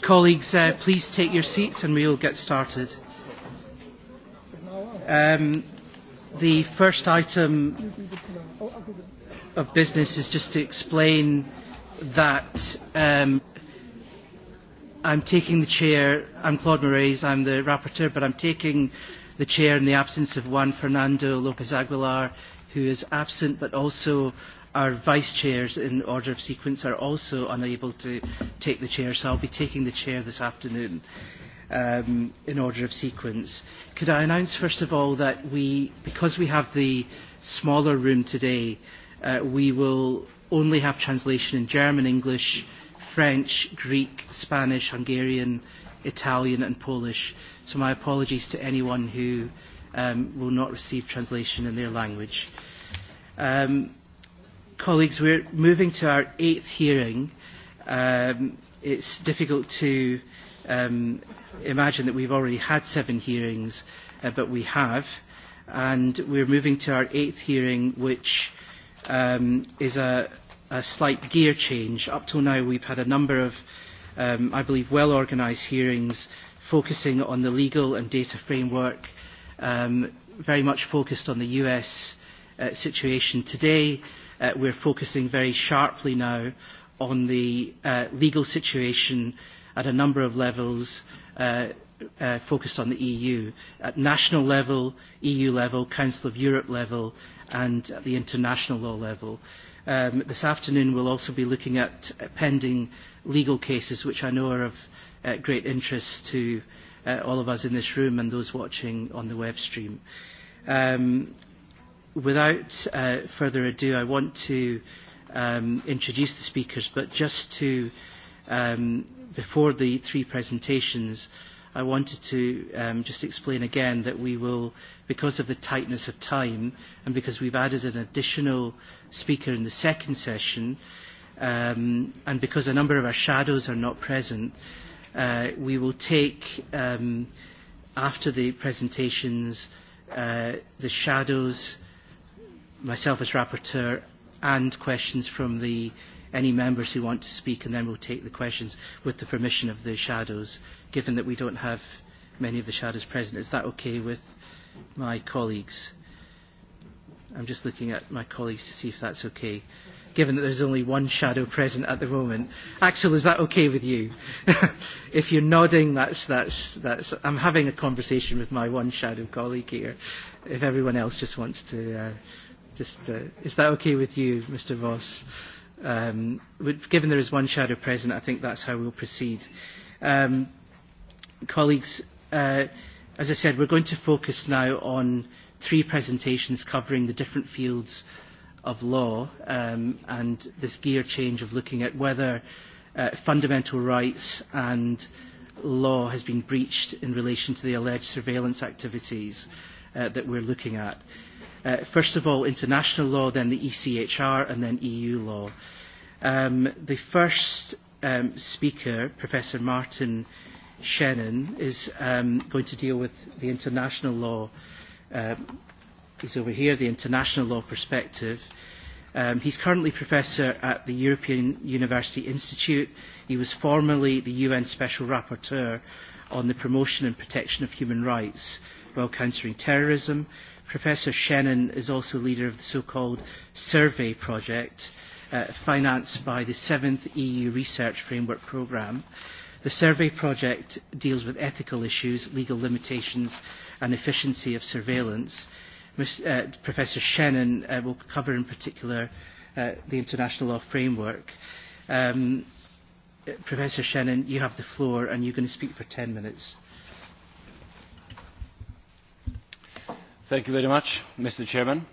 Colleagues, uh, please take your seats and we'll get started. Um, the first item of business is just to explain that um, I'm taking the chair, I'm Claude Moraes, I'm the rapporteur, but I'm taking the chair in the absence of Juan Fernando Lopez Aguilar, who is absent, but also our vice chairs in order of sequence are also unable to take the chair, so I'll be taking the chair this afternoon um, in order of sequence. Could I announce first of all that we, because we have the smaller room today, uh, we will only have translation in German, English, French, Greek, Spanish, Hungarian, Italian and Polish. So my apologies to anyone who um, will not receive translation in their language. Um, Colleagues, we're moving to our eighth hearing. Um, it's difficult to um, imagine that we've already had seven hearings, uh, but we have. And we're moving to our eighth hearing, which um, is a, a slight gear change. Up till now, we've had a number of, um, I believe, well organised hearings focusing on the legal and data framework, um, very much focused on the US uh, situation today uh, we're focusing very sharply now on the uh, legal situation at a number of levels uh, uh, focused on the EU, at national level, EU level, Council of Europe level, and at the international law level. Um, this afternoon we'll also be looking at uh, pending legal cases, which I know are of uh, great interest to uh, all of us in this room and those watching on the web stream. Um, without uh, further ado, I want to um, introduce the speakers, but just to, um, before the three presentations, I wanted to um, just explain again that we will, because of the tightness of time and because we've added an additional speaker in the second session, um, and because a number of our shadows are not present, uh, we will take, um, after the presentations, uh, the shadows' myself as rapporteur and questions from the, any members who want to speak, and then we'll take the questions with the permission of the shadows, given that we don't have many of the shadows present. Is that okay with my colleagues? I'm just looking at my colleagues to see if that's okay, given that there's only one shadow present at the moment. Axel, is that okay with you? if you're nodding, that's, that's, that's, I'm having a conversation with my one shadow colleague here. If everyone else just wants to uh, Just, uh, is that okay with you, Mr. Voss? Um, given there is one shadow present, I think that's how we'll proceed. Um, colleagues, uh, as I said, we're going to focus now on three presentations covering the different fields of law um, and this gear change of looking at whether uh, fundamental rights and law has been breached in relation to the alleged surveillance activities uh, that we're looking at. Uh, uh, first of all international law, then the ECHR, and then EU law. Um, the first um, speaker, Professor Martin Shannon, is um, going to deal with the international law. Uh, he's over here, the international law perspective. Um, he's currently professor at the European University Institute. He was formerly the UN Special Rapporteur on the promotion and protection of human rights while countering terrorism Professor Shannon is also leader of the so-called Survey Project, uh, financed by the 7th EU Research Framework Programme. The Survey Project deals with ethical issues, legal limitations and efficiency of surveillance. Ms, uh, Professor Shannon uh, will cover in particular uh, the international law framework. Um, Professor Shannon, you have the floor and you're going to speak for 10 minutes. Uh, Mr. Chairman.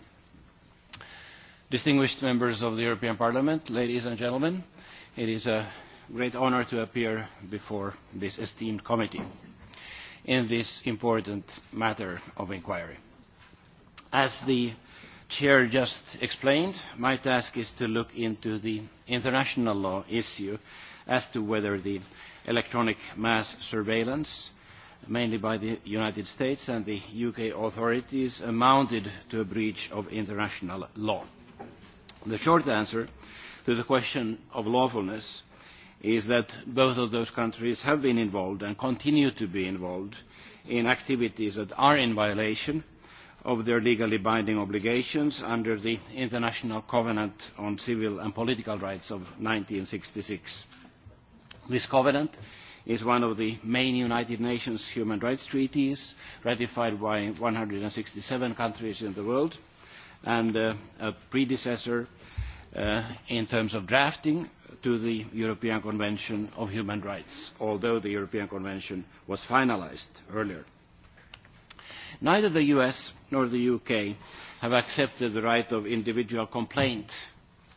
Distinguished members of the European Parliament, ladies and gentlemen, it is a great honour to appear before this esteemed committee in this important matter of inquiry. As the Chair just explained, my task is to look into the international law issue as to whether the electronic mass surveillance mainly by the united states and the uk authorities amounted to a breach of international law. the short answer to the question of lawfulness is that both of those countries have been involved and continue to be involved in activities that are in violation of their legally binding obligations under the international covenant on civil and political rights of one thousand nine hundred and sixty six this covenant is one of the main United Nations human rights treaties ratified by 167 countries in the world and uh, a predecessor uh, in terms of drafting to the European Convention of Human Rights, although the European Convention was finalised earlier. Neither the US nor the UK have accepted the right of individual complaint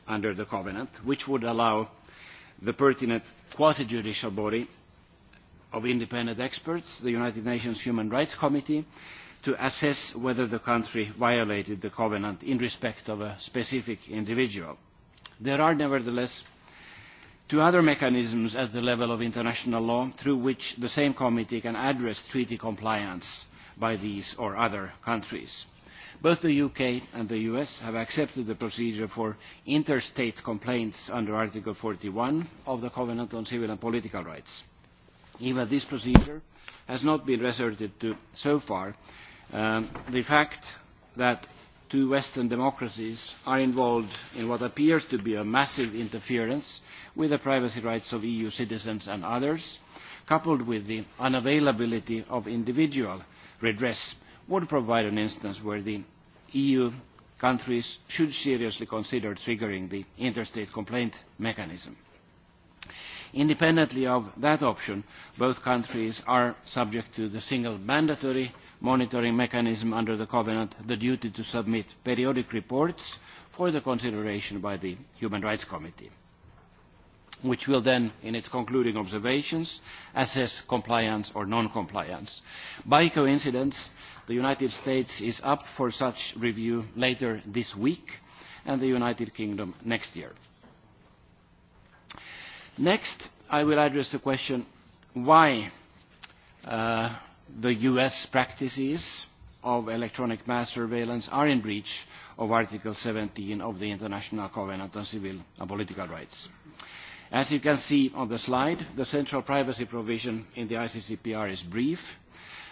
under the Covenant, which would allow the pertinent quasi-judicial body of independent experts, the United Nations Human Rights Committee, to assess whether the country violated the covenant in respect of a specific individual. There are nevertheless two other mechanisms at the level of international law through which the same committee can address treaty compliance by these or other countries. Both the UK and the US have accepted the procedure for interstate complaints under Article 41 of the Covenant on Civil and Political Rights even this procedure has not been resorted to so far, um, the fact that two Western democracies are involved in what appears to be a massive interference with the privacy rights of EU citizens and others, coupled with the unavailability of individual redress, would provide an instance where the EU countries should seriously consider triggering the interstate complaint mechanism. Independently of that option, both countries are subject to the single mandatory monitoring mechanism under the covenant, the duty to submit periodic reports for the consideration by the Human Rights Committee, which will then, in its concluding observations, assess compliance or non-compliance. By coincidence, the United States is up for such review later this week and the United Kingdom next year Next, I will address the question why uh, the US practices of electronic mass surveillance are in breach of Article 17 of the International Covenant on Civil and Political Rights. As you can see on the slide, the central privacy provision in the ICCPR is brief,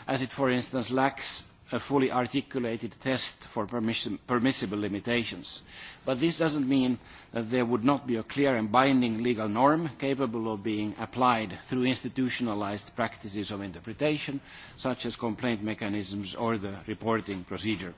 as it, for instance, lacks a fully articulated test for permissible limitations. But this does not mean that there would not be a clear and binding legal norm capable of being applied through institutionalised practices of interpretation, such as complaint mechanisms or the reporting procedure.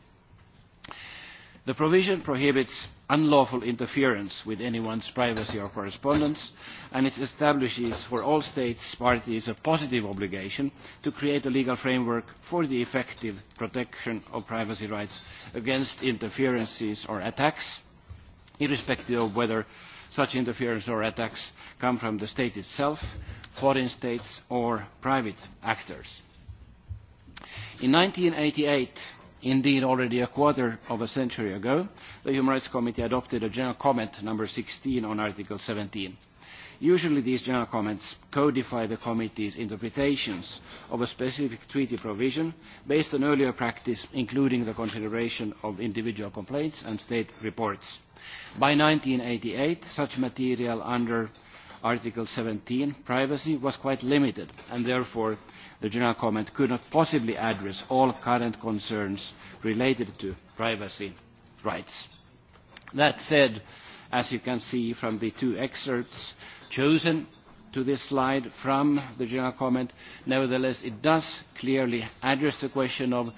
The provision prohibits unlawful interference with anyone's privacy or correspondence, and it establishes for all states parties a positive obligation to create a legal framework for the effective protection of privacy rights against interferences or attacks, irrespective of whether such interference or attacks come from the state itself, foreign states or private actors. In 1988, Indeed, already a quarter of a century ago, the Human Rights Committee adopted a General Comment number 16 on Article 17. Usually these general comments codify the committee's interpretations of a specific treaty provision based on earlier practice, including the consideration of individual complaints and state reports. By 1988, such material under Article 17, privacy, was quite limited, and therefore the general comment could not possibly address all current concerns related to privacy rights. That said, as you can see from the two excerpts chosen to this slide from the general comment, nevertheless it does clearly address the question of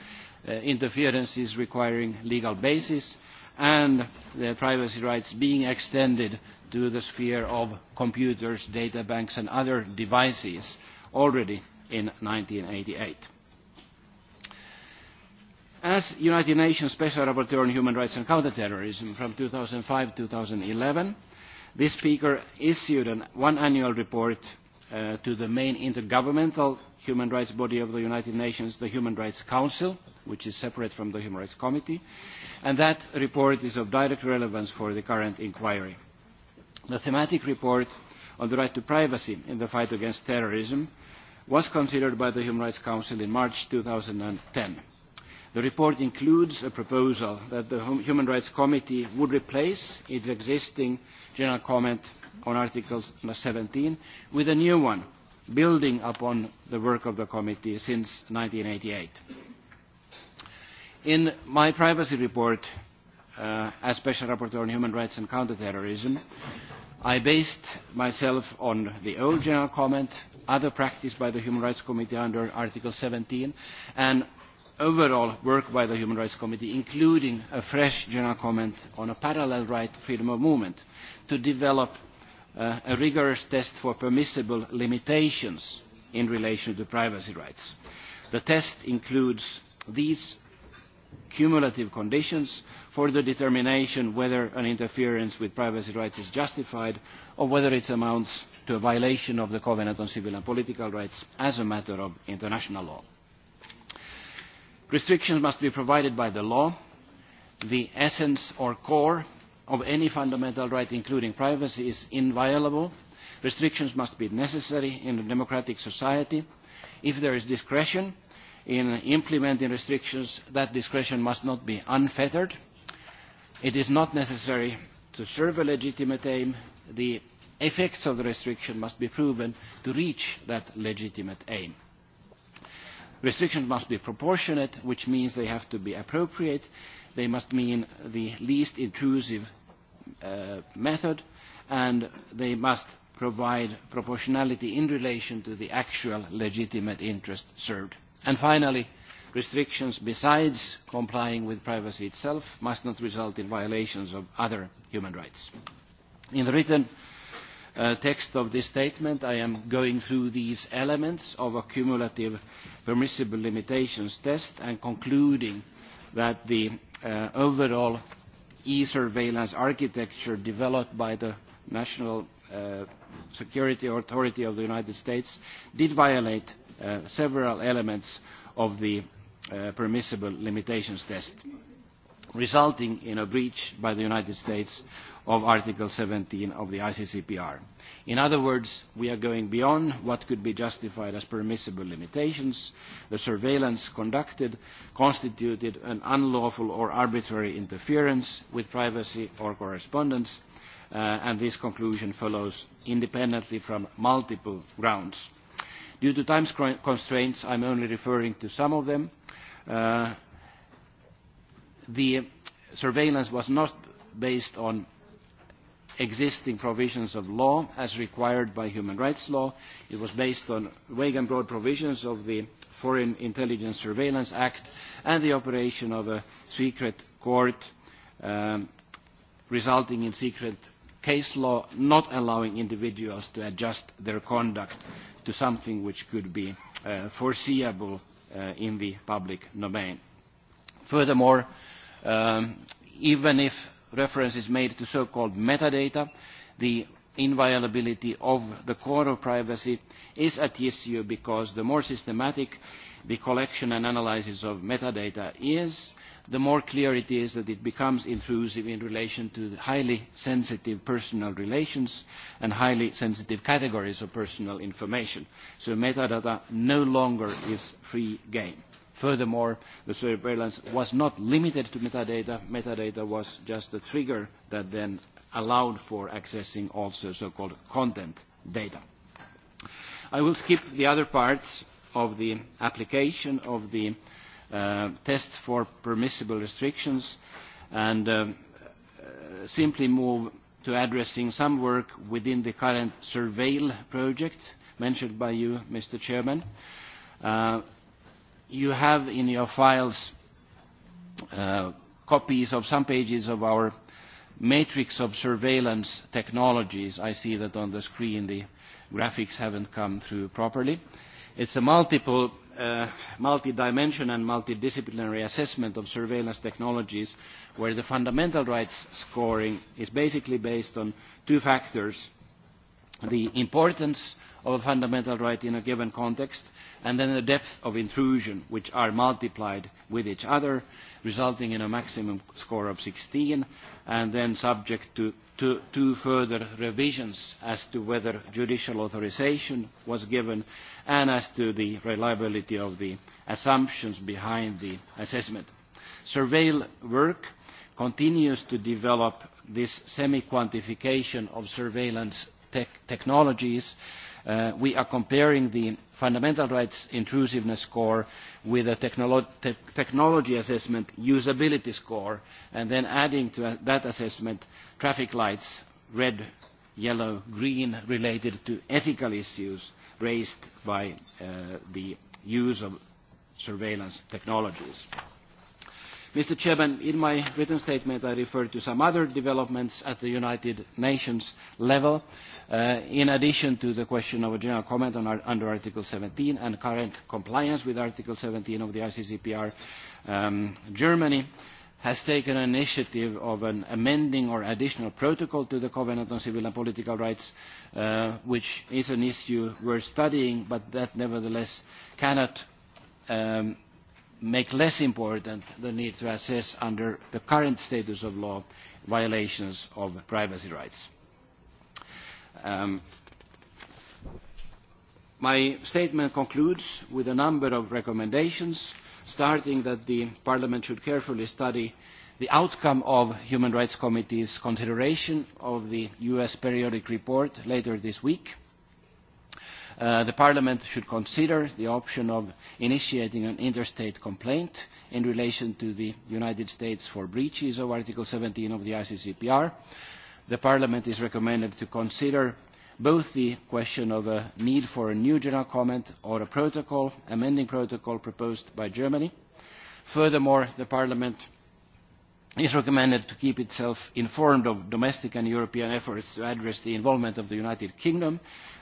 uh, interferences requiring legal basis and the privacy rights being extended to the sphere of computers, data banks and other devices already in 1988. As United Nations Special Rapporteur on Human Rights and Counterterrorism from 2005-2011, this speaker issued an, one annual report uh, to the main intergovernmental human rights body of the United Nations, the Human Rights Council, which is separate from the Human Rights Committee, and that report is of direct relevance for the current inquiry. The thematic report on the right to privacy in the fight against terrorism was considered by the Human Rights Council in March 2010. The report includes a proposal that the Human Rights Committee would replace its existing general comment on Article 17 with a new one, building upon the work of the committee since 1988. In my privacy report, uh, as Special Rapporteur on Human Rights and Counterterrorism, I based myself on the old general comment other practice by the Human Rights Committee under Article 17, and overall work by the Human Rights Committee, including a fresh general comment on a parallel right to freedom of movement, to develop uh, a rigorous test for permissible limitations in relation to privacy rights. The test includes these cumulative conditions for the determination whether an interference with privacy rights is justified or whether it amounts to a violation of the Covenant on Civil and Political Rights as a matter of international law. Restrictions must be provided by the law. The essence or core of any fundamental right, including privacy, is inviolable. Restrictions must be necessary in a democratic society. If there is discretion, in implementing restrictions, that discretion must not be unfettered. It is not necessary to serve a legitimate aim. The effects of the restriction must be proven to reach that legitimate aim. Restrictions must be proportionate, which means they have to be appropriate. They must mean the least intrusive uh, method, and they must provide proportionality in relation to the actual legitimate interest served And finally, restrictions besides complying with privacy itself must not result in violations of other human rights. In the written uh, text of this statement, I am going through these elements of a cumulative permissible limitations test and concluding that the uh, overall e-surveillance architecture developed by the National uh, Security Authority of the United States did violate Uh, several elements of the uh, permissible limitations test, resulting in a breach by the United States of Article 17 of the ICCPR. In other words, we are going beyond what could be justified as permissible limitations. The surveillance conducted constituted an unlawful or arbitrary interference with privacy or correspondence, uh, and this conclusion follows independently from multiple grounds. Due to time constraints, i am only referring to some of them. Uh, the surveillance was not based on existing provisions of law as required by human rights law. It was based on vague and broad provisions of the Foreign Intelligence Surveillance Act and the operation of a secret court um, resulting in secret case law not allowing individuals to adjust their conduct to something which could be uh, foreseeable uh, in the public domain. Furthermore, um, even if reference is made to so-called metadata, the inviolability of the core of privacy is at issue because the more systematic the collection and analysis of metadata is, the more clear it is that it becomes intrusive in relation to the highly sensitive personal relations and highly sensitive categories of personal information. So metadata no longer is free game. Furthermore, the surveillance was not limited to metadata. Metadata was just a trigger that then allowed for accessing also so-called content data. I will skip the other parts of the application of the Uh, test for permissible restrictions and um, uh, simply move to addressing some work within the current surveil project mentioned by you, Mr. Chairman. Uh, you have in your files uh, copies of some pages of our matrix of surveillance technologies. I see that on the screen the graphics haven't come through properly. It's a multiple uh, multi dimensional and multidisciplinary assessment of surveillance technologies where the fundamental rights scoring is basically based on two factors, the importance of a fundamental right in a given context and then the depth of intrusion, which are multiplied with each other, resulting in a maximum score of 16, and then subject to two, two further revisions as to whether judicial authorization was given and as to the reliability of the assumptions behind the assessment. Surveil work continues to develop this semi-quantification of surveillance te technologies Uh, we are comparing the fundamental rights intrusiveness score with a technology assessment usability score and then adding to that assessment traffic lights red yellow green related to ethical issues raised by uh, the use of surveillance technologies. Mr. Chairman, in my written statement, I referred to some other developments at the United Nations level, uh, in addition to the question of a general comment on our, under Article 17 and current compliance with Article 17 of the ICCPR. Um, Germany has taken an initiative of an amending or additional protocol to the Covenant on Civil and Political Rights, uh, which is an issue we're studying, but that nevertheless cannot um, make less important the need to assess under the current status of law violations of privacy rights. Um, my statement concludes with a number of recommendations, starting that the Parliament should carefully study the outcome of Human Rights Committee's consideration of the US periodic report later this week Uh, the Parliament should consider the option of initiating an interstate complaint in relation to the United States for breaches of Article seventeen of the ICCPR. The Parliament is recommended to consider both the question of a need for a new general comment or a protocol, amending protocol proposed by Germany. Furthermore, the Parliament is recommended to keep itself informed of domestic and European efforts to address the involvement of the United Kingdom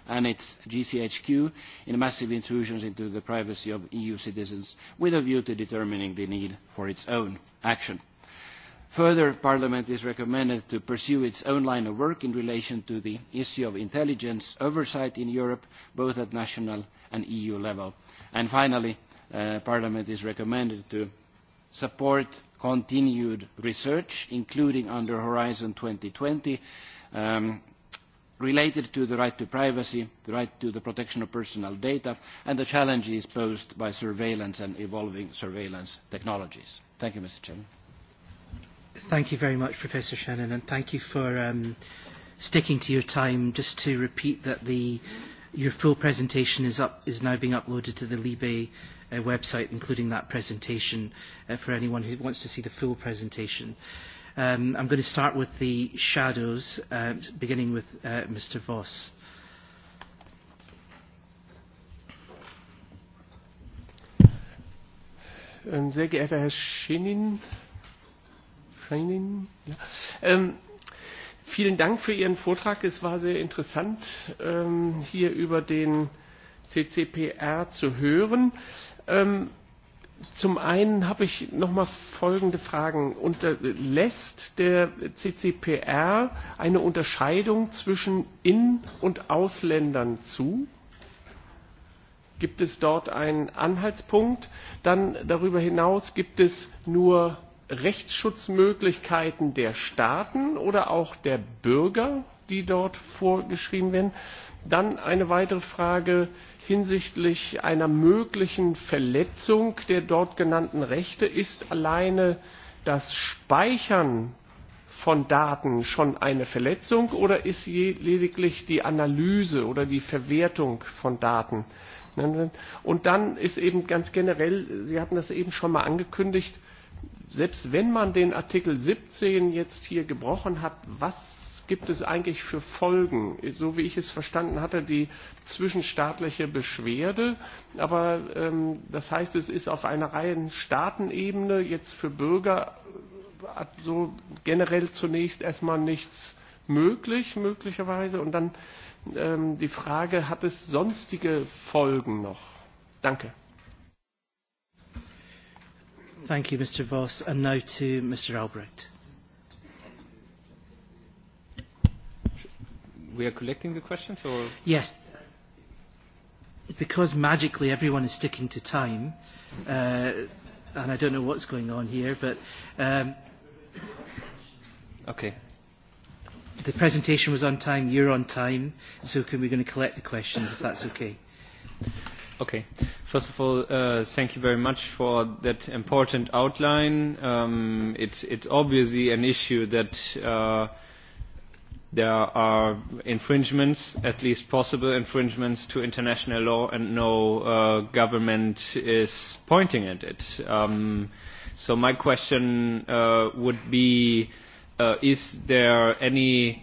and its GCHQ in massive intrusions into the privacy of EU citizens with a view to determining the need for its own action. Further, Parliament is recommended to pursue its own line of work in relation to the issue of intelligence oversight in Europe, both at national and EU level. finally, uh, Parliament is recommended to support continued research, including under Horizon 2020, um, related to the right to privacy, the right to the protection of personal data, and the challenges posed by surveillance and evolving surveillance technologies. Thank you, Mr. Chairman. Thank you very much, Professor Shannon, and thank you for um, sticking to your time. Just to repeat that the, your full presentation is, up, is now being uploaded to the Libe uh, website, including that presentation, uh, for anyone who wants to see the full presentation. Um, I'm going to start with the shadows, uh, beginning with uh, Mr. Voss. Um, sehr geehrter Herr Schenin, Schenin ja. ähm, vielen Dank für Ihren Vortrag. Es war sehr interessant, ähm, hier über den CCPR zu hören. Äh, Ähm, zum einen habe ich noch mal folgende Fragen. Lässt der CCPR eine Unterscheidung zwischen In- und Ausländern zu? Gibt es dort einen Anhaltspunkt? Dann darüber hinaus gibt es nur Rechtsschutzmöglichkeiten der Staaten oder auch der Bürger, die dort vorgeschrieben werden. Dann eine weitere Frage hinsichtlich einer möglichen Verletzung der dort genannten Rechte ist alleine das Speichern von Daten schon eine Verletzung oder ist lediglich die Analyse oder die Verwertung von Daten? Und dann ist eben ganz generell, Sie hatten das eben schon mal angekündigt, selbst wenn man den Artikel 17 jetzt hier gebrochen hat, was gibt es eigentlich für Folgen? So wie ich es verstanden hatte, die zwischenstaatliche Beschwerde. Aber ähm, das heißt, es ist auf einer reinen Staatenebene jetzt für Bürger äh, so generell zunächst erstmal nichts möglich, möglicherweise. Und dann ähm, die Frage, hat es sonstige Folgen noch? Danke. Thank you, Mr. Voss. And now to Mr. Albrecht. we are collecting the questions, or yes, because magically everyone is sticking to time, uh, and I don't know what's going on here, but um, okay. The presentation was on time. You're on time, so can, we're going to collect the questions if that's okay. Okay. First of all, uh, thank you very much for that important outline. Um, it's, it's obviously an issue that. Uh, there are infringements, at least possible infringements to international law, and no uh, government is pointing at it. Um, so my question uh, would be, uh, is there any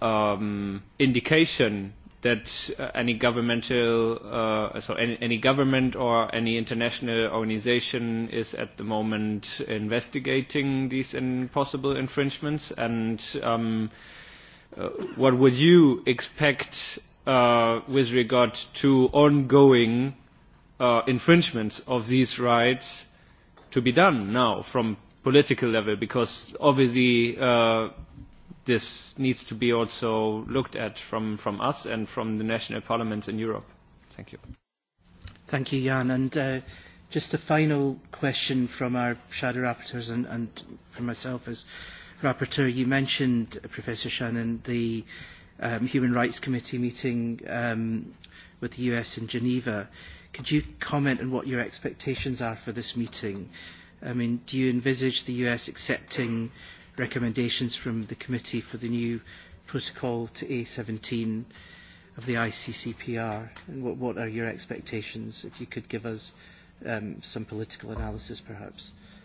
um, indication that uh, any governmental, uh, so any, any government or any international organization is at the moment investigating these possible infringements? And um, Uh, what would you expect uh, with regard to ongoing uh, infringements of these rights to be done now from political level? Because obviously uh, this needs to be also looked at from, from us and from the national parliaments in Europe. Thank you. Thank you, Jan. And uh, just a final question from our shadow rapporteurs and, and from myself is Rapporteur, you mentioned, uh, Professor Shannon, the um, Human Rights Committee meeting um, with the US in Geneva. Could you comment on what your expectations are for this meeting? I mean, do you envisage the US accepting recommendations from the committee for the new protocol to A17 of the ICCPR? And what, what are your expectations, if you could give us um, some political analysis, perhaps? Uh,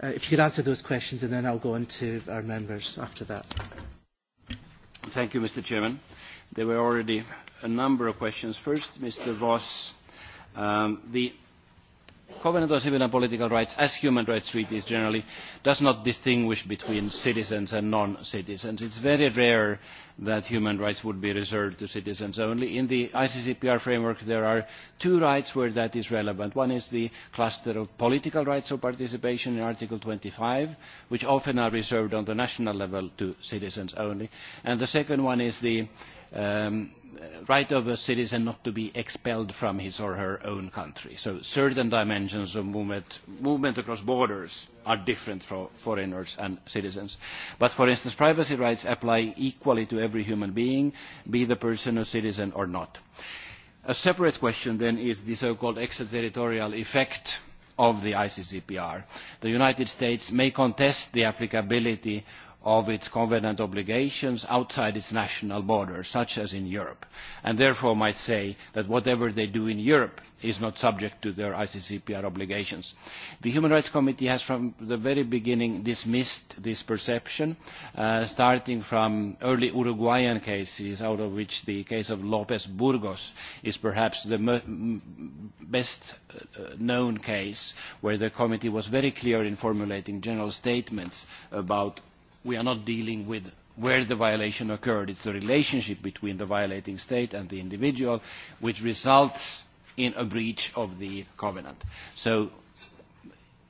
Uh, if you could answer those questions and then I'll go on to our members after that. Thank you, Mr. Chairman. There were already a number of questions. First, Mr. Voss, um, the covenant on civil and political rights as human rights treaties generally does not distinguish between citizens and non citizens. it is very rare that human rights would be reserved to citizens only. in the iccpr framework there are two rights where that is relevant. one is the cluster of political rights of participation in article twenty five which often are reserved on the national level to citizens only and the second one is the um, Uh, right of a citizen not to be expelled from his or her own country. So certain dimensions of movement, movement across borders are different for foreigners and citizens. But for instance, privacy rights apply equally to every human being, be the person a citizen or not. A separate question then is the so-called extraterritorial effect of the ICCPR. The United States may contest the applicability of its covenant obligations outside its national borders, such as in Europe, and therefore might say that whatever they do in Europe is not subject to their ICCPR obligations. The Human Rights Committee has from the very beginning dismissed this perception, uh, starting from early Uruguayan cases, out of which the case of Lopez Burgos is perhaps the best uh, known case, where the committee was very clear in formulating general statements about we are not dealing with where the violation occurred. It's the relationship between the violating state and the individual which results in a breach of the covenant. So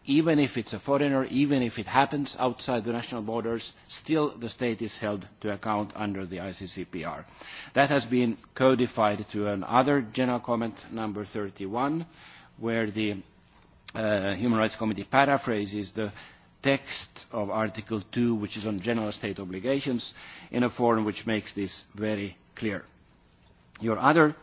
even if it's a foreigner, even if it happens outside the national borders, still the state is held to account under the ICCPR. That has been codified to another general comment, number 31, where the uh, Human Rights Committee paraphrases the text of Article 2, which is on general state obligations, in a form which makes this very clear. Your other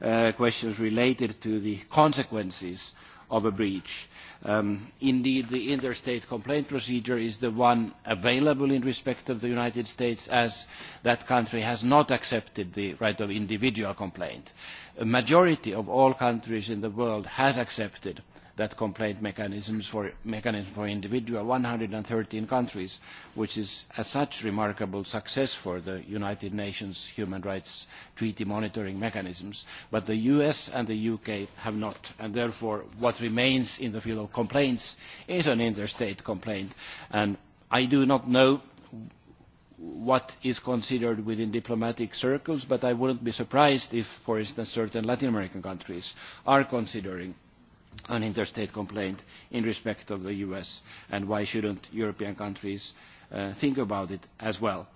uh, questions related to the consequences of a breach. Um, indeed, the interstate complaint procedure is the one available in respect of the United States as that country has not accepted the right of individual complaint. A majority of all countries in the world has accepted that complaint mechanisms for, mechanism for individual 113 countries, which is as such remarkable success for the United Nations Human Rights Treaty monitoring mechanisms. But the US and the UK have not, and therefore what remains in the field of complaints is an interstate complaint. And I do not know what is considered within diplomatic circles, but I wouldn't be surprised if, for instance, certain Latin American countries are considering an interstate complaint in respect of the US and why should not European countries uh, think about it as well.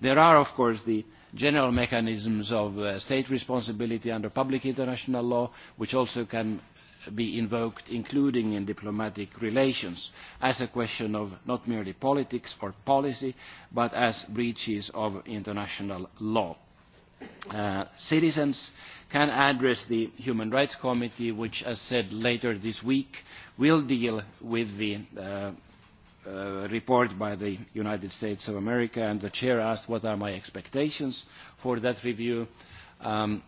There are of course the general mechanisms of uh, state responsibility under public international law which also can be invoked including in diplomatic relations as a question of not merely politics or policy but as breaches of international law. Uh, citizens can address the Human Rights Committee, which, as said, later this week will deal with the uh, uh, report by the United States of America, and the chair asked what are my expectations for that review. Um,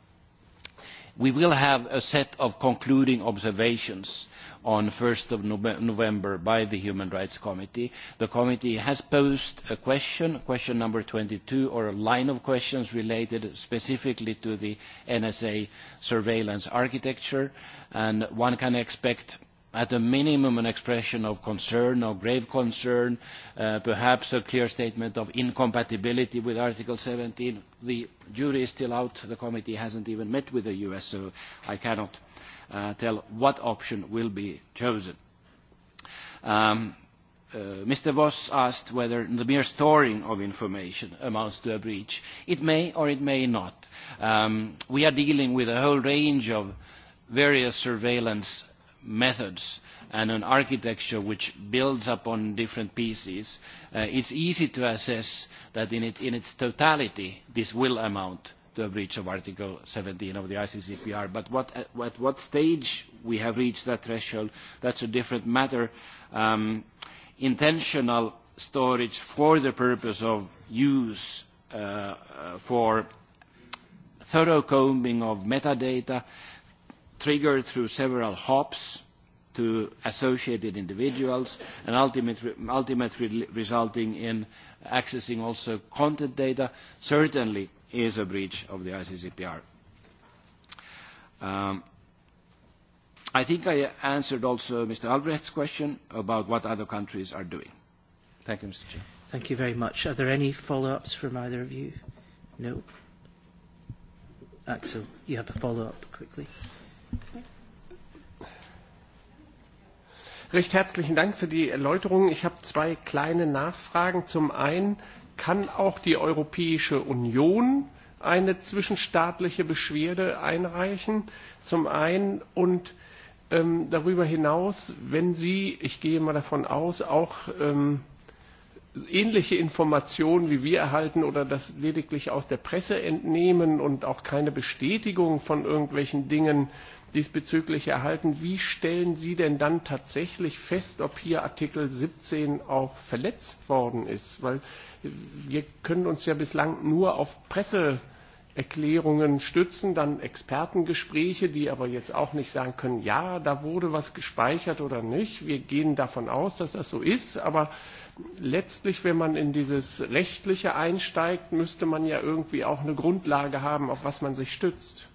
we will have a set of concluding observations on one november by the human rights committee. the committee has posed a question question twenty two or a line of questions related specifically to the nsa surveillance architecture and one can expect at a minimum an expression of concern of grave concern uh, perhaps a clear statement of incompatibility with article. seventeen the jury is still out the committee has not even met with the us so i cannot uh, tell what option will be chosen. Um, Uh, mr voss asked whether the mere storing of information amounts to a breach. it may or it may not. Um, we are dealing with a whole range of various surveillance methods and an architecture which builds upon different pieces, uh, it's easy to assess that in, it, in its totality this will amount to a breach of Article 17 of the ICCPR. But what, at, uh, at what stage we have reached that threshold, that's a different matter. Um, intentional storage for the purpose of use uh, uh for thorough combing of metadata triggered through several hops to associated individuals and ultimately, ultimately resulting in accessing also content data certainly is a breach of the ICCPR. Um, I think I answered also Mr. Albrecht's question about what other countries are doing. Thank you, Mr. Chair. Thank you very much. Are there any follow-ups from either of you? No. Axel, you have a follow-up quickly. Recht herzlichen Dank für die Erläuterung. Ich habe zwei kleine Nachfragen. Zum einen, kann auch die Europäische Union eine zwischenstaatliche Beschwerde einreichen? Zum einen und ähm, darüber hinaus, wenn Sie, ich gehe mal davon aus, auch ähm, ähnliche Informationen wie wir erhalten oder das lediglich aus der Presse entnehmen und auch keine Bestätigung von irgendwelchen Dingen diesbezüglich erhalten. Wie stellen Sie denn dann tatsächlich fest, ob hier Artikel 17 auch verletzt worden ist? Weil wir können uns ja bislang nur auf Presseerklärungen stützen, dann Expertengespräche, die aber jetzt auch nicht sagen können, ja, da wurde was gespeichert oder nicht. Wir gehen davon aus, dass das so ist, aber letztlich, wenn man in dieses Rechtliche einsteigt, müsste man ja irgendwie auch eine Grundlage haben, auf was man sich stützt.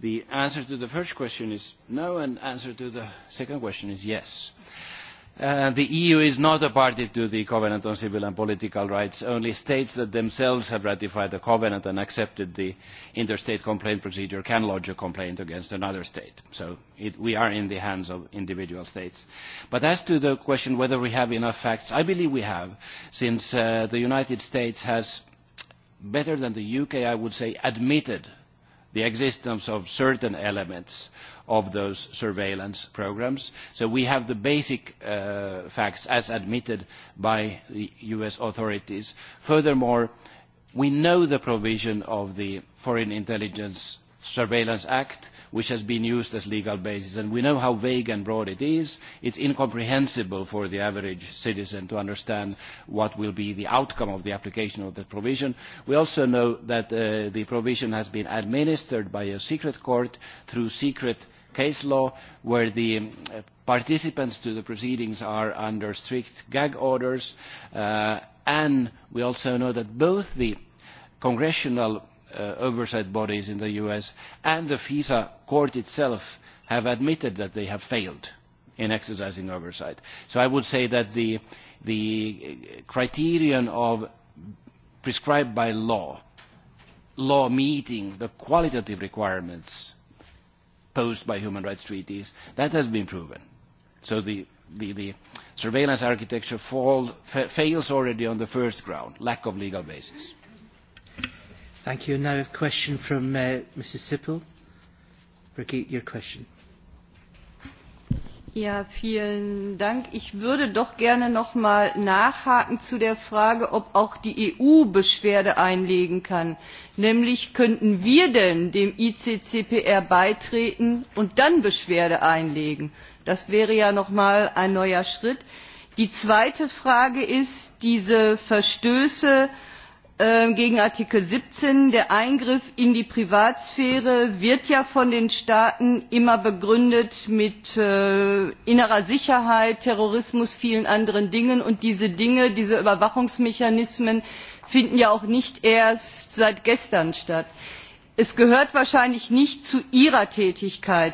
The answer to the first question is no, and answer to the second question is yes. Uh, the EU is not a party to the Covenant on Civil and Political Rights. Only states that themselves have ratified the Covenant and accepted the interstate complaint procedure can lodge a complaint against another state. So it, we are in the hands of individual states. But as to the question whether we have enough facts, I believe we have, since uh, the United States has, better than the UK, I would say, admitted – the existence of certain elements of those surveillance programs. So we have the basic uh, facts as admitted by the US authorities. Furthermore, we know the provision of the Foreign Intelligence Surveillance Act which has been used as legal basis. And we know how vague and broad it is. It's incomprehensible for the average citizen to understand what will be the outcome of the application of the provision. We also know that uh, the provision has been administered by a secret court through secret case law where the uh, participants to the proceedings are under strict gag orders uh, and we also know that both the congressional Uh, oversight bodies in the US and the FISA court itself have admitted that they have failed in exercising oversight. So I would say that the, the criterion of prescribed by law, law meeting the qualitative requirements posed by human rights treaties, that has been proven. So the, the, the surveillance architecture fall, fa fails already on the first ground, lack of legal basis. Thank you. Now a question from uh, Mrs. Sippel. Brigitte, your question. Ja, vielen Dank. Ich würde doch gerne noch mal nachhaken zu der Frage, ob auch die EU Beschwerde einlegen kann. Nämlich könnten wir denn dem ICCPR beitreten und dann Beschwerde einlegen? Das wäre ja noch mal ein neuer Schritt. Die zweite Frage ist, diese Verstöße Ähm, gegen artikel siebzehn der eingriff in die privatsphäre wird ja von den staaten immer begründet mit äh, innerer sicherheit terrorismus vielen anderen dingen und diese dinge diese überwachungsmechanismen finden ja auch nicht erst seit gestern statt. es gehört wahrscheinlich nicht zu ihrer tätigkeit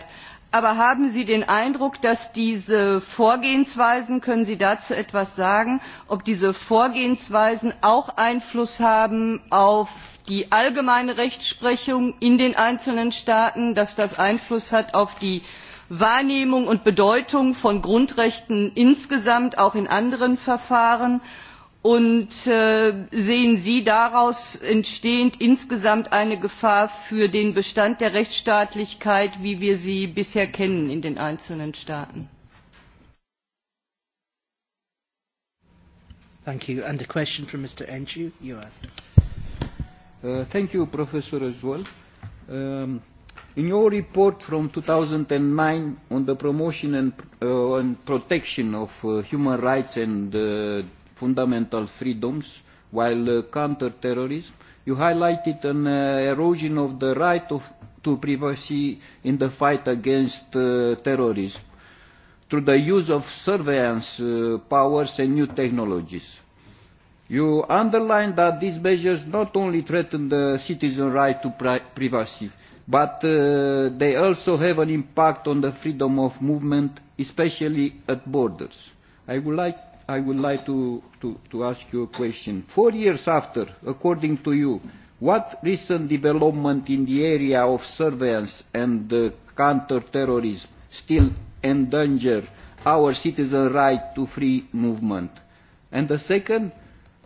aber haben sie den eindruck dass diese vorgehensweisen können sie dazu etwas sagen ob diese vorgehensweisen auch einfluss haben auf die allgemeine rechtsprechung in den einzelnen staaten dass das einfluss hat auf die wahrnehmung und bedeutung von grundrechten insgesamt auch in anderen verfahren? und äh, sehen sie daraus entstehend insgesamt eine gefahr für den bestand der rechtsstaatlichkeit wie wir sie bisher kennen in den einzelnen staaten? Thank you. And a question from Mr. Enchu. You are. Uh, thank you, Professor, as well. Um, in your report from 2009 on the promotion and, uh, and protection of uh, human rights and uh, fundamental freedoms while uh, counter-terrorism. You highlighted an uh, erosion of the right of, to privacy in the fight against uh, terrorism through the use of surveillance uh, powers and new technologies. You underlined that these measures not only threaten the citizen's right to pri privacy, but uh, they also have an impact on the freedom of movement, especially at borders. I would like I would like to, to, to ask you a question. Four years after, according to you, what recent development in the area of surveillance and uh, counter-terrorism still endanger our citizen right to free movement? And the second,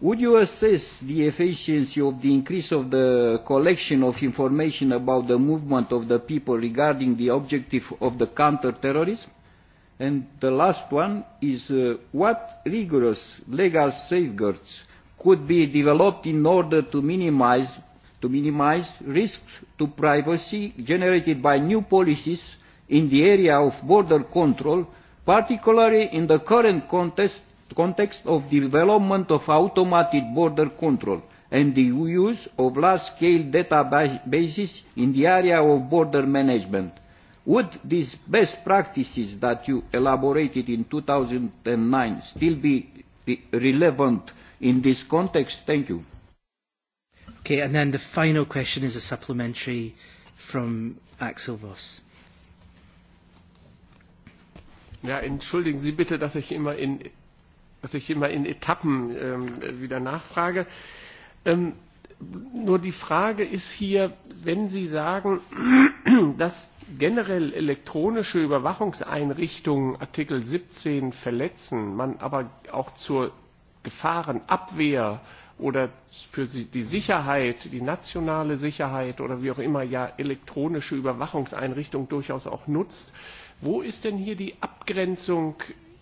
would you assess the efficiency of the increase of the collection of information about the movement of the people regarding the objective of the counter-terrorism? And the last one is uh, what rigorous legal safeguards could be developed in order to minimize, to minimize risks to privacy generated by new policies in the area of border control, particularly in the current context, context of development of automated border control and the use of large-scale databases in the area of border management Would these best practices that you elaborated in 2009 still be relevant in this context? Thank you. Okay, and then the final question is a supplementary from Axel Voss. Ja, entschuldigen Sie bitte, dass ich immer in, dass ich immer in Etappen ähm, wieder nachfrage. Ähm, nur die Frage ist hier, wenn Sie sagen, dass generell elektronische Überwachungseinrichtungen Artikel 17 verletzen, man aber auch zur Gefahrenabwehr oder für die Sicherheit, die nationale Sicherheit oder wie auch immer ja elektronische Überwachungseinrichtungen durchaus auch nutzt. Wo ist denn hier die Abgrenzung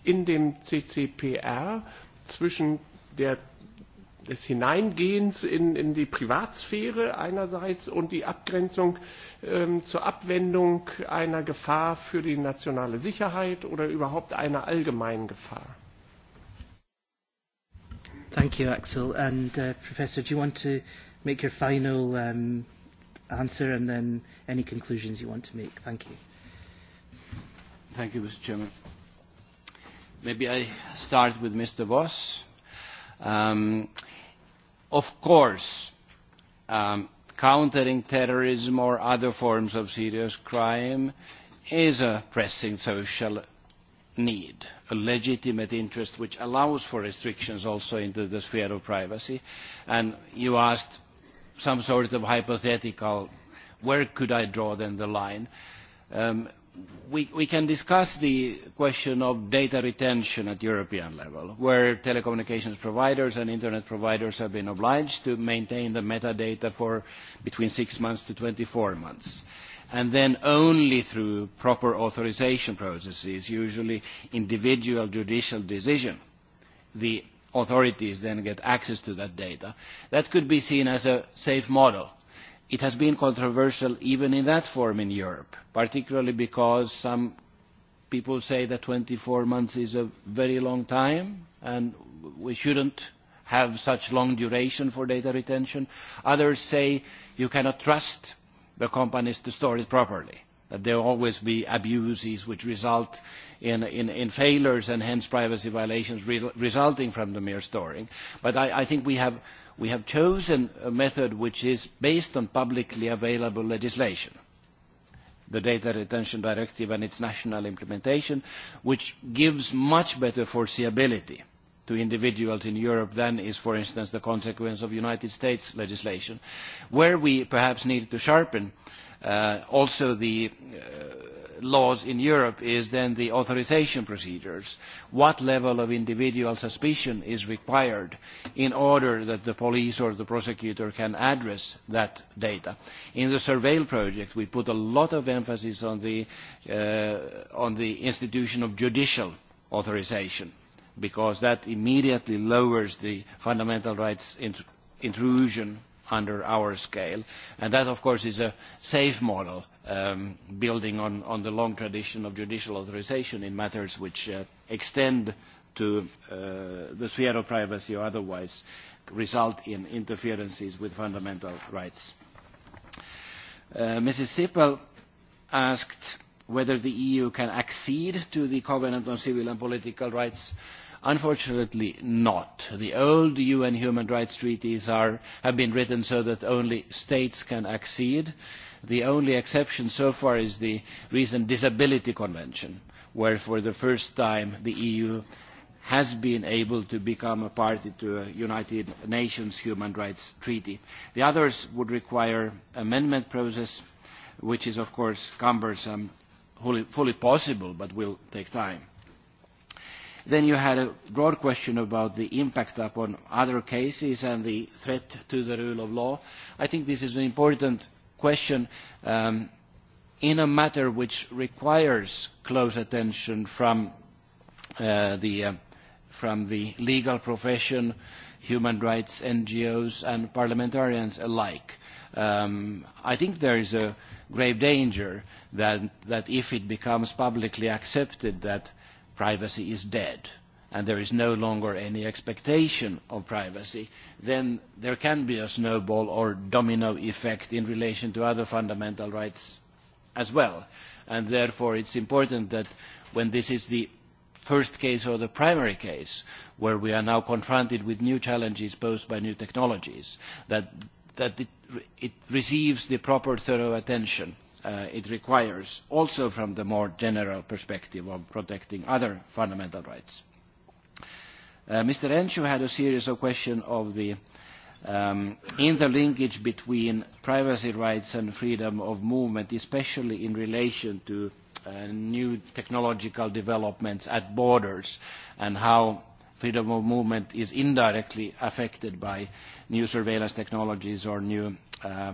in dem CCPR zwischen der des Hineingehens in, in die Privatsphäre einerseits und die Abgrenzung ähm, zur Abwendung einer Gefahr für die nationale Sicherheit oder überhaupt einer allgemeinen Gefahr. Thank you, Axel. And uh, Professor, do you want to make your final um, answer and then any conclusions you want to make? Thank you. Thank you, Mr. Chairman. Maybe I start with Mr. Voss. Um, Of course, um, countering terrorism or other forms of serious crime is a pressing social need, a legitimate interest which allows for restrictions also into the sphere of privacy. And you asked some sort of hypothetical, where could I draw then the line? Um, we, can discuss the question of data retention at European level, where telecommunications providers and internet providers have been obliged to maintain the metadata for between six months to 24 months. And then only through proper authorization processes, usually individual judicial decision, the authorities then get access to that data. That could be seen as a safe model it has been controversial even in that form in Europe, particularly because some people say that 24 months is a very long time and we shouldn't have such long duration for data retention. Others say you cannot trust the companies to store it properly, that there will always be abuses which result in, in, in failures and hence privacy violations re resulting from the mere storing. But I, I think we have we have chosen a method which is based on publicly available legislation the data retention directive and its national implementation which gives much better foreseeability to individuals in europe than is for instance the consequence of united states legislation. where we perhaps need to sharpen uh, also the uh, laws in Europe is then the authorization procedures. What level of individual suspicion is required in order that the police or the prosecutor can address that data? In the Surveil project, we put a lot of emphasis on the, uh, on the institution of judicial authorization because that immediately lowers the fundamental rights intrusion under our scale. And that, of course, is a safe model um, building on, on the long tradition of judicial authorization in matters which uh, extend to uh, the sphere of privacy or otherwise result in interferences with fundamental rights. Uh, Mrs. Sippel asked whether the EU can accede to the Covenant on Civil and Political Rights uh, Unfortunately not. The old UN human rights treaties are, have been written so that only states can accede. The only exception so far is the recent Disability Convention, where for the first time the EU has been able to become a party to a United Nations human rights treaty. The others would require amendment process, which is of course cumbersome, fully, fully possible, but will take time. Then you had a broad question about the impact upon other cases and the threat to the rule of law. I think this is an important question um, in a matter which requires close attention from uh, the uh, from the legal profession, human rights NGOs and parliamentarians alike. Um, I think there is a grave danger that, that if it becomes publicly accepted that uh, privacy is dead and there is no longer any expectation of privacy, then there can be a snowball or domino effect in relation to other fundamental rights as well. And therefore it's important that when this is the first case or the primary case where we are now confronted with new challenges posed by new technologies, that, that it, it receives the proper thorough attention Uh, it requires, also from the more general perspective of protecting other fundamental rights. Uh, Mr. Enciu had a series of questions of the um, interlinkage between privacy rights and freedom of movement, especially in relation to uh, new technological developments at borders and how freedom of movement is indirectly affected by new surveillance technologies or new uh,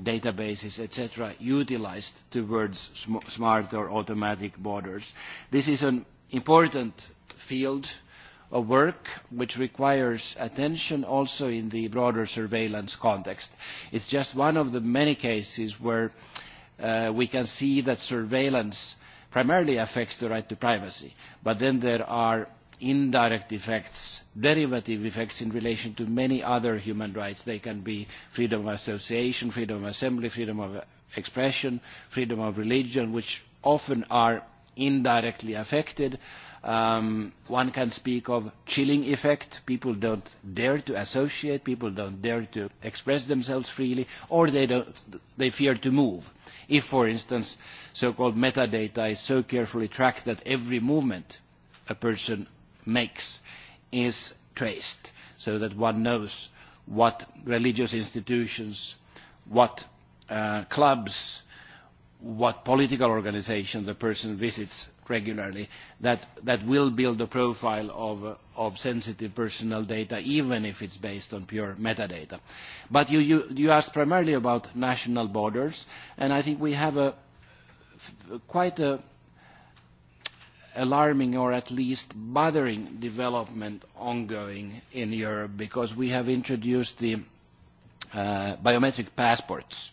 databases, etc., Utilised towards sm smart or automatic borders. This is an important field of work which requires attention also in the broader surveillance context. It's just one of the many cases where uh, we can see that surveillance primarily affects the right to privacy, but then there are indirect effects, derivative effects in relation to many other human rights. They can be freedom of association, freedom of assembly, freedom of expression, freedom of religion, which often are indirectly affected. Um, one can speak of chilling effect. People don't dare to associate. People don't dare to express themselves freely, or they, don't, they fear to move. If, for instance, so-called metadata is so carefully tracked that every movement a person makes is traced so that one knows what religious institutions, what uh, clubs, what political organisation the person visits regularly. That, that will build a profile of, of sensitive personal data, even if it's based on pure metadata. But you, you, you asked primarily about national borders, and I think we have a, quite a alarming or at least bothering development ongoing in Europe because we have introduced the uh, biometric passports.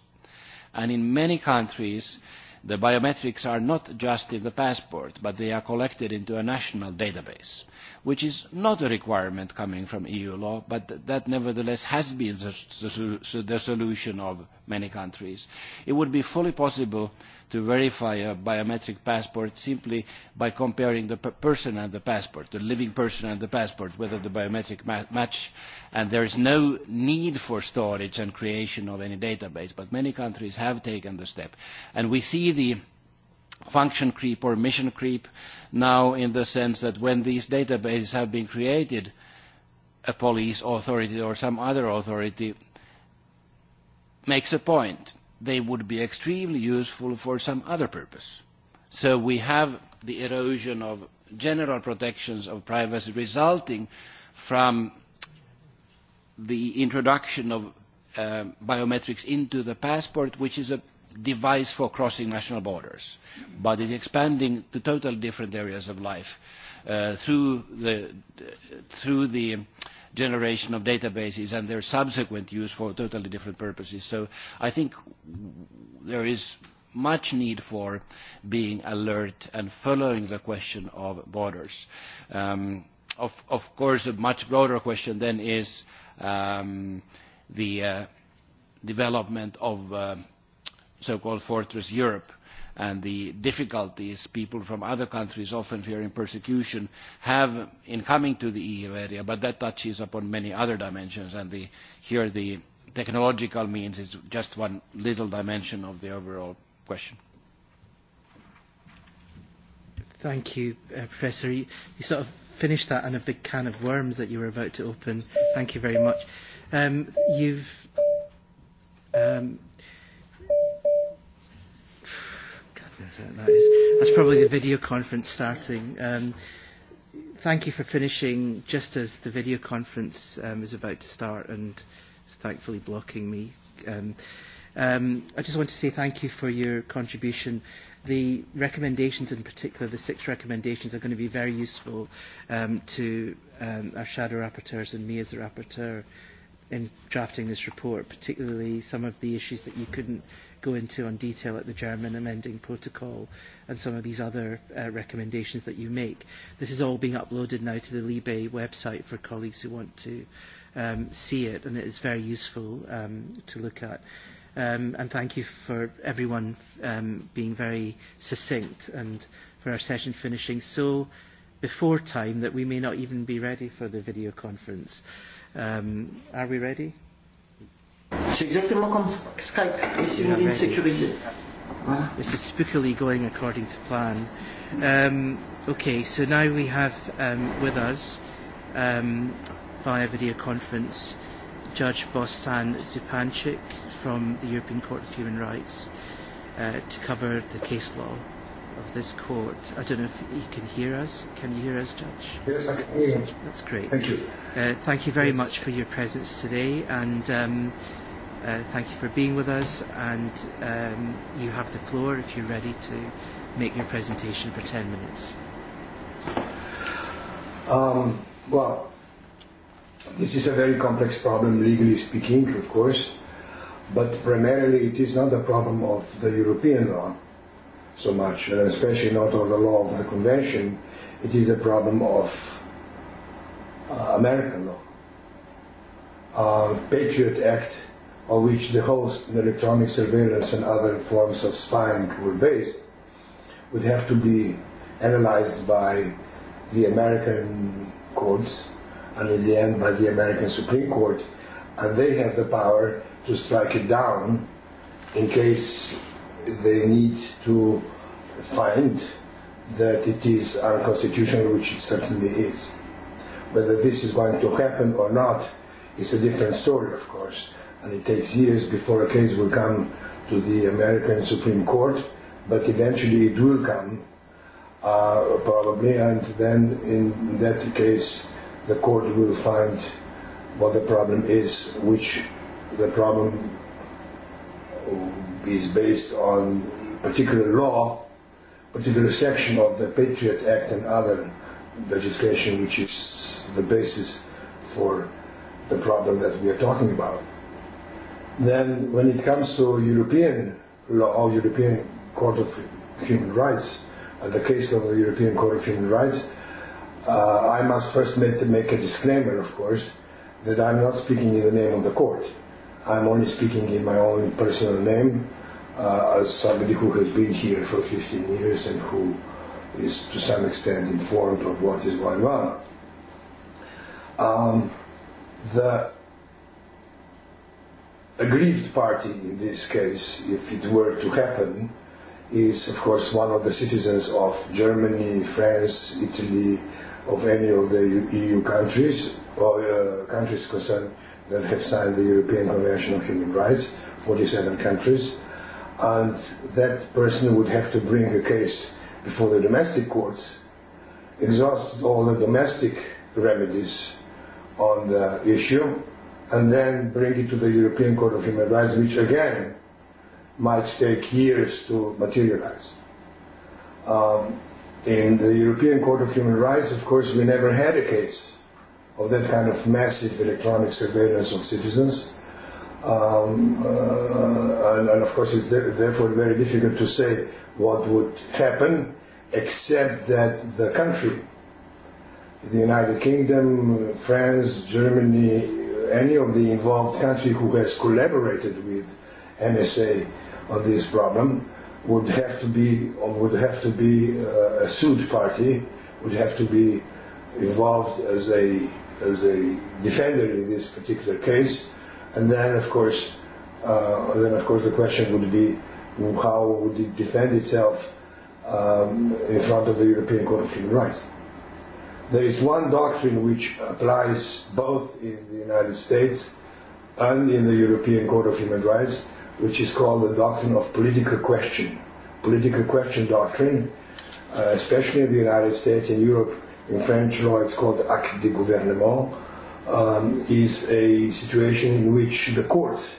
And in many countries, the biometrics are not just in the passport, but they are collected into a national database which is not a requirement coming from EU law, but that nevertheless has been the solution of many countries. It would be fully possible to verify a biometric passport simply by comparing the person and the passport, the living person and the passport, whether the biometric match. And there is no need for storage and creation of any database, but many countries have taken the step. And we see the function creep or mission creep now in the sense that when these databases have been created, a police authority or some other authority makes a point. They would be extremely useful for some other purpose. So we have the erosion of general protections of privacy resulting from the introduction of uh, biometrics into the passport, which is a device for crossing national borders, but it's expanding to totally different areas of life uh, through the through the generation of databases and their subsequent use for totally different purposes. So I think there is much need for being alert and following the question of borders. Um, of, of course, a much broader question then is um, the uh, development of uh, so-called fortress Europe and the difficulties people from other countries often fearing persecution have in coming to the EU area, but that touches upon many other dimensions, and the, here the technological means is just one little dimension of the overall question. Thank you, uh, Professor. You, you sort of finished that on a big can of worms that you were about to open. Thank you very much. Um, you've um, that is, that's probably the video conference starting. Um, thank you for finishing just as the video conference um, is about to start and thankfully blocking me. Um, um, I just want to say thank you for your contribution. The recommendations, in particular, the six recommendations, are going to be very useful um, to um, our shadow rapporteurs and me as the rapporteur in drafting this report, particularly some of the issues that you couldn't go into on detail at the German amending protocol and some of these other uh, recommendations that you make. This is all being uploaded now to the Libe website for colleagues who want to um, see it, and it is very useful um, to look at. Um, and thank you for everyone um, being very succinct and for our session finishing so before time that we may not even be ready for the video conference. Um, are we ready? C'est exactement comme Skype, mais c'est une ligne sécurisée. This is spookily going according to plan. Um, okay, so now we have um, with us um, via video conference Judge Bostan Zupancic from the European Court of Human Rights uh, to cover the case law of this court. I don't know if you can hear us. Can you hear us, Judge? Yes, I can hear you. That's great. Thank you. Uh, thank you very yes. much for your presence today, and um, uh, thank you for being with us. And um, you have the floor if you're ready to make your presentation for 10 minutes. Um, well, this is a very complex problem, legally speaking, of course, but primarily it is not a problem of the European law so much, and uh, especially not on the law of the convention. It is a problem of uh, American law. Uh, Patriot Act, on which the whole electronic surveillance and other forms of spying were based, would have to be analyzed by the American courts and in the end by the American Supreme Court, and they have the power to strike it down in case they need to find that it is unconstitutional, which it certainly is. Whether this is going to happen or not is a different story, of course, and it takes years before a case will come to the American Supreme Court, but eventually it will come, uh, probably, and then in that case the court will find what the problem is, which the problem is based on particular law, particular section of the Patriot Act and other legislation, which is the basis for the problem that we are talking about. Then, when it comes to European law, or European Court of Human Rights, and uh, the case of the European Court of Human Rights, uh, I must first make, make a disclaimer, of course, that I'm not speaking in the name of the court. I'm only speaking in my own personal name uh, as somebody who has been here for 15 years and who is to some extent informed of what is going on. Um, the aggrieved party in this case, if it were to happen, is of course one of the citizens of Germany, France, Italy, of any of the EU countries or uh, countries concerned that have signed the European Convention on Human Rights, 47 countries, and that person would have to bring a case before the domestic courts, exhaust all the domestic remedies on the issue, and then bring it to the European Court of Human Rights, which again might take years to materialize. Um, in the European Court of Human Rights, of course, we never had a case of that kind of massive electronic surveillance of citizens. Um, uh, and, and of course, it's de- therefore very difficult to say what would happen, except that the country, the United Kingdom, France, Germany, any of the involved country who has collaborated with NSA on this problem would have to be or would have to be uh, a sued party, would have to be involved as a as a defender in this particular case. And then, of course, uh, then of course the question would be how would it defend itself um, in front of the European Court of Human Rights? There is one doctrine which applies both in the United States and in the European Court of Human Rights, which is called the doctrine of political question. Political question doctrine, uh, especially in the United States and Europe, in French law it's called acte de gouvernement, um, is a situation in which the courts,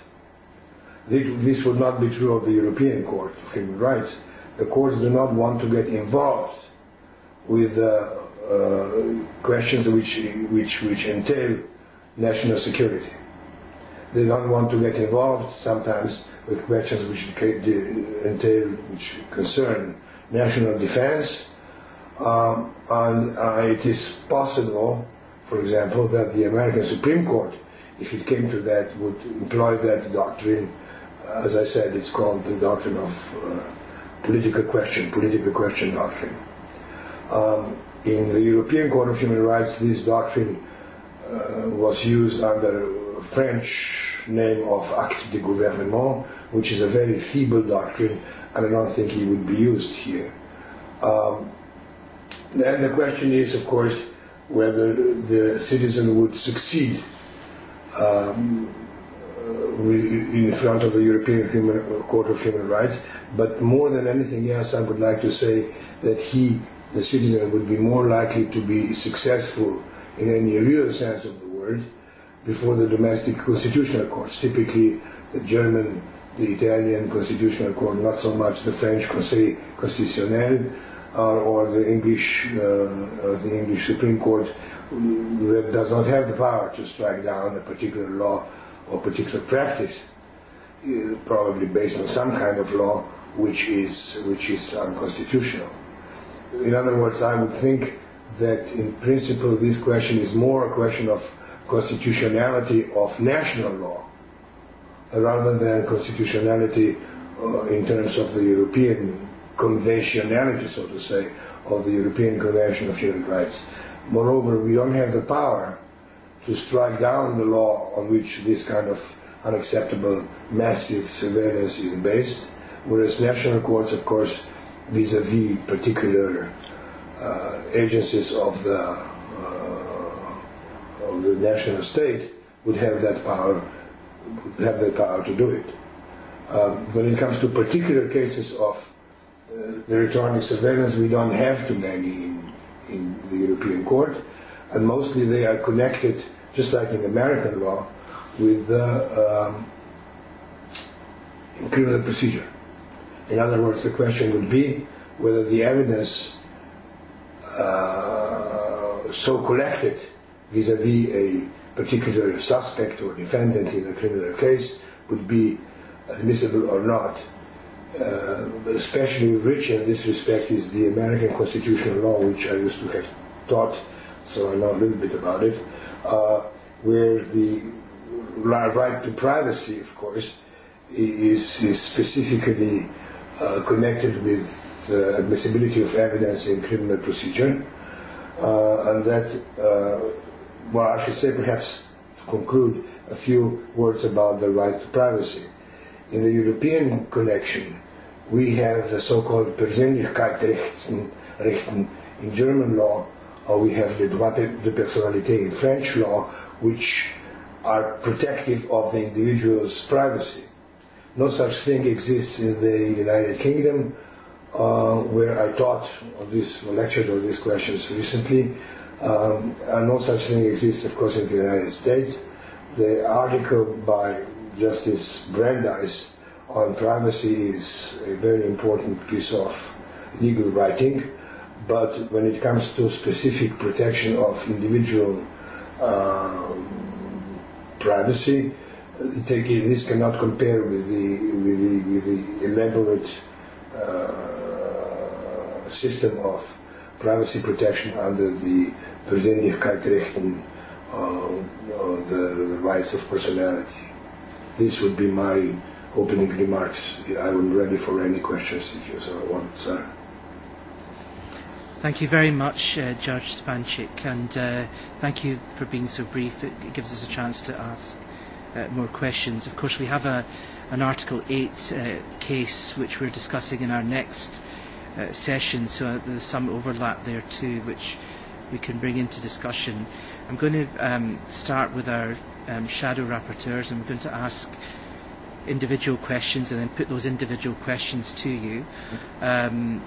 this would not be true of the European Court of Human Rights, the courts do not want to get involved with uh, uh, questions which, which, which entail national security. They don't want to get involved sometimes with questions which entail, which concern national defense, Um, and uh, it is possible, for example, that the American Supreme Court, if it came to that, would employ that doctrine. Uh, as I said, it's called the doctrine of uh, political question, political question doctrine. Um, in the European Court of Human Rights, this doctrine uh, was used under French name of Acte de Gouvernement, which is a very feeble doctrine, and I don't think it would be used here. Um, Then the question is, of course, whether the citizen would succeed um, uh, in front of the European Human, Court of Human Rights. But more than anything else, I would like to say that he, the citizen, would be more likely to be successful in any real sense of the word before the domestic constitutional courts, typically the German, the Italian constitutional court, not so much the French Conseil Constitutionnel, or, or the English uh, or the English Supreme Court does not have the power to strike down a particular law or particular practice, uh, probably based on some kind of law which is which is unconstitutional. In other words, I would think that in principle this question is more a question of constitutionality of national law rather than constitutionality uh, in terms of the European conventionality, so to say, of the European Convention of Human Rights. Moreover, we don't have the power to strike down the law on which this kind of unacceptable massive surveillance is based, whereas national courts, of course, vis-à-vis -vis particular uh, agencies of the uh, of the national state, would have that power would have the power to do it. Um, when it comes to particular cases of Uh, the electronic surveillance we don't have too many in, in the European court and mostly they are connected just like in American law with the um, criminal procedure in other words the question would be whether the evidence uh, so collected vis-a-vis -vis a particular suspect or defendant in a criminal case would be admissible or not uh, especially rich in this respect is the American constitutional law, which I used to have taught, so I know a little bit about it, uh, where the right to privacy, of course, is, is specifically uh, connected with the admissibility of evidence in criminal procedure, uh, and that, uh, well, I should say perhaps to conclude a few words about the right to privacy in the European connection, we have the so-called Persönlichkeitsrechten in German law, or we have the droit de personnalité in French law, which are protective of the individual's privacy. No such thing exists in the United Kingdom, uh, where I taught on this or lectured on these questions recently. Um, and no such thing exists, of course, in the United States. The article by Justice Brandeis on privacy is a very important piece of legal writing, but when it comes to specific protection of individual uh, privacy, take, this cannot compare with the, with the, with the elaborate uh, system of privacy protection under the Persönlichkeitsrechten, uh, the, the rights of personality. This would be my opening remarks. I am ready for any questions if you so want, sir. Thank you very much, uh, Judge Spanchik, and uh, thank you for being so brief. It, gives us a chance to ask uh, more questions. Of course, we have a, an Article 8 uh, case which we're discussing in our next uh, session, so uh, there's some overlap there too, which we can bring into discussion. I'm going to um, start with our um, shadow rapporteurs, and we're going to ask individual questions and then put those individual questions to you um,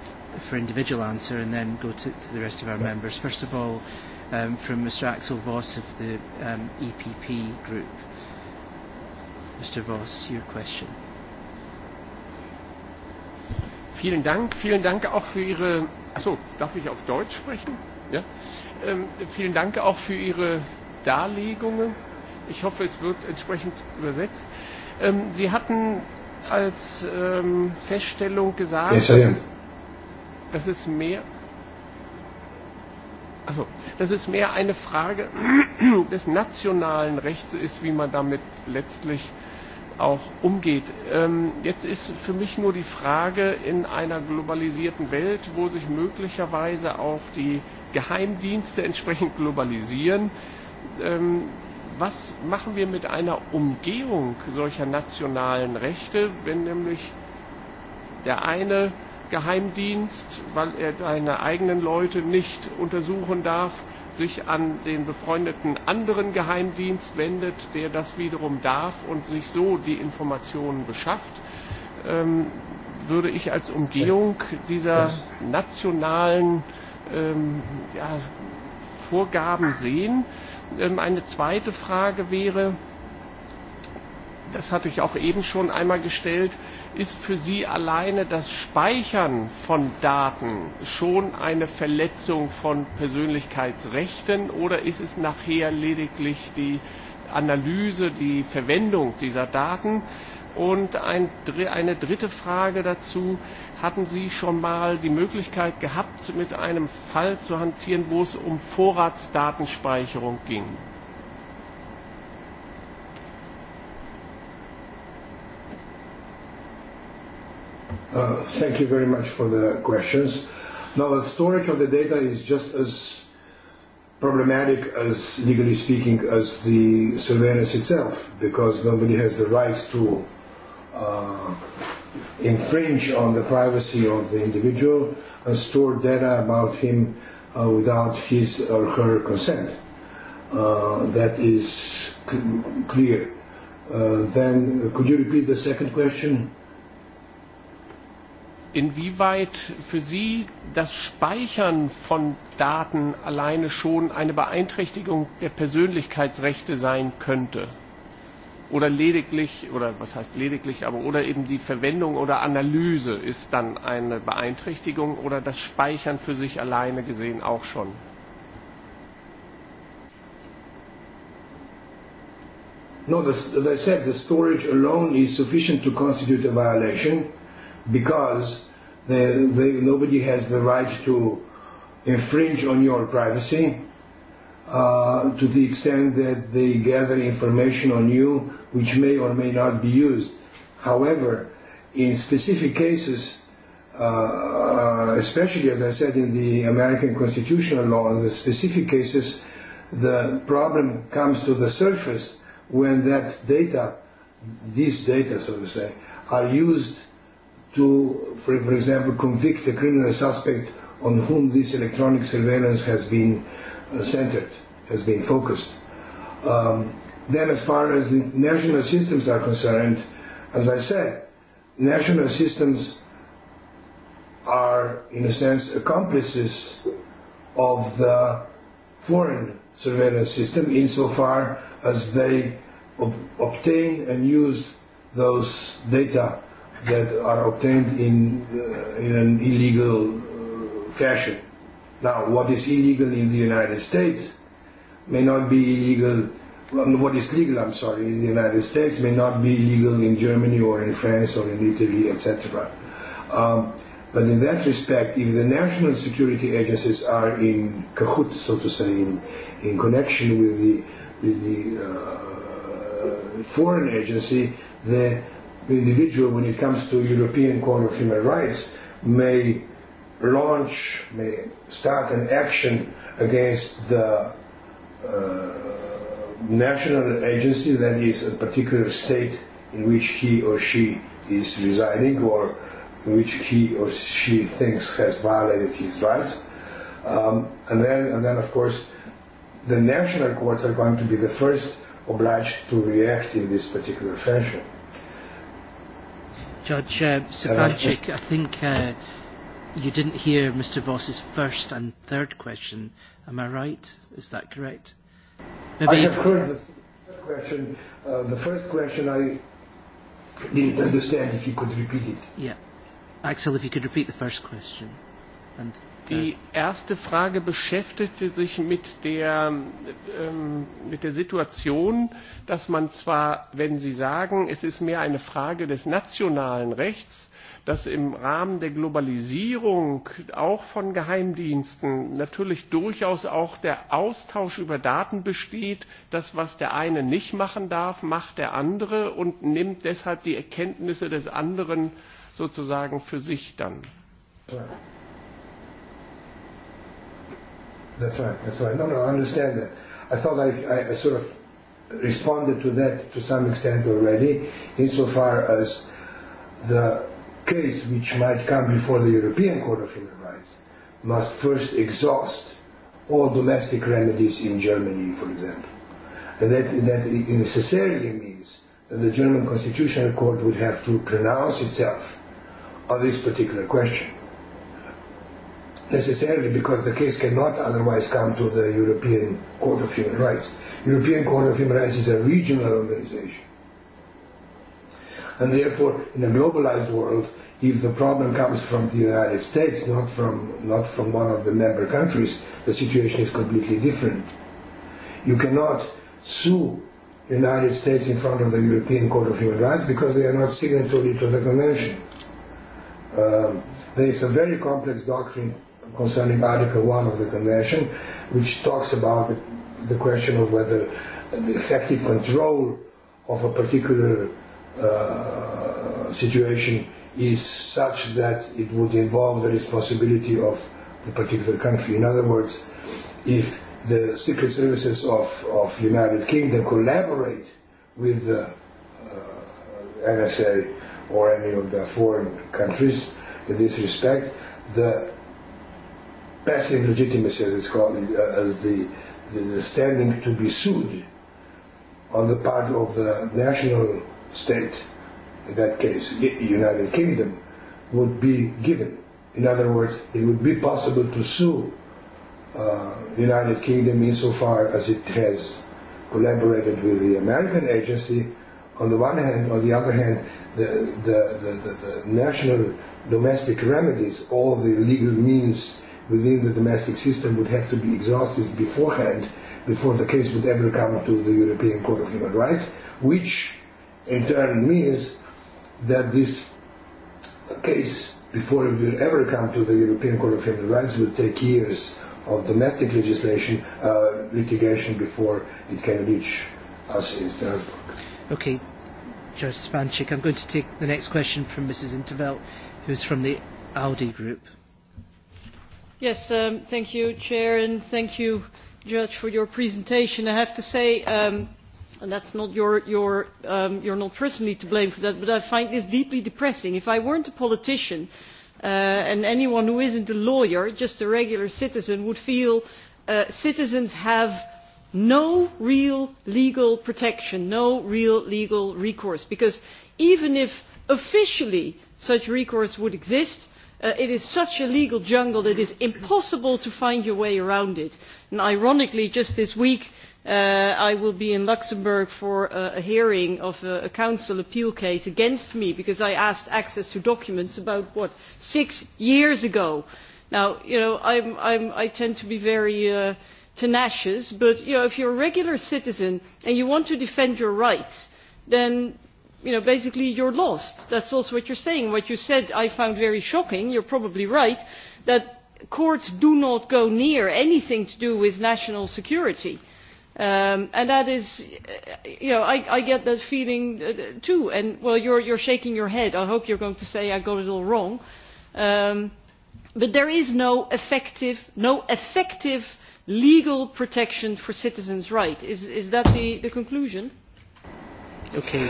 for individual answer and then go to, to the rest of our members. First of all, um, from Mr Axel Voss of the um, EPP group. Mr Voss, your question. Vielen Dank, vielen Dank auch für Ihre. Achso, darf ich auf Deutsch sprechen? Ja? Ähm, vielen Dank auch für Ihre Darlegungen Ich hoffe, es wird entsprechend übersetzt. Ähm, Sie hatten als ähm, Feststellung gesagt, yes, dass, es, dass es mehr. Also, dass es mehr eine Frage des nationalen Rechts ist, wie man damit letztlich auch umgeht. Ähm, jetzt ist für mich nur die Frage in einer globalisierten Welt, wo sich möglicherweise auch die Geheimdienste entsprechend globalisieren, ähm, was machen wir mit einer Umgehung solcher nationalen Rechte, wenn nämlich der eine Geheimdienst, weil er seine eigenen Leute nicht untersuchen darf, sich an den befreundeten anderen Geheimdienst wendet, der das wiederum darf und sich so die Informationen beschafft, ähm, würde ich als Umgehung dieser nationalen ähm, ja, Vorgaben sehen. Meine ähm, zweite Frage wäre, das hatte ich auch eben schon einmal gestellt, ist für Sie alleine das Speichern von Daten schon eine Verletzung von Persönlichkeitsrechten oder ist es nachher lediglich die Analyse, die Verwendung dieser Daten? Und ein, eine dritte Frage dazu. Hatten Sie schon mal die Möglichkeit gehabt, mit einem Fall zu hantieren, wo es um Vorratsdatenspeicherung ging? Uh, thank you very much for the questions. Now, the storage of the data is just as problematic as, legally speaking, as the surveillance itself, because nobody has the right to uh, infringe on the privacy of the individual and store data about him uh, without his or her consent. Uh, that is clear. Uh, then, could you repeat the second question? Inwieweit für Sie das Speichern von Daten alleine schon eine Beeinträchtigung der Persönlichkeitsrechte sein könnte? oder lediglich oder was heißt lediglich aber oder eben die Verwendung oder Analyse ist dann eine Beeinträchtigung oder das Speichern für sich alleine gesehen auch schon? No, the, as I said, the storage alone is sufficient to constitute a violation because they, they, nobody has the right to infringe on your privacy Uh, to the extent that they gather information on you which may or may not be used. However, in specific cases, uh, uh, especially as I said in the American constitutional law, in the specific cases, the problem comes to the surface when that data, these data, so to say, are used to, for, for example, convict a criminal suspect on whom this electronic surveillance has been Uh, centered, has been focused. Um, then as far as the national systems are concerned, as I said, national systems are, in a sense, accomplices of the foreign surveillance system insofar as they ob obtain and use those data that are obtained in, uh, in an illegal uh, fashion. Now, what is illegal in the United States may not be illegal, well, what is legal, I'm sorry, in the United States may not be illegal in Germany or in France or in Italy, etc. Um, but in that respect, if the national security agencies are in cahoots, so to say, in, in connection with the, with the uh, foreign agency, the individual, when it comes to European Court of Human Rights, may launch, may start an action against the uh, national agency, that is a particular state in which he or she is residing or in which he or she thinks has violated his rights. Um, and then, and then of course, the national courts are going to be the first obliged to react in this particular fashion. Judge uh, Sabanchik, I think uh, you didn't hear Mr. Voss's first and third question. Am I right? Is that correct? Maybe I have heard the third question. Uh, the first question I didn't understand. If you could repeat it. Yeah. Axel, if you could repeat the first question. And Die erste Frage beschäftigte sich mit der, ähm, mit der Situation, dass man zwar, wenn Sie sagen, es ist mehr eine Frage des nationalen Rechts, dass im Rahmen der Globalisierung auch von Geheimdiensten natürlich durchaus auch der Austausch über Daten besteht. Das, was der eine nicht machen darf, macht der andere und nimmt deshalb die Erkenntnisse des anderen sozusagen für sich dann. That's right. That's right. No, no, I understand that. I thought I, I sort of responded to that to some extent already, insofar as the case which might come before the European Court of Human Rights must first exhaust all domestic remedies in Germany, for example. And that, that necessarily means that the German Constitutional Court would have to pronounce itself on this particular question. Necessarily because the case cannot otherwise come to the European Court of Human Rights. European Court of Human Rights is a regional organization And therefore, in a globalized world, if the problem comes from the United States, not from, not from one of the member countries, the situation is completely different. You cannot sue the United States in front of the European Court of Human Rights because they are not signatory to the convention. Um, there is a very complex doctrine concerning Article 1 of the convention, which talks about the, the question of whether the effective control of a particular Uh, situation is such that it would involve the responsibility of the particular country. In other words, if the secret services of, of United Kingdom collaborate with the uh, NSA or any of the foreign countries in this respect, the passive legitimacy, as it's called, uh, as the, the, the standing to be sued on the part of the national state, in that case, United Kingdom, would be given. In other words, it would be possible to sue uh, United Kingdom insofar as it has collaborated with the American agency on the one hand, on the other hand, the, the, the, the, national domestic remedies, all the legal means within the domestic system would have to be exhausted beforehand before the case would ever come to the European Court of Human Rights, which in turn means that this case, before it will ever come to the European Court of Human Rights, will take years of domestic legislation, uh, litigation before it can reach us in Strasbourg. Okay, Judge Spanchik, I'm going to take the next question from Mrs. Intervelt, is from the Audi group. Yes, um, thank you, Chair, and thank you, Judge, for your presentation. I have to say, um, and that's not your, your, um, you're not personally to blame for that, but I find this deeply depressing. If I weren't a politician, uh, and anyone who isn't a lawyer, just a regular citizen, would feel uh, citizens have no real legal protection, no real legal recourse, because even if officially such recourse would exist, Uh, it is such a legal jungle that it is impossible to find your way around it. And ironically just this week Uh, i will be in luxembourg for a, hearing of a, council appeal case against me because i asked for access to documents about what, six years ago. now i tend to be very uh, tenacious but if you are a regular citizen and you want to defend your rights then basically you are lost. that is also what you are saying. what you said i found very shocking you are probably right that courts do not go near anything to do with national security. Um, and that is, you know, I, I get that feeling uh, too. And well, you're, you're shaking your head. I hope you're going to say I got it all wrong. Um, but there is no effective, no effective legal protection for citizens' rights. Is, is that the, the conclusion? Okay,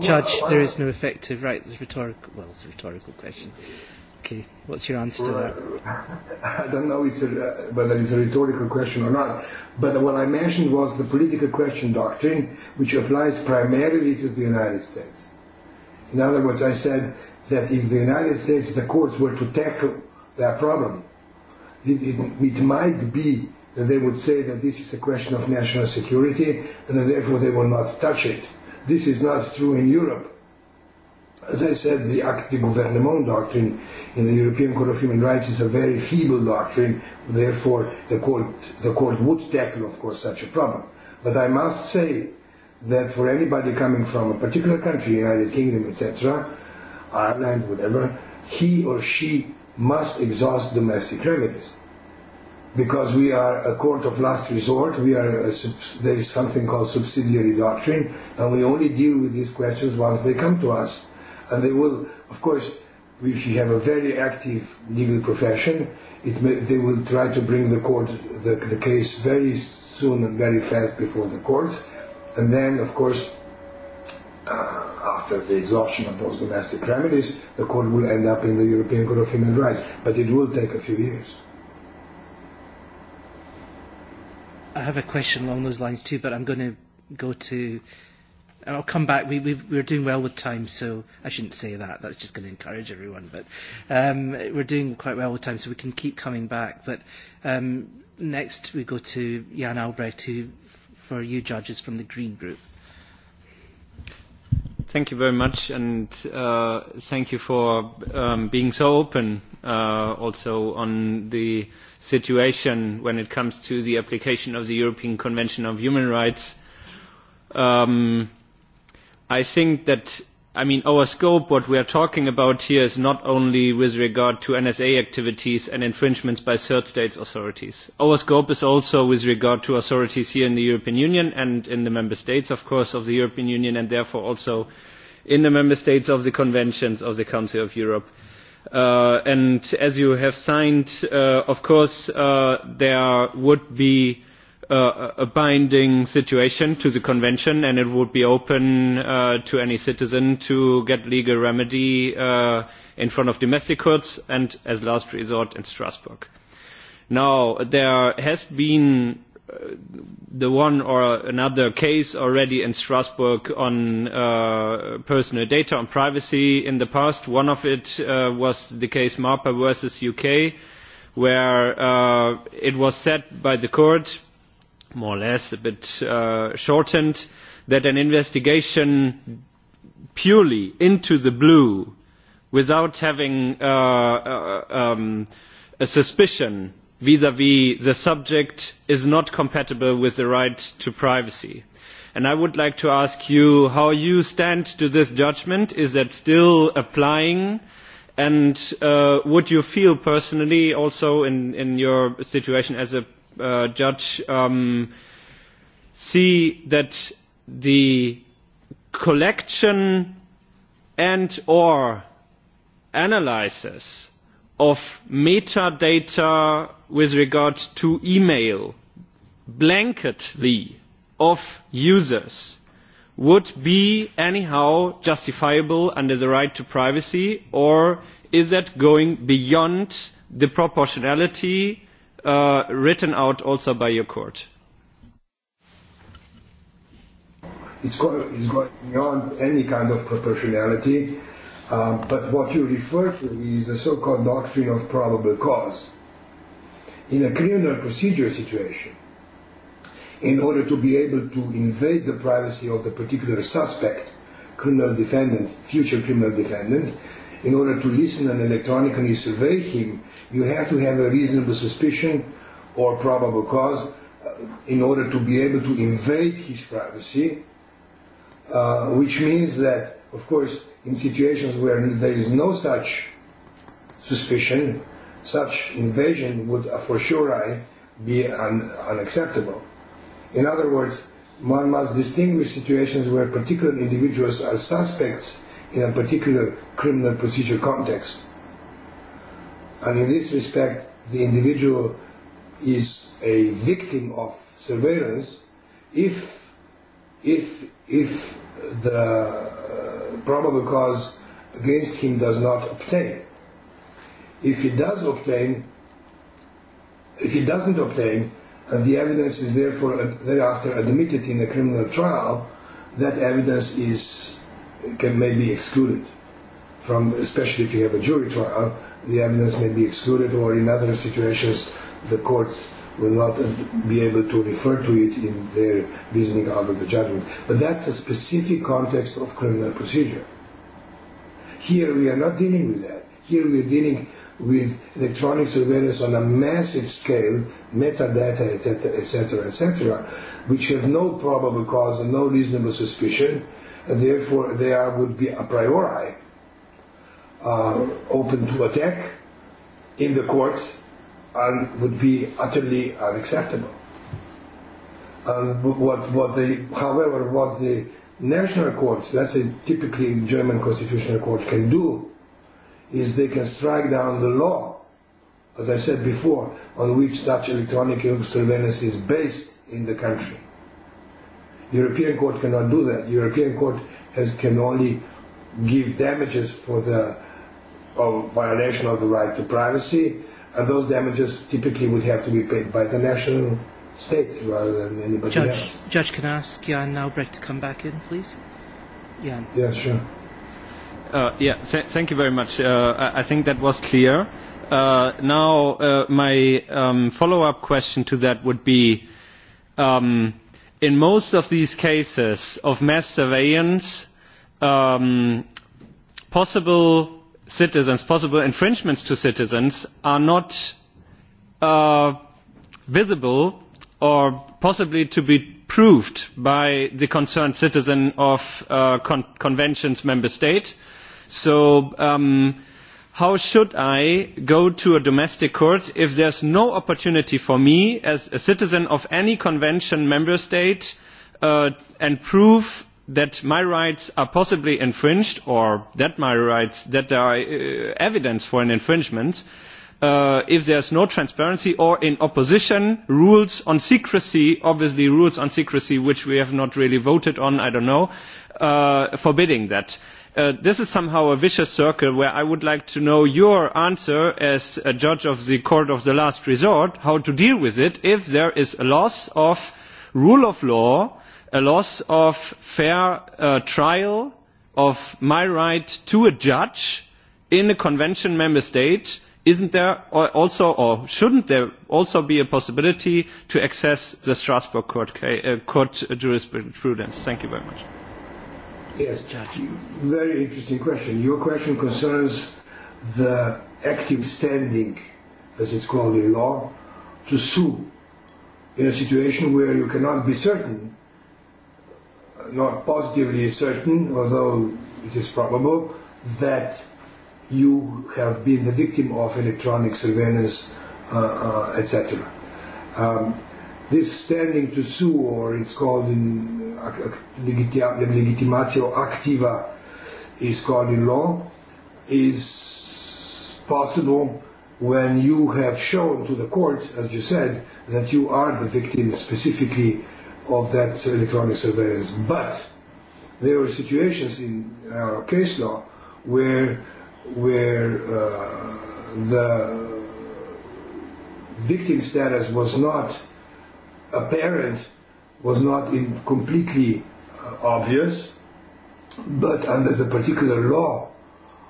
Judge, there is no effective right. It's rhetorical. Well, it's a rhetorical question. Okay, what's your answer to that? I don't know it's a, whether it's a rhetorical question or not, but what I mentioned was the political question doctrine, which applies primarily to the United States. In other words, I said that if the United States, the courts were to tackle that problem, it, it, it might be that they would say that this is a question of national security and that therefore they will not touch it. This is not true in Europe As I said, the the gouvernement doctrine in the European Court of Human Rights is a very feeble doctrine. Therefore, the court, the court would tackle, of course, such a problem. But I must say that for anybody coming from a particular country, United Kingdom, etc., Ireland, whatever, he or she must exhaust domestic remedies. Because we are a court of last resort, we are a, there is something called subsidiary doctrine, and we only deal with these questions once they come to us And they will, of course, if you have a very active legal profession, it may, they will try to bring the court the, the case very soon and very fast before the courts, and then of course, uh, after the exhaustion of those domestic remedies, the court will end up in the European Court of Human Rights. But it will take a few years. I have a question along those lines too, but I'm going to go to and I'll come back. We, we've, we're doing well with time, so I shouldn't say that. That's just going to encourage everyone. But um, we're doing quite well with time, so we can keep coming back. But um, next we go to Jan Albrecht, who, for you judges from the Green Group. Thank you very much, and uh, thank you for um, being so open uh, also on the situation when it comes to the application of the European Convention of Human Rights. Um, I think that I mean, our scope, what we are talking about here is not only with regard to NSA activities and infringements by third states authorities. Our scope is also with regard to authorities here in the European Union and in the member states, of course, of the European Union and therefore also in the member states of the conventions of the Council of Europe. Uh, and as you have signed, uh, of course, uh, there would be a binding situation to the convention and it would be open uh, to any citizen to get legal remedy uh, in front of domestic courts and as last resort in Strasbourg. Now, there has been uh, the one or another case already in Strasbourg on uh, personal data on privacy in the past. One of it uh, was the case MARPA versus UK, where uh, it was said by the court more or less, a uh, shortened, that an investigation purely into the blue, without having uh, uh, um, a suspicion vis-à-vis -vis the subject, is not compatible with the right to privacy. And I would like to ask you how you stand to this judgment. Is that still applying? And uh, would you feel personally also in, in your situation as a uh, judge um, see that the collection and or analysis of metadata with regard to email blanketly of users would be anyhow justifiable under the right to privacy or is that going beyond the proportionality uh, written out also by your court? It's going, it's going beyond any kind of proportionality, uh, but what you refer to is the so-called doctrine of probable cause. In a criminal procedure situation, in order to be able to invade the privacy of the particular suspect, criminal defendant, future criminal defendant, in order to listen and electronically survey him you have to have a reasonable suspicion or probable cause uh, in order to be able to invade his privacy, uh, which means that, of course, in situations where there is no such suspicion, such invasion would uh, for sure I, be un unacceptable. In other words, one must distinguish situations where particular individuals are suspects in a particular criminal procedure context And in this respect, the individual is a victim of surveillance if, if, if the uh, probable cause against him does not obtain. If he does obtain, if he doesn't obtain, and the evidence is therefore thereafter admitted in a criminal trial, that evidence is can may be excluded from, especially if you have a jury trial, the evidence may be excluded or in other situations the courts will not be able to refer to it in their reasoning out of the judgment. But that's a specific context of criminal procedure. Here we are not dealing with that. Here we are dealing with electronic surveillance on a massive scale, metadata, etc., etc., etc., which have no probable cause and no reasonable suspicion, and therefore they are, would be a priori are open to attack in the courts and would be utterly unacceptable. And what, what the, however, what the national courts, let's say typically German constitutional court can do, is they can strike down the law, as I said before, on which Dutch electronic surveillance is based in the country. European court cannot do that. European court has, can only give damages for the of violation of the right to privacy, and those damages typically would have to be paid by the national state rather than anybody Judge, else. Judge, can I ask Jan Naubrecht to come back in, please? Jan. Yeah, sure. Uh, yeah, th thank you very much. Uh, I, I think that was clear. Uh, now, uh, my um, follow-up question to that would be, um, in most of these cases of mass surveillance, um, possible citizens, possible infringements to citizens are not uh, visible or possibly to be proved by the concerned citizen of a uh, convention's member state. So um, how should I go to a domestic court if there's no opportunity for me as a citizen of any convention member state to uh, and prove that my rights are possibly infringed or that my rights that there are uh, evidence for an infringement uh, if there is no transparency or in opposition rules on secrecy obviously rules on secrecy which we have not really voted on i don't know uh, forbidding that this is somehow a vicious circle where I would like to know your answer as a judge of the court of the last resort, how to deal with it if there is a loss of rule of law a loss of fair uh, trial of my right to a judge in a convention member state isn't there also or shouldn't there also be a possibility to access the strasbourg court, uh, court jurisprudence thank you very much yes judge very interesting question your question concerns the active standing as it's called in law to sue in a situation where you cannot be certain not positively certain, although it is probable, that you have been the victim of electronic surveillance, uh, uh, etc. Um, this standing to sue, or it's called in uh, legitimatio activa, is called in law, is possible when you have shown to the court, as you said, that you are the victim specifically of that electronic surveillance. But there were situations in our uh, case law where where uh, the victim status was not apparent, was not in completely uh, obvious, but under the particular law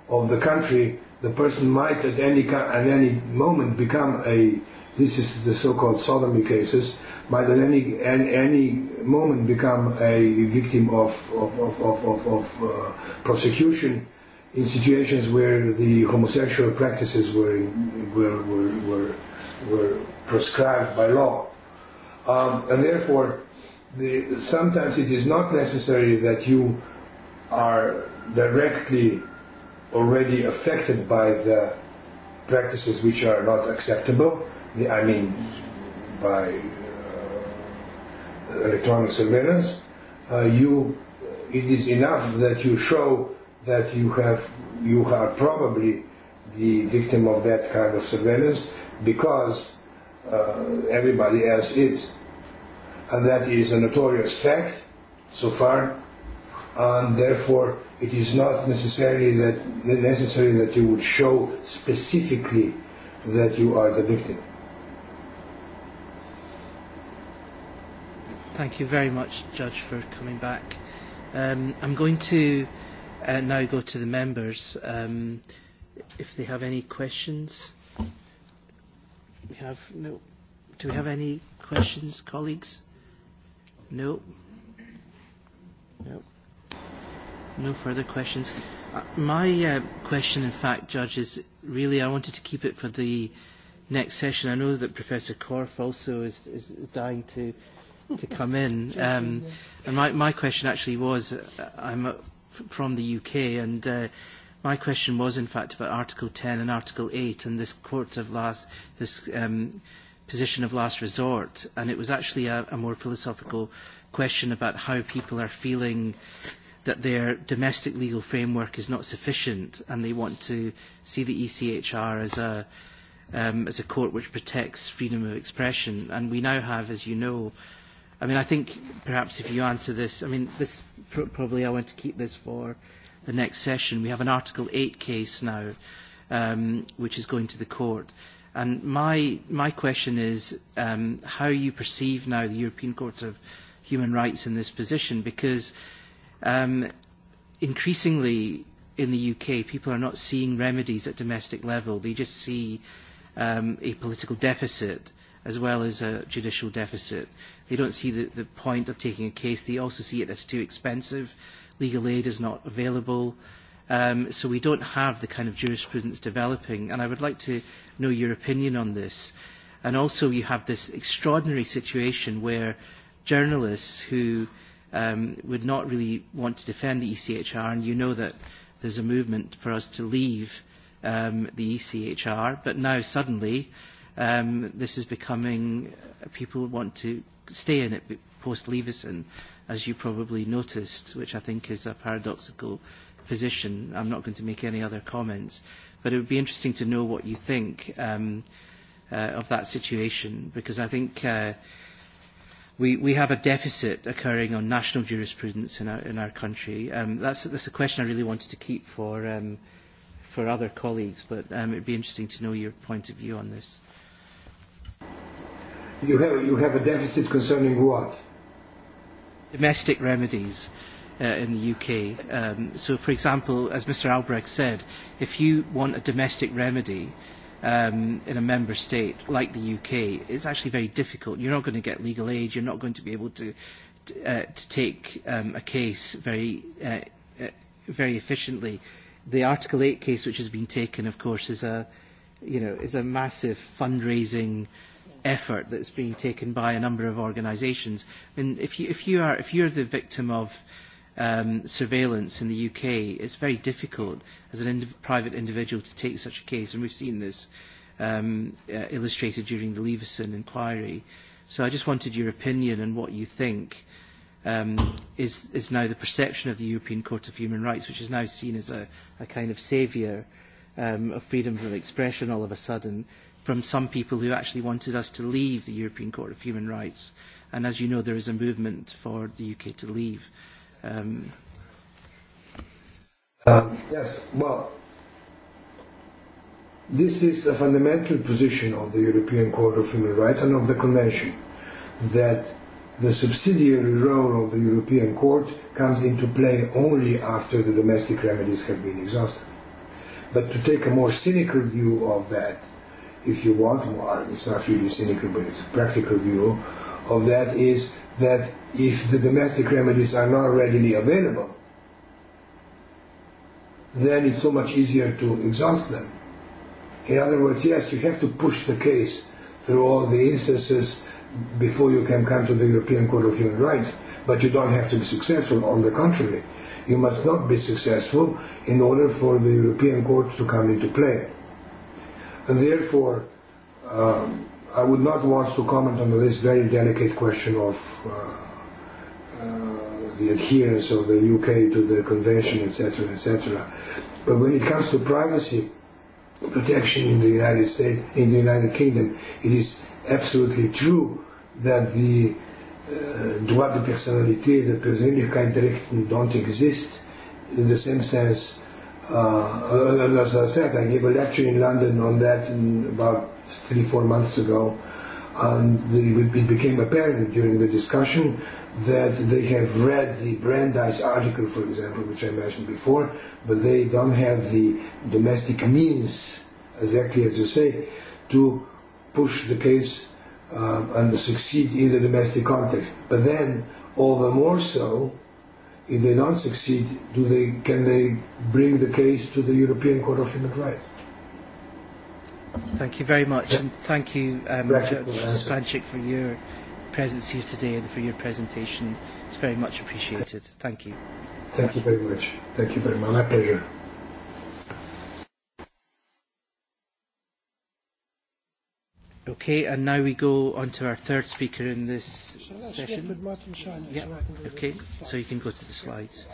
of the country, the person might at any at any moment become a. This is the so-called sodomy cases might at any any, any moment become a victim of of of of of, of uh, prosecution in situations where the homosexual practices were were were were, were prescribed by law, um, and therefore, the, sometimes it is not necessary that you are directly already affected by the practices which are not acceptable. I mean, by electronic surveillance, uh, you uh, it is enough that you show that you have you are probably the victim of that kind of surveillance because uh, everybody else is. And that is a notorious fact so far, and therefore it is not necessarily that necessary that you would show specifically that you are the victim. thank you very much, Judge, for coming back. Um, I'm going to uh, now go to the members um, if they have any questions. We have no. Do we have any questions, colleagues? No. No. No further questions. Uh, my uh, question, in fact, Judge, is really I wanted to keep it for the next session. I know that Professor Korf also is, is dying to to come in. Um, and my, my question actually was, uh, I'm from the UK, and uh, my question was in fact about Article 10 and Article 8 and this court of last, this um, position of last resort, and it was actually a, a more philosophical question about how people are feeling that their domestic legal framework is not sufficient, and they want to see the ECHR as a um, as a court which protects freedom of expression. And we now have, as you know, I mean, I think perhaps if you answer this, I mean, this pr probably I want to keep this for the next session. We have an Article 8 case now, um, which is going to the court. And my, my question is um, how you perceive now the European Court of Human Rights in this position, because um, increasingly in the UK, people are not seeing remedies at domestic level. They just see um, a political deficit as well as a judicial deficit. They don't see the, the point of taking a case. They also see it as too expensive. Legal aid is not available. Um, so we don't have the kind of jurisprudence developing. And I would like to know your opinion on this. And also you have this extraordinary situation where journalists who um, would not really want to defend the ECHR, and you know that there's a movement for us to leave um, the ECHR, but now suddenly um, this is becoming, uh, people want to stay in it post-Leveson, as you probably noticed, which I think is a paradoxical position. I'm not going to make any other comments, but it would be interesting to know what you think um, uh, of that situation, because I think uh, we, we have a deficit occurring on national jurisprudence in our, in our country. Um, that's, that's a question I really wanted to keep for, um, for other colleagues, but um, it would be interesting to know your point of view on this. You have, you have a deficit concerning what? Domestic remedies uh, in the UK. Um, so, for example, as Mr Albrecht said, if you want a domestic remedy um, in a member state like the UK, it's actually very difficult. You're not going to get legal aid. You're not going to be able to, uh, to take um, a case very, uh, uh, very efficiently. The Article 8 case, which has been taken, of course, is a, you know, is a massive fundraising effort that's being taken by a number of organisations. if you if you are if you're the victim of um, surveillance in the UK, it's very difficult as a indiv- private individual to take such a case, and we've seen this um, uh, illustrated during the Leveson inquiry. So I just wanted your opinion and what you think um, is, is now the perception of the European Court of Human Rights, which is now seen as a, a kind of saviour um, of freedom of expression all of a sudden, from some people who actually wanted us to leave the European Court of Human Rights. And as you know, there is a movement for the UK to leave. Um, uh, yes, well, this is a fundamental position of the European Court of Human Rights and of the Convention, that the subsidiary role of the European Court comes into play only after the domestic remedies have been exhausted. But to take a more cynical view of that, if you want, it's not really cynical, but it's a practical view of that, is that if the domestic remedies are not readily available, then it's so much easier to exhaust them. In other words, yes, you have to push the case through all the instances before you can come to the European Court of Human Rights, but you don't have to be successful. On the contrary, you must not be successful in order for the European Court to come into play. And therefore, uh, I would not want to comment on this very delicate question of uh, uh, the adherence of the UK to the convention, etc., etc. But when it comes to privacy protection in the United States, in the United Kingdom, it is absolutely true that the uh, droit de personnalité, the persönlichkeit don't exist in the same sense Uh, uh, as I said, I gave a lecture in London on that in about three, four months ago, and the, it became apparent during the discussion that they have read the Brandeis article, for example, which I mentioned before, but they don't have the domestic means, exactly as you say, to push the case uh, and succeed in the domestic context. But then, all the more so, if they don't succeed, do they, can they bring the case to the European Court of Human Rights? Thank you very much, yeah. and thank you, um, Judge Spanchik, for your presence here today and for your presentation. It's very much appreciated. Thank you. Thank you very much. Thank you very much. My pleasure. Okay, and now we go on to our third speaker in this Shall session. I skip with Shiner, Yeah. So I okay, so you can go to the slides.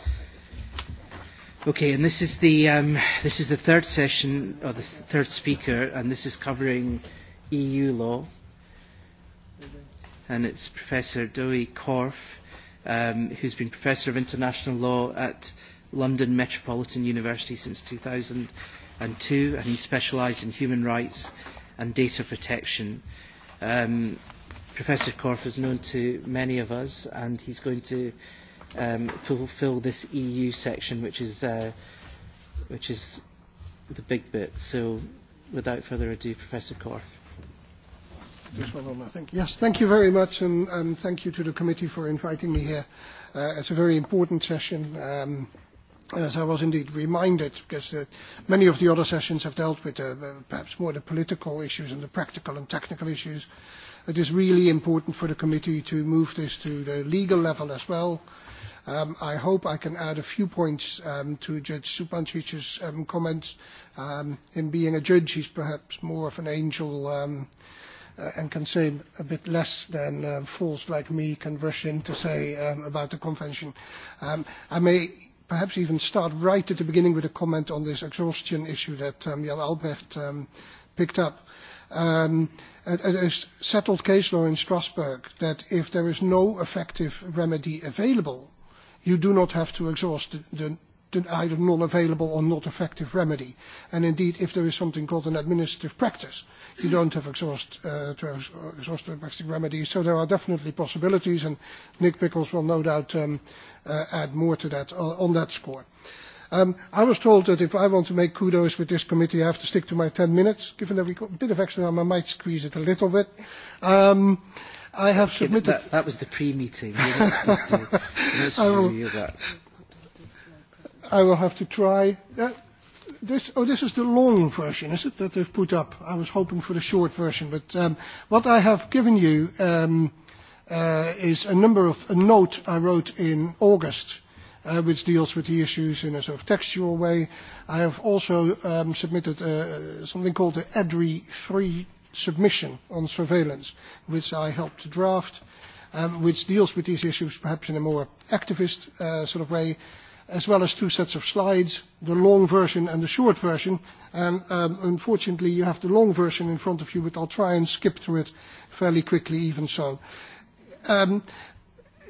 Okay, and this is the um, this is the third session or the third speaker, and this is covering EU law, and it's Professor Dewey Korf, um, who's been Professor of International Law at London Metropolitan University since 2002, and he specialised in human rights and data protection. Um, Professor Korf is known to many of us, and he's going to um, fulfil this EU section, which is, uh, which is the big bit. So, without further ado, Professor Korf. Yes, well, no, thank you. yes, thank you very much, and and thank you to the committee for inviting me here. Uh, it's a very important session. Um, as I was indeed reminded, because uh, many of the other sessions have dealt with uh, uh, perhaps more the political issues and the practical and technical issues. It is really important for the committee to move this to the legal level as well. Um, I hope I can add a few points um, to Judge Supancic's um, comments. Um, in being a judge, he's perhaps more of an angel um, uh, and can say a bit less than uh, fools like me can rush in to say um, about the convention. Um, I may perhaps even start right at the beginning with a comment on this exhaustion issue that um, Jan Albrecht um, picked up. Um, a, a settled case law in Strasbourg that if there is no effective remedy available, you do not have to exhaust the, the either non-available or not effective remedy. And indeed, if there is something called an administrative practice, you don't have exhaust, uh, to have exhaustive remedy. So there are definitely possibilities, and Nick Pickles will no doubt um, uh, add more to that uh, on that score. Um, I was told that if I want to make kudos with this committee, I have to stick to my 10 minutes. Given that we got a bit of extra time, I might squeeze it a little bit. Um, I have okay, submitted... That, that was the pre-meeting. You're not supposed to, I I will have to try. Uh, this, oh, this is the long version, is it, that they've put up? I was hoping for the short version, but um, what I have given you um, uh, is a number of a note I wrote in August, uh, which deals with the issues in a sort of textual way. I have also um, submitted uh, something called the EDRI 3 submission on surveillance, which I helped to draft, um, which deals with these issues perhaps in a more activist uh, sort of way as well as two sets of slides, the long version and the short version. And um, unfortunately, you have the long version in front of you, but I'll try and skip through it fairly quickly even so. Um,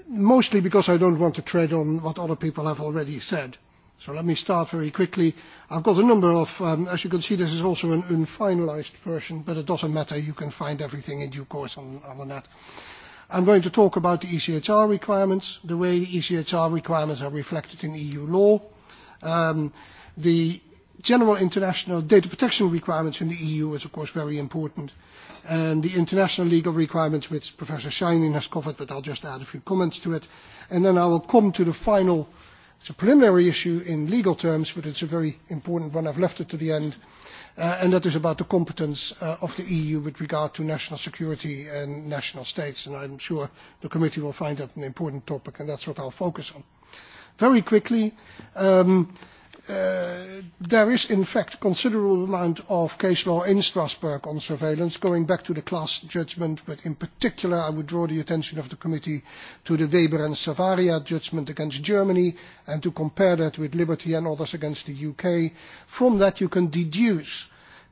mostly because I don't want to tread on what other people have already said. So let me start very quickly. I've got a number of, um, as you can see, this is also an unfinalized version, but it doesn't matter. You can find everything in due course on, on the net. I'm going to talk about the ECHR requirements, the way the ECHR requirements are reflected in EU law, um, the general international data protection requirements in the EU is of course very important, and the international legal requirements which Professor Shining has covered, but I'll just add a few comments to it. And then I will come to the final, it's a preliminary issue in legal terms, but it's a very important one. I've left it to the end Uh, and that is about the competence uh, of the EU with regard to national security and national states. And I'm sure the committee will find that an important topic, and that's what I'll focus on. Very quickly, um, Uh, there is in fact considerable amount of case law in Strasbourg on surveillance, going back to the class judgment, but in particular I would draw the attention of the committee to the Weber and Savaria judgment against Germany and to compare that with Liberty and others against the UK. From that you can deduce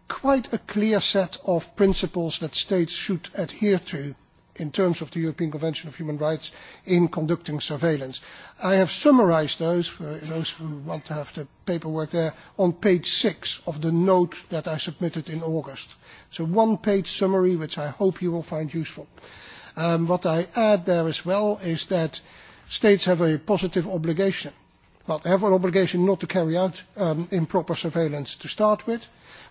quite a clear set of principles that states should adhere to in terms of the European Convention of Human Rights in conducting surveillance. I have summarized those, for those who want to have the paperwork there, on page six of the note that I submitted in August. It's a one-page summary which I hope you will find useful. Um, what I add there as well is that states have a positive obligation. Well, they have an obligation not to carry out um, improper surveillance to start with.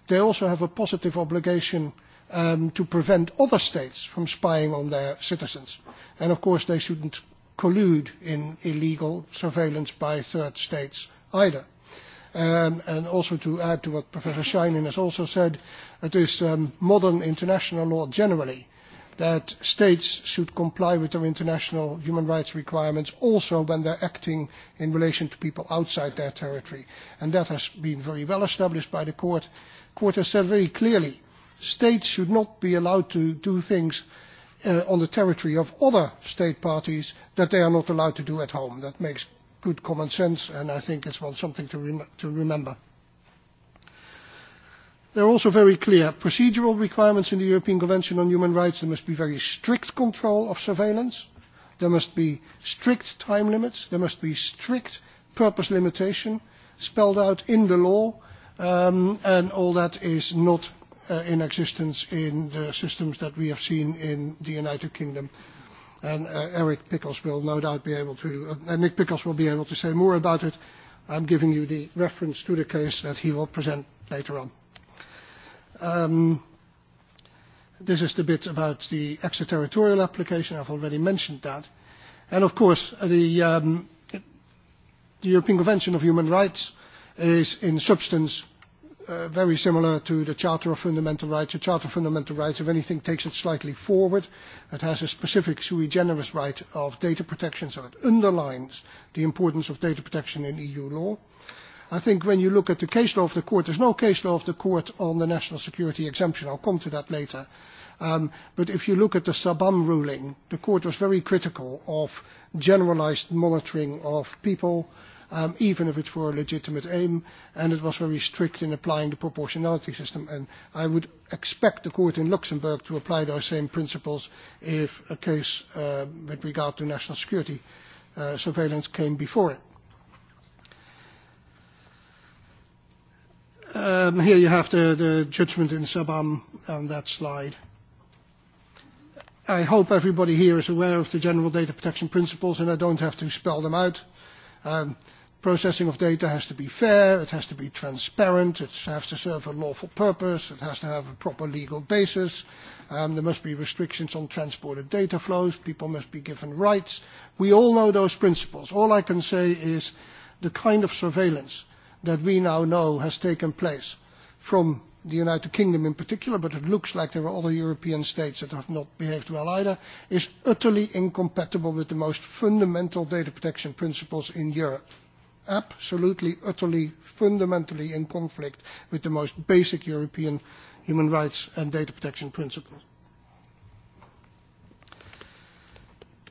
They also have a positive obligation um, to prevent other states from spying on their citizens. And of course, they shouldn't collude in illegal surveillance by third states either. Um, and also to add to what Professor Scheinin has also said, it is um, modern international law generally that states should comply with their international human rights requirements also when they're acting in relation to people outside their territory. And that has been very well established by the court. The court has said very clearly states should not be allowed to do things uh, on the territory of other state parties that they are not allowed to do at home. That makes good common sense, and I think it's well something to, rem to remember. There are also very clear procedural requirements in the European Convention on Human Rights. There must be very strict control of surveillance. There must be strict time limits. There must be strict purpose limitation spelled out in the law. Um, and all that is not Uh, in existence in the systems that we have seen in the United Kingdom. And uh, Eric Pickles will no doubt be able to, uh, and Nick Pickles will be able to say more about it. I'm giving you the reference to the case that he will present later on. Um, this is the bit about the extraterritorial application. I've already mentioned that. And of course, the, um, the European Convention of Human Rights is in substance uh, very similar to the Charter of Fundamental Rights. The Charter of Fundamental Rights, if anything, takes it slightly forward. It has a specific sui generis right of data protection, so it underlines the importance of data protection in EU law. I think when you look at the case law of the court, there's no case law of the court on the national security exemption. I'll come to that later. Um, but if you look at the Sabam ruling, the court was very critical of generalized monitoring of people, um, even if it's for a legitimate aim, and it was very strict in applying the proportionality system. And I would expect the court in Luxembourg to apply those same principles if a case uh, with regard to national security uh, surveillance came before it. Um, here you have the, the judgment in Sabam on that slide. I hope everybody here is aware of the general data protection principles and I don't have to spell them out. Um, processing of data has to be fair, it has to be transparent, it has to serve a lawful purpose, it has to have a proper legal basis, um, there must be restrictions on transported data flows, people must be given rights. We all know those principles. All I can say is the kind of surveillance that we now know has taken place from the United Kingdom in particular, but it looks like there are other European states that have not behaved well either, is utterly incompatible with the most fundamental data protection principles in Europe absolutely, utterly, fundamentally in conflict with the most basic European human rights and data protection principles.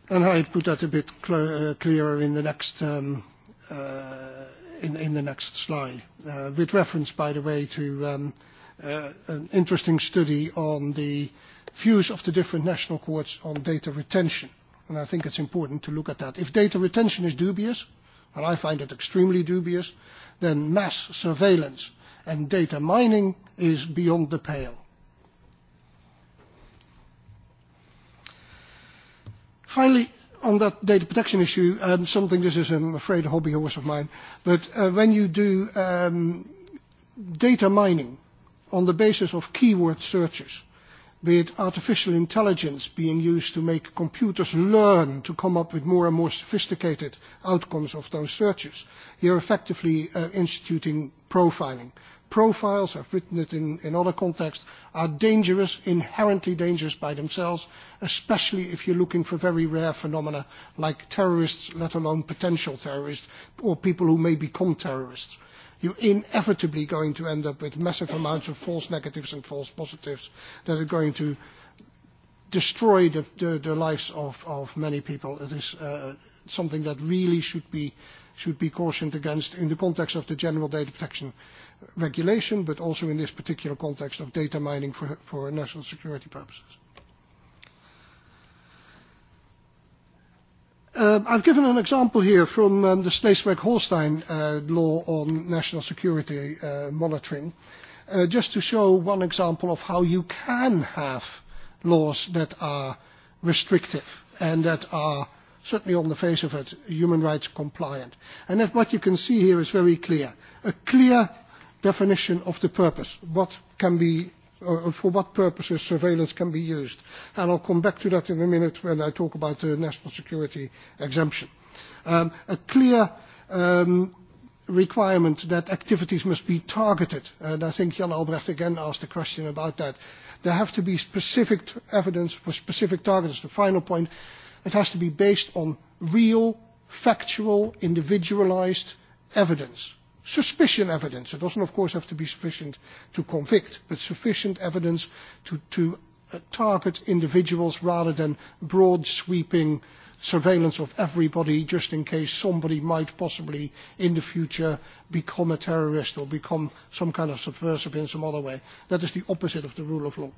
And I put that a bit cl uh, clearer in the next um, uh, in, in the next slide. Uh, with reference, by the way, to um, uh, an interesting study on the views of the different national courts on data retention. And I think it's important to look at that. If data retention is dubious, uh, and I find it extremely dubious, then mass surveillance and data mining is beyond the pale. Finally, on that data protection issue, um, something this is, I'm afraid, a hobby horse of mine, but uh, when you do um, data mining on the basis of keyword searches, with artificial intelligence being used to make computers learn to come up with more and more sophisticated outcomes of those searches. You're effectively uh, instituting profiling. Profiles, I've written it in, in other contexts, are dangerous, inherently dangerous by themselves, especially if you're looking for very rare phenomena like terrorists, let alone potential terrorists, or people who may become terrorists. Uh, you're inevitably going to end up with massive amounts of false negatives and false positives that are going to destroy the, the, the lives of, of many people. It is uh, something that really should be, should be cautioned against in the context of the general data protection regulation, but also in this particular context of data mining for, for national security purposes. Uh, I've given an example here from um, the Schleswig-Holstein uh, law on national security uh, monitoring, uh, just to show one example of how you can have laws that are restrictive and that are certainly on the face of it human rights compliant. And that what you can see here is very clear, a clear definition of the purpose, what can be uh, for what purposes surveillance can be used. And I'll come back to that in a minute when I talk about the national security exemption. Um, a clear um, requirement that activities must be targeted. And I think Jan Albrecht again asked a question about that. There have to be specific evidence for specific targets. The final point, it has to be based on real, factual, individualized evidence Sufficient evidence. It doesn't, of course, have to be sufficient to convict, but sufficient evidence to, to uh, target individuals rather than broad sweeping surveillance of everybody just in case somebody might possibly in the future become a terrorist or become some kind of subversive in some other way. That is the opposite of the rule of law.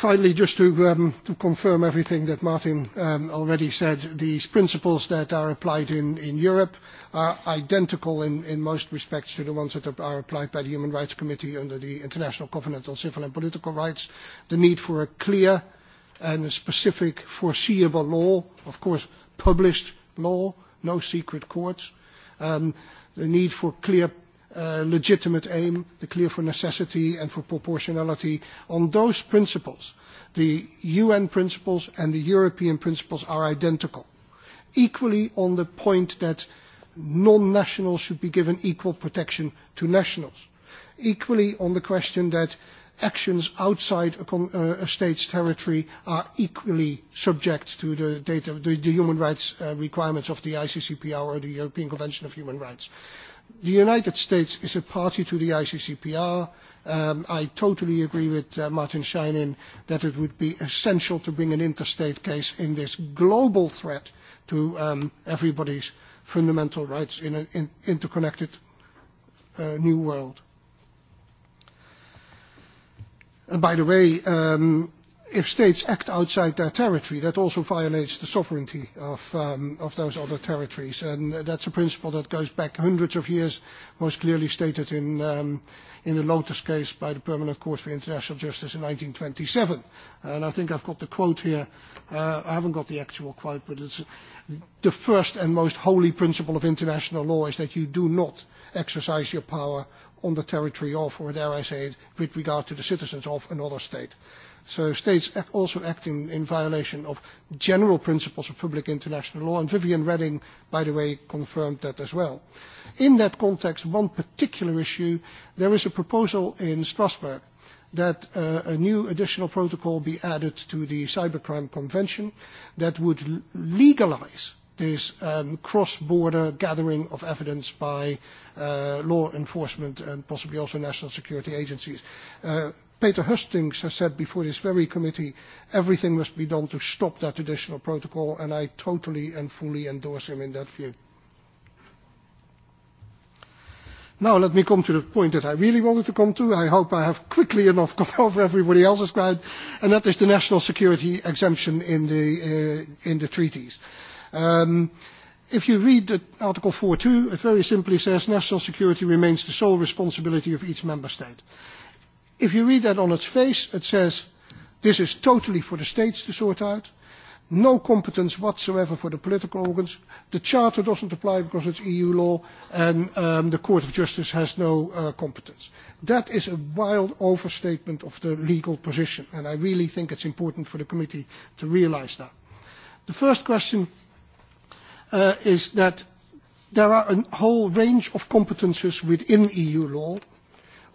Finally, just um, to, confirm everything that Martin um, already said, these principles that are applied in, Europe are identical in, most respects to the ones that are applied by the Human Rights Committee under the International Covenant on Civil and Political Rights. The need for a clear and a specific foreseeable law, of course published law, no secret courts, um, the need for clear Uh, legitimate aim, the clear for necessity and for proportionality, on those principles. The UN principles and the European principles are identical. Equally on the point that non-nationals should be given equal protection to nationals. Equally on the question that actions outside a, con, uh, a state's territory are equally subject to the, data, the, the human rights uh, requirements of the ICCPR or the European Convention of Human Rights the United States is a party to the ICCPR. Um, I totally agree with uh, Martin Scheinin that it would be essential to bring an interstate case in this global threat to um, everybody's fundamental rights in an in interconnected uh, new world. And by the way, um, if states act outside their territory, that also violates the sovereignty of, um, of those other territories. And that's a principle that goes back hundreds of years, most clearly stated in, um, in the Lotus case by the Permanent Court for International Justice in 1927. And I think I've got the quote here. Uh, I haven't got the actual quote, but it's the first and most holy principle of international law is that you do not exercise your power on the territory of, or dare I say it, with regard to the citizens of another state. So states act also acting in violation of general principles of public international law, and Vivian Redding, by the way, confirmed that as well. In that context, one particular issue, there is a proposal in Strasbourg that uh, a new additional protocol be added to the Cybercrime Convention that would l- legalize this um, cross-border gathering of evidence by uh, law enforcement and possibly also national security agencies. Uh, Peter Hustings has said before this very committee, everything must be done to stop that additional protocol, and I totally and fully endorse him in that view. Now let me come to the point that I really wanted to come to. I hope I have quickly enough come over everybody else's ground, and that is the national security exemption in the, uh, in the treaties. Um, if you read the Article 4.2, it very simply says national security remains the sole responsibility of each member state. If you read that on its face, it says this is totally for the states to sort out. No competence whatsoever for the political organs. The Charter doesn't apply because it's EU law, and um, the Court of Justice has no uh, competence. That is a wild overstatement of the legal position, and I really think it's important for the committee to realize that. The first question uh, is that there are a whole range of competences within EU law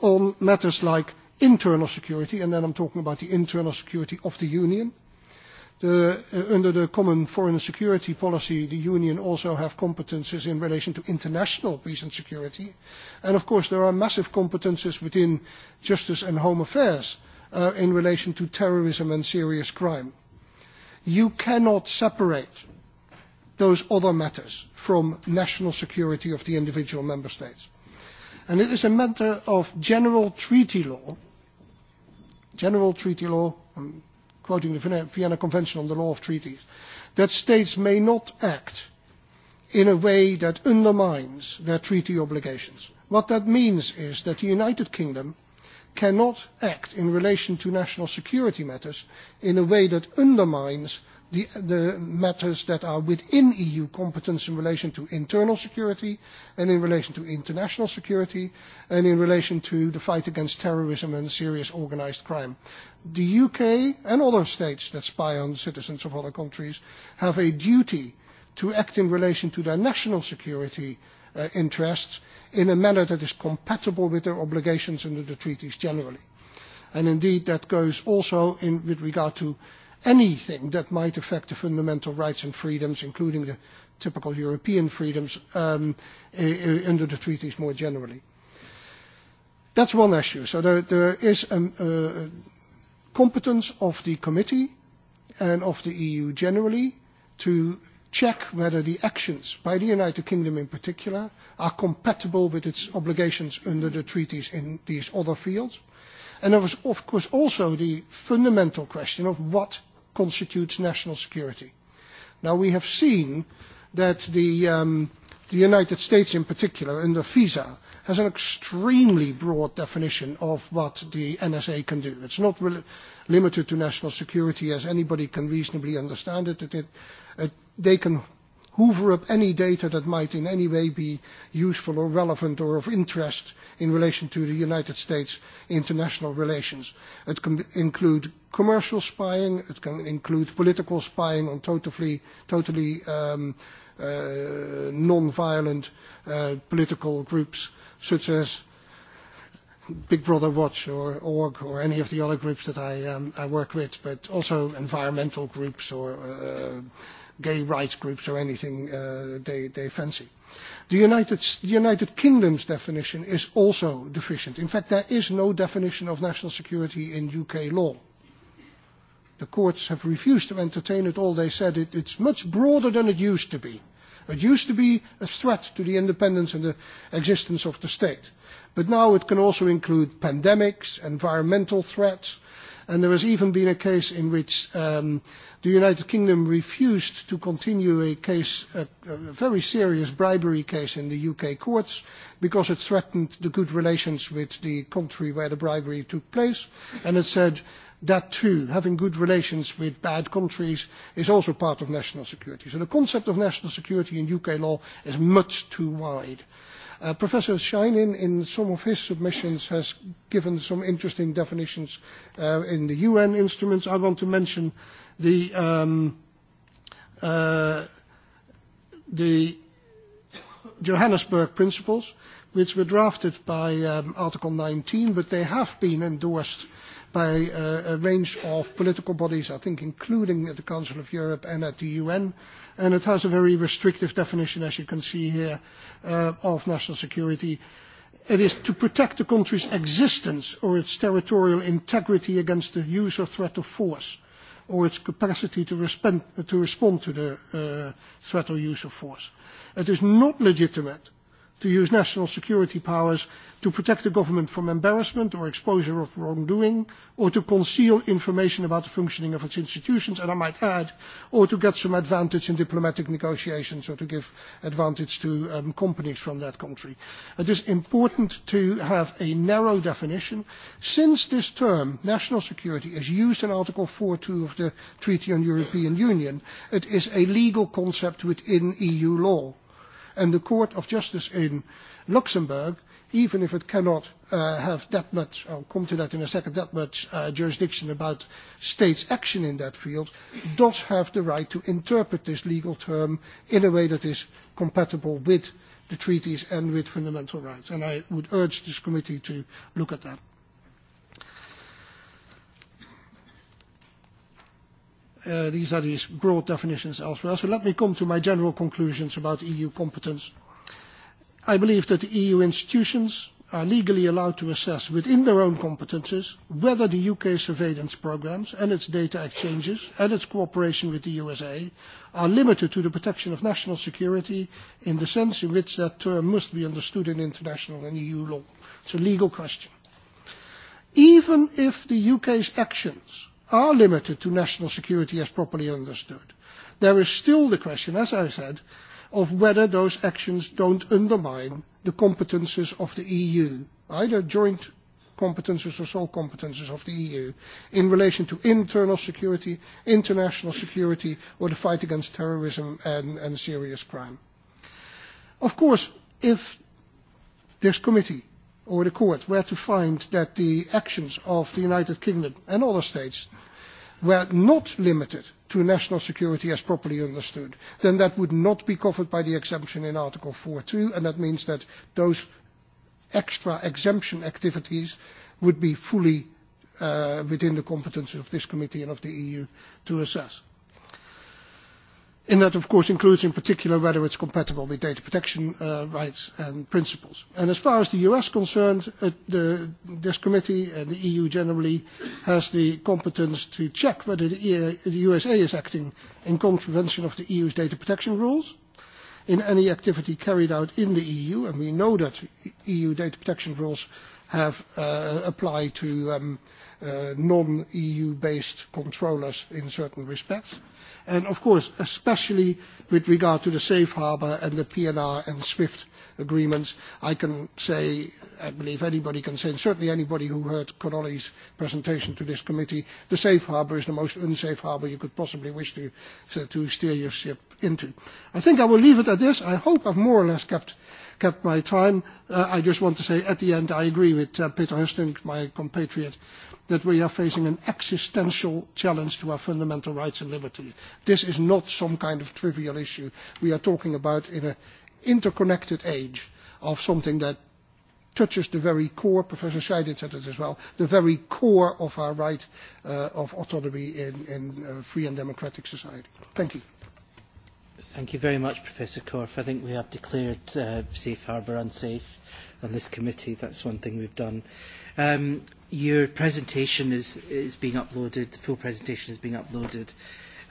on matters like internal security, and then I'm talking about the internal security of the Union. The, uh, under the common foreign and security policy, the Union also have competences in relation to international peace and security. And of course, there are massive competences within justice and home affairs uh, in relation to terrorism and serious crime. You cannot separate those other matters from national security of the individual member states. And it is a matter of general treaty law general treaty law, I'm quoting the Vienna Convention on the Law of Treaties, that states may not act in a way that undermines their treaty obligations. What that means is that the United Kingdom cannot act in relation to national security matters in a way that undermines the, the matters that are within EU competence in relation to internal security and in relation to international security and in relation to the fight against terrorism and serious organized crime. The UK and other states that spy on citizens of other countries have a duty to act in relation to their national security uh, interests in a manner that is compatible with their obligations under the treaties generally. And indeed, that goes also in, with regard to anything that might affect the fundamental rights and freedoms, including the typical European freedoms um, under the treaties more generally. That's one issue. So there, there is a um, uh, competence of the committee and of the EU generally to check whether the actions by the United Kingdom in particular are compatible with its obligations under the treaties in these other fields. And there was, of course, also the fundamental question of what constitutes national security. Now, we have seen that the, um, the United States, in particular, under FISA, has an extremely broad definition of what the NSA can do. It's not really limited to national security as anybody can reasonably understand it. it, it, it they can hoover up any data that might in any way be useful or relevant or of interest in relation to the United States international relations. It can include commercial spying, it can include political spying on totally, totally um, uh, non-violent uh, political groups such as Big Brother Watch or org or any of the other groups that I, um, I work with, but also environmental groups or uh, gay rights groups or anything uh, they, they fancy. The United, the United Kingdom's definition is also deficient. In fact, there is no definition of national security in UK law. The courts have refused to entertain it all. They said it, it's much broader than it used to be. It used to be a threat to the independence and the existence of the state. But now it can also include pandemics, environmental threats, And there has even been a case in which um, the United Kingdom refused to continue a case, a, a very serious bribery case in the UK courts, because it threatened the good relations with the country where the bribery took place. And it said that too, having good relations with bad countries is also part of national security. So the concept of national security in UK law is much too wide. Uh, Professor Shinin, in some of his submissions, has given some interesting definitions uh, in the UN instruments. I want to mention the, um, uh, the Johannesburg Principles, which were drafted by um, Article 19, but they have been endorsed uh, by a range of political bodies, I think including at the Council of Europe and at the UN. And it has a very restrictive definition, as you can see here, uh, of national security. It is to protect the country's existence or its territorial integrity against the use or threat of force or its capacity to, respond to the uh, threat or use of force. It is not legitimate to use national security powers to protect the government from embarrassment or exposure of wrongdoing, or to conceal information about the functioning of its institutions, and I might add, or to get some advantage in diplomatic negotiations or to give advantage to um, companies from that country. It is important to have a narrow definition. Since this term, national security, is used in Article 4.2 of the Treaty on European Union, it is a legal concept within EU law. And the Court of Justice in Luxembourg, even if it cannot uh, have that much, I'll come to that in a second, that much uh, jurisdiction about states' action in that field, does have the right to interpret this legal term in a way that is compatible with the treaties and with fundamental rights. And I would urge this committee to look at that. Uh, these are these broad definitions elsewhere. So let me come to my general conclusions about EU competence. I believe that the EU institutions are legally allowed to assess within their own competences whether the UK surveillance programmes and its data exchanges and its cooperation with the USA are limited to the protection of national security in the sense in which that term must be understood in international and EU law. It's a legal question. Even if the UK's actions are limited to national security as properly understood. There is still the question, as I said, of whether those actions don't undermine the competences of the EU, either joint competences or sole competences of the EU in relation to internal security, international security, or the fight against terrorism and, and serious crime. Of course, if this committee or the court were to find that the actions of the United Kingdom and other states were not limited to national security as properly understood, then that would not be covered by the exemption in Article 4.2, and that means that those extra exemption activities would be fully uh, within the competence of this committee and of the EU to assess. And that, of course, includes in particular whether it's compatible with data protection uh, rights and principles. And as far as the US concerned, uh, the, this committee and the EU generally has the competence to check whether the, EA, the USA is acting in contravention of the EU's data protection rules in any activity carried out in the EU, and we know that EU data protection rules have uh, applied to um, uh, Uh, non-EU-based controllers in certain respects. And of course, especially with regard to the safe harbor and the PNR and SWIFT agreements, I can say, I believe anybody can say, and certainly anybody who heard Connolly's presentation to this committee, the safe harbor is the most unsafe harbor you could possibly wish to, steer your ship into. I think I will leave it at this. I hope I've more or less kept kept my time. Uh, I just want to say at the end, I agree with uh, Peter Hustink, my compatriot, that we are facing an existential challenge to our fundamental rights and liberties. This is not some kind of trivial issue. We are talking about in an interconnected age of something that touches the very core, Professor Scheidin said it as well, the very core of our right uh, of autonomy in, free and democratic society. Thank you. Thank you very much, Professor Korf. I think we have declared uh, safe harbour unsafe on this committee. That's one thing we've done. Um, your presentation is, is being uploaded, the full presentation is being uploaded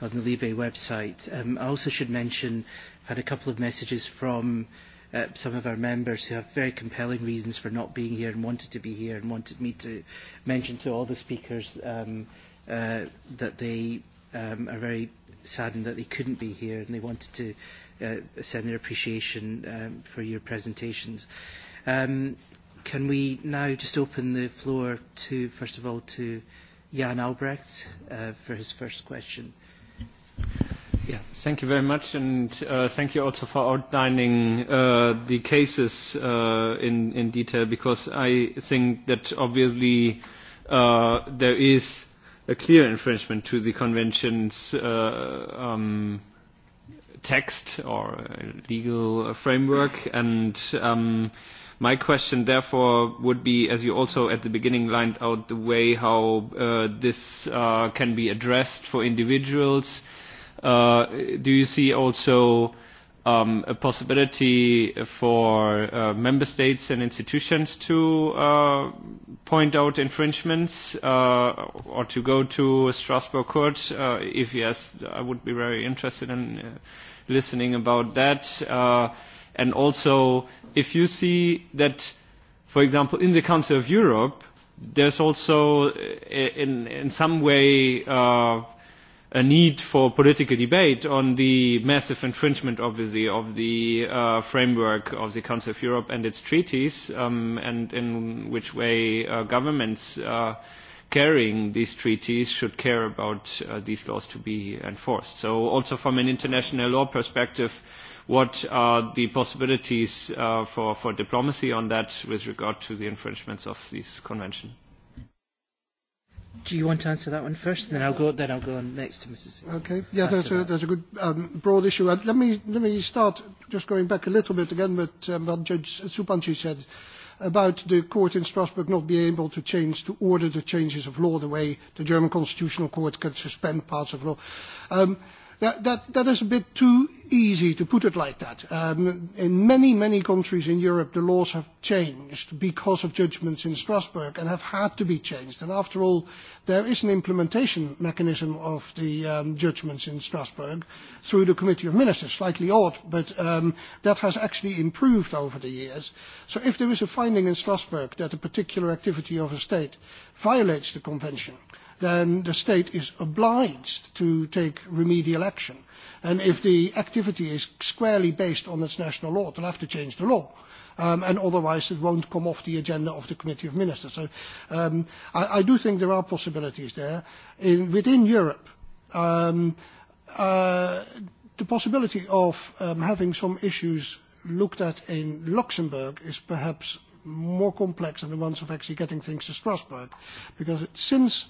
on the Libe website. Um, I also should mention I've had a couple of messages from uh, some of our members who have very compelling reasons for not being here and wanted to be here and wanted me to mention to all the speakers um, uh, that they um, are very saddened that they couldn't be here and they wanted to uh, send their appreciation um, for your presentations. Um, can we now just open the floor to, first of all, to Jan Albrecht uh, for his first question? Yeah, thank you very much, and uh, thank you also for outlining uh, the cases uh, in, in detail, because I think that obviously uh, there is a clear infringement to the convention's uh, um, text or legal framework. And um, my question, therefore, would be, as you also at the beginning lined out the way how uh, this uh, can be addressed for individuals, uh, do you see also um, a possibility for uh, member states and institutions to uh, point out infringements uh, or to go to Strasbourg court? Uh, if yes, I would be very interested in uh, listening about that. Uh, and also, if you see that, for example, in the Council of Europe, there's also uh, in, in some way uh, a need for political debate on the massive infringement, obviously, of the uh, framework of the Council of Europe and its treaties, um, and in which way uh, governments uh, carrying these treaties should care about uh, these laws to be enforced. So also from an international law perspective, what are the possibilities uh, for, for diplomacy on that with regard to the infringements of this convention? Do you want to answer that one first, and then I'll go. Then I'll go on next to Mrs. Okay. Yeah, there's a, there's a good um, broad issue. Uh, let me let me start just going back a little bit again with um, what Judge Supanchi said about the court in Strasbourg not being able to change to order the changes of law the way the German Constitutional Court can suspend parts of law. Um, That, that, that is a bit too easy to put it like that. Um, in many, many countries in Europe, the laws have changed because of judgments in Strasbourg and have had to be changed. And after all, there is an implementation mechanism of the um, judgments in Strasbourg through the Committee of Ministers. Slightly odd, but um, that has actually improved over the years. So if there is a finding in Strasbourg that a particular activity of a state violates the convention, then the state is obliged to take remedial action. And if the activity is squarely based on its national law, they'll have to change the law. Um, and otherwise it won't come off the agenda of the Committee of Ministers. So um, I, I do think there are possibilities there. In, within Europe, um, uh, the possibility of um, having some issues looked at in Luxembourg is perhaps more complex than the ones of actually getting things to Strasbourg, because it, since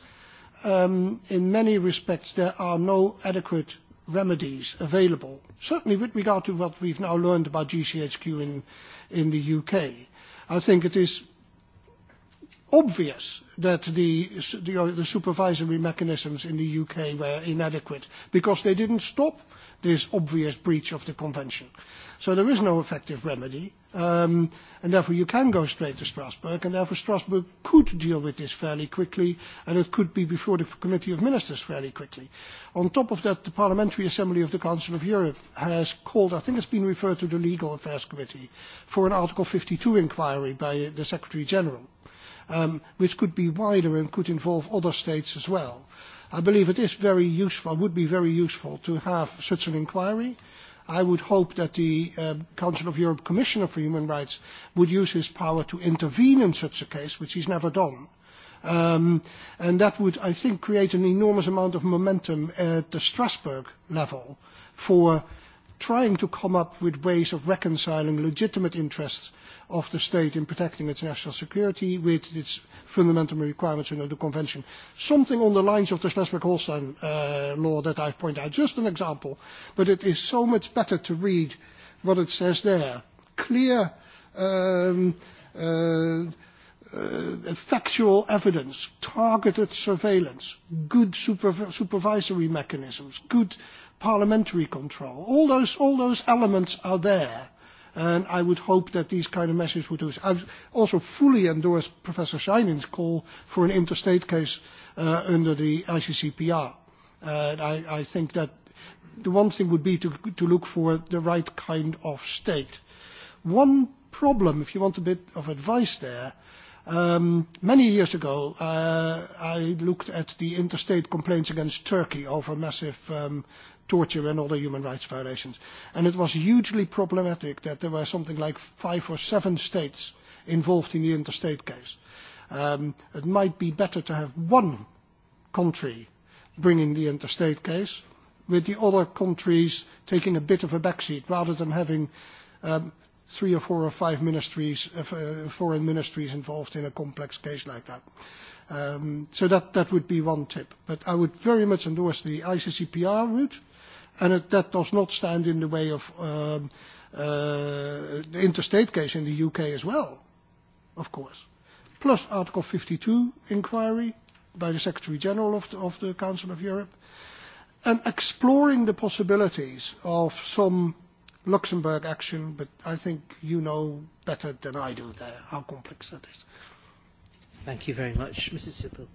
um, in many respects there are no adequate remedies available, certainly with regard to what we've now learned about GCHQ in, in the UK. I think it is obvious that the, the, uh, the supervisory mechanisms in the UK were inadequate because they didn't stop this obvious breach of the convention. So there is no effective remedy, um, and therefore you can go straight to Strasbourg, and therefore Strasbourg could deal with this fairly quickly, and it could be before the Committee of Ministers fairly quickly. On top of that, the Parliamentary Assembly of the Council of Europe has called, I think it's been referred to the Legal Affairs Committee, for an Article 52 inquiry by the Secretary General um, which could be wider and could involve other states as well. I believe it is very useful, would be very useful to have such an inquiry. I would hope that the uh, Council of Europe Commissioner for Human Rights would use his power to intervene in such a case, which he's never done. Um, and that would, I think, create an enormous amount of momentum at the Strasbourg level for trying to come up with ways of reconciling legitimate interests of the state in protecting its national security with its fundamental requirements under the convention. Something on the lines of the Schleswig-Holstein uh, law that I've pointed out, just an example, but it is so much better to read what it says there. Clear um, uh, uh, factual evidence, targeted surveillance, good supervisory mechanisms, good uh, parliamentary control. All those, all those elements are there. And I would hope that these kind of measures would do this. I also fully endorse Professor Scheinin's call for an interstate case uh, under the ICCPR. Uh, I, I think that the one thing would be to, to look for the right kind of state. One problem, if you want a bit of advice there, um, many years ago uh, I looked at the interstate complaints against Turkey over massive um, torture and other human rights violations. And it was hugely problematic that there were something like five or seven states involved in the interstate case. Um, it might be better to have one country bringing the interstate case, with the other countries taking a bit of a backseat rather than having um, three or four or five ministries, uh, uh foreign ministries involved in a complex case like that. Um, so that, that would be one tip. But I would very much endorse the ICCPR route and it, that does not stand in the way of um, ehm, uh, eh, the interstate case in the UK as well, of course. Plus Article 52 inquiry by the Secretary General of the, of the Council of Europe, and exploring the possibilities of some Luxembourg action, but I think you know better than I do there how complex that is. Thank you very much, Mrs. Sippel.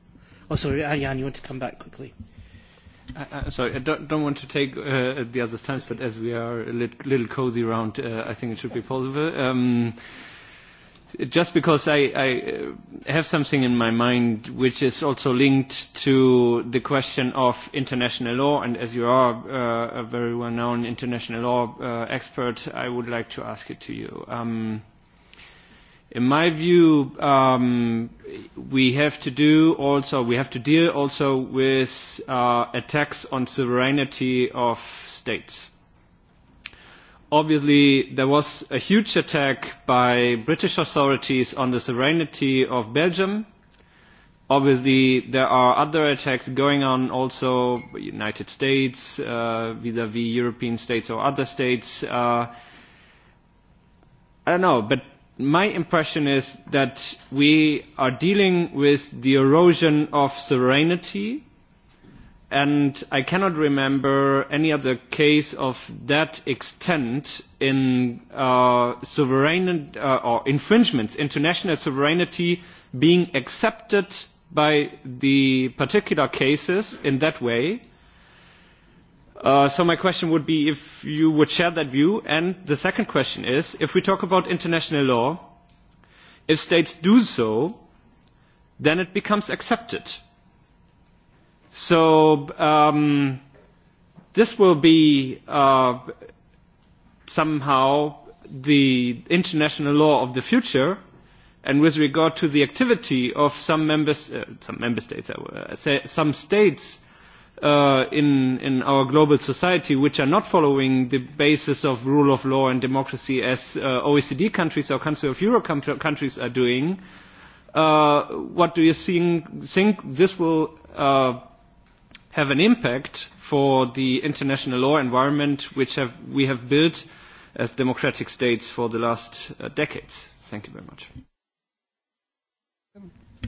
Oh, sorry, Ariane, you want to come back quickly? I'm uh, uh, sorry, I don't, don't want to take uh, the other's time, but as we are a lit, little cozy round, uh, I think it should be possible. Um, just because I, I have something in my mind which is also linked to the question of international law, and as you are uh, a very well-known international law uh, expert, I would like to ask it to you. Um, in my view, um, we have to do also, we have to deal also with uh, attacks on sovereignty of states. Obviously, there was a huge attack by British authorities on the sovereignty of Belgium. Obviously, there are other attacks going on also, United States, uh, vis-à-vis uh, vis, -vis European states or other states. Uh, I don't know, but my impression is that we are dealing with the erosion of sovereignty and I cannot remember any other case of that extent in uh, sovereign uh, or infringements, international sovereignty being accepted by the particular cases in that way Uh, so my question would be if you would share that view. And the second question is, if we talk about international law, if states do so, then it becomes accepted. So um, this will be uh, somehow the international law of the future. And with regard to the activity of some uh, some member states, uh, say, some states uh, in, in our global society which are not following the basis of rule of law and democracy as uh, OECD countries or Council of Europe countries are doing, uh, what do you think, think this will uh, have an impact for the international law environment which have, we have built as democratic states for the last uh, decades? Thank you very much.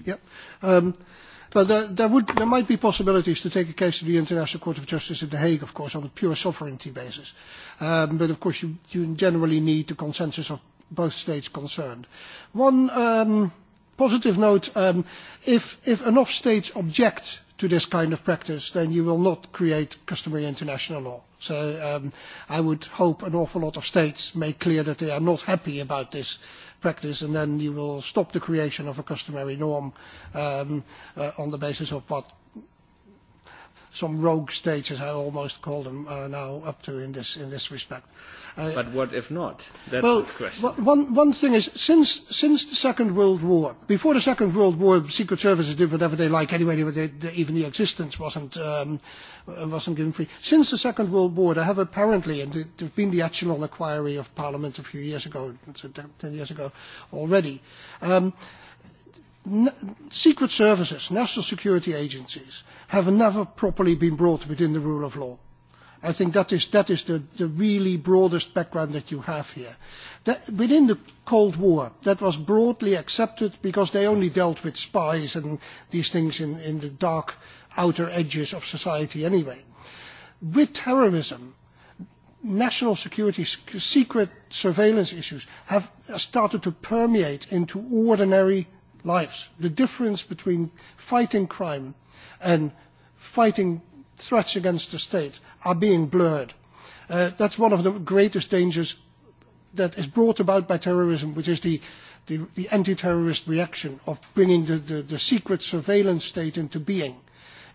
Yeah. Um, Well, there, there, would, there might be possibilities to take a case to the International Court of Justice in The Hague, of course, on a pure sovereignty basis. Um, but, of course, you, you generally need the consensus of both states concerned. One um, positive note, um, if, if enough states object to this kind of practice, then you will not create customary international law. So um, I would hope an awful lot of states make clear that they are not happy about this practice, and then you will stop the creation of a customary norm um, uh, on the basis of what some rogue states, as I almost call them uh, now, up to in this in this respect. Uh, but what if not? That's well, the question. One, one thing is, since since the Second World War, before the Second World War, secret services did whatever they like anyway. They, they, even the existence wasn't um, wasn't given free. Since the Second World War, there have apparently, and there's been the actual inquiry of Parliament a few years ago, ten years ago already. Um, secret services, national security agencies, have never properly been brought within the rule of law. I think that is, that is the, the really broadest background that you have here. That, within the Cold War, that was broadly accepted because they only dealt with spies and these things in, in the dark outer edges of society anyway. With terrorism, national security secret surveillance issues have started to permeate into ordinary lives. The difference between fighting crime and fighting threats against the state are being blurred. Uh, that's one of the greatest dangers that is brought about by terrorism, which is the, the, the anti-terrorist reaction of bringing the, the, the secret surveillance state into being,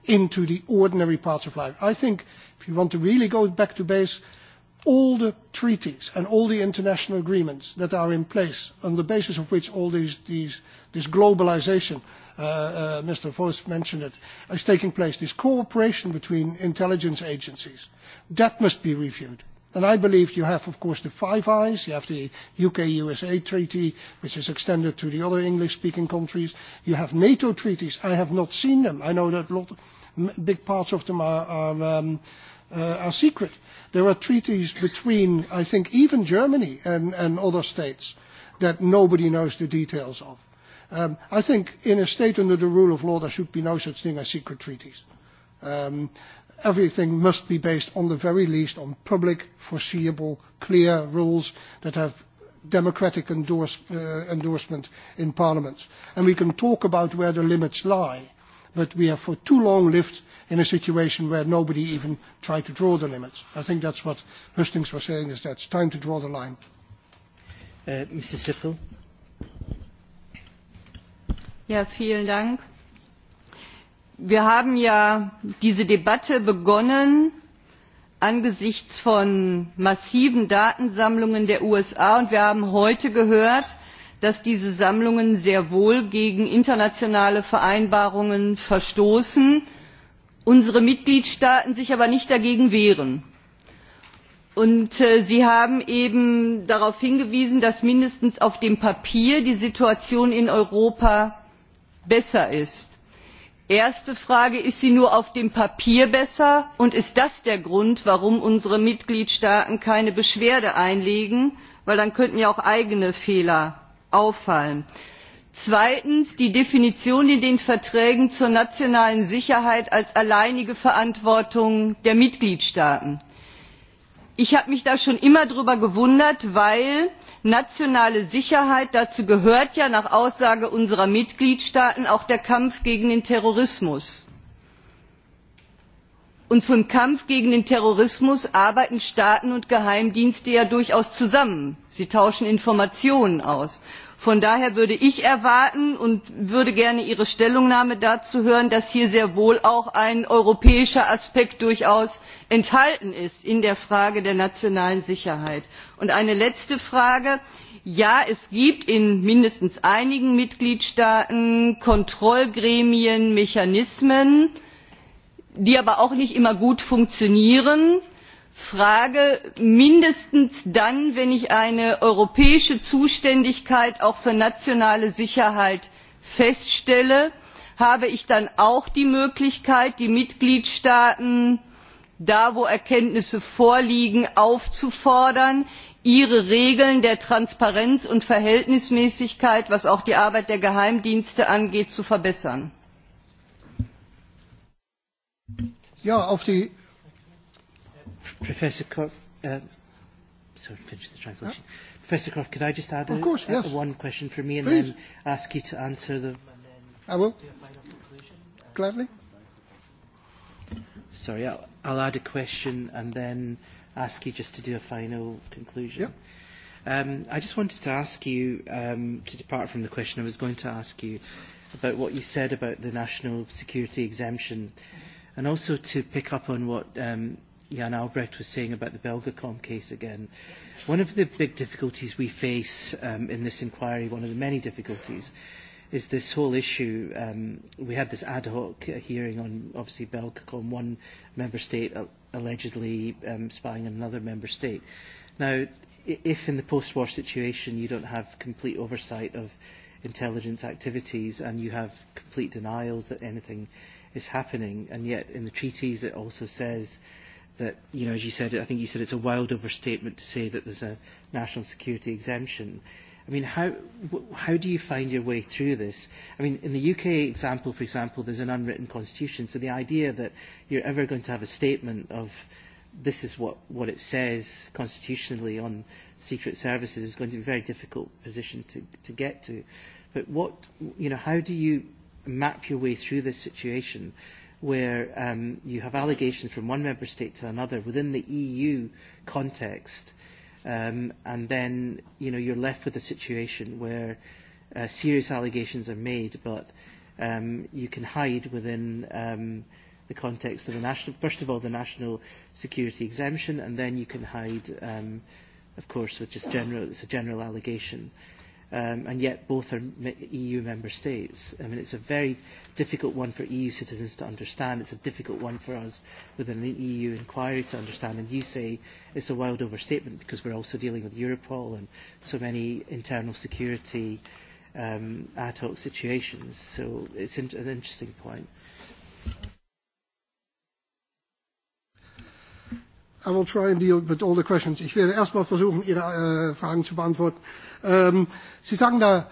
into the ordinary parts of life. I think if you want to really go back to base, all the treaties and all the international agreements that are in place on the basis of which all these, these, this globalization, uh, uh, Mr. Voss mentioned it, is taking place, this cooperation between intelligence agencies, that must be reviewed. And I believe you have, of course, the Five Eyes, you have the UK-USA treaty, which is extended to the other English-speaking countries. You have NATO treaties. I have not seen them. I know that a lot, big parts of them are, are um, uh, are secret. There are treaties between, I think, even Germany and, and other states that nobody knows the details of. Um, I think in a state under the rule of law, there should be no such thing as secret treaties. Um, everything must be based on the very least on public, foreseeable, clear rules that have democratic endorse, uh, endorsement in parliaments. And we can talk about where the limits lie, but we have for too long lived in a situation where nobody even tried to draw the limits. I think that's what Hustings was saying, is that it's time to draw the line. Uh, Mrs. Siffel. Ja, vielen Dank. Wir haben ja diese Debatte begonnen angesichts von massiven Datensammlungen der USA und wir haben heute gehört, dass diese Sammlungen sehr wohl gegen internationale Vereinbarungen verstoßen unsere mitgliedstaaten sich aber nicht dagegen wehren. Äh, sie haben eben darauf hingewiesen dass mindestens auf dem papier die situation in europa besser ist. erste frage ist sie nur auf dem papier besser und ist das der grund warum unsere mitgliedstaaten keine beschwerde einlegen? denn dann könnten ja auch eigene fehler auffallen zweitens die definition in den verträgen zur nationalen sicherheit als alleinige verantwortung der mitgliedstaaten. ich habe mich da schon immer darüber gewundert weil nationale sicherheit dazu gehört ja nach aussage unserer mitgliedstaaten auch der kampf gegen den terrorismus. und zum kampf gegen den terrorismus arbeiten staaten und geheimdienste ja durchaus zusammen sie tauschen informationen aus von daher würde ich erwarten und würde gerne ihre stellungnahme dazu hören dass hier sehr wohl auch ein europäischer aspekt durchaus enthalten ist in der frage der nationalen sicherheit. und eine letzte frage ja es gibt in mindestens einigen mitgliedstaaten kontrollgremien mechanismen die aber auch nicht immer gut funktionieren frage mindestens dann wenn ich eine europäische zuständigkeit auch für nationale sicherheit feststelle habe ich dann auch die möglichkeit die mitgliedstaaten da wo erkenntnisse vorliegen aufzufordern ihre regeln der transparenz und verhältnismäßigkeit was auch die arbeit der geheimdienste angeht zu verbessern? ja auf die Professor Croft, um, uh, sorry, finish the translation. Yeah. Professor Croft, could I just add of a, course, yes. a, one question for me and Please. then ask you to answer the... I will. Uh, Gladly. Sorry, I'll, I'll add a question and then ask you just to do a final conclusion. Yep. Um, I just wanted to ask you, um, to depart from the question I was going to ask you, about what you said about the national security exemption, and also to pick up on what um, Jan Albrecht was saying about the Belgacom case again. One of the big difficulties we face um, in this inquiry, one of the many difficulties, is this whole issue. Um, we had this ad hoc hearing on, obviously, Belgacom, one member state allegedly um, spying on another member state. Now, if in the post-war situation you don't have complete oversight of intelligence activities and you have complete denials that anything is happening, and yet in the treaties it also says that, you know, as you said, I think you said it's a wild overstatement to say that there's a national security exemption. I mean, how, how do you find your way through this? I mean, in the UK example, for example, there's an unwritten constitution, so the idea that you're ever going to have a statement of this is what, what it says constitutionally on secret services is going to be a very difficult position to, to get to. But what, you know, how do you map your way through this situation? where um, you have allegations from one member state to another within the EU context, um, and then you know you're left with a situation where uh, serious allegations are made, but um, you can hide within um, the context of the national, first of all, the national security exemption, and then you can hide, um, of course, with just general, it's a general allegation. Uh, um, and yet both are EU e member states. I mean, it's a very difficult one for EU citizens to understand. It's a difficult one for us within an EU inquiry to understand. And you say it's a wild overstatement because we're also dealing with Europol and so many internal security um, ad hoc situations. So it's an interesting point. I will try and deal with all the questions. Ich werde erstmal versuchen, Ihre äh, Fragen zu beantworten. Ähm, Sie sagen da,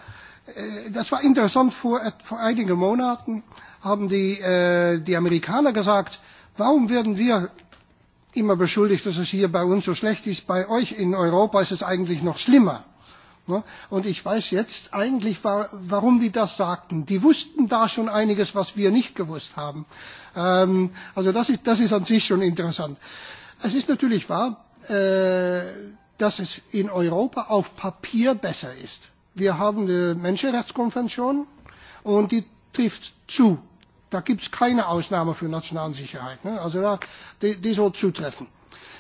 äh, das war interessant, vor, vor einigen Monaten haben die, äh, die Amerikaner gesagt, warum werden wir immer beschuldigt, dass es hier bei uns so schlecht ist, bei euch in Europa ist es eigentlich noch schlimmer. Ne? Und ich weiß jetzt eigentlich, war, warum die das sagten. Die wussten da schon einiges, was wir nicht gewusst haben. Ähm, Also das ist, das ist an sich schon interessant. Es ist natürlich wahr, äh, dass es in Europa auf Papier besser ist. Wir haben die Menschenrechtskonvention und die trifft zu. Da gibt es keine Ausnahme für nationale Sicherheit. Ne? Also da, die, die soll zutreffen.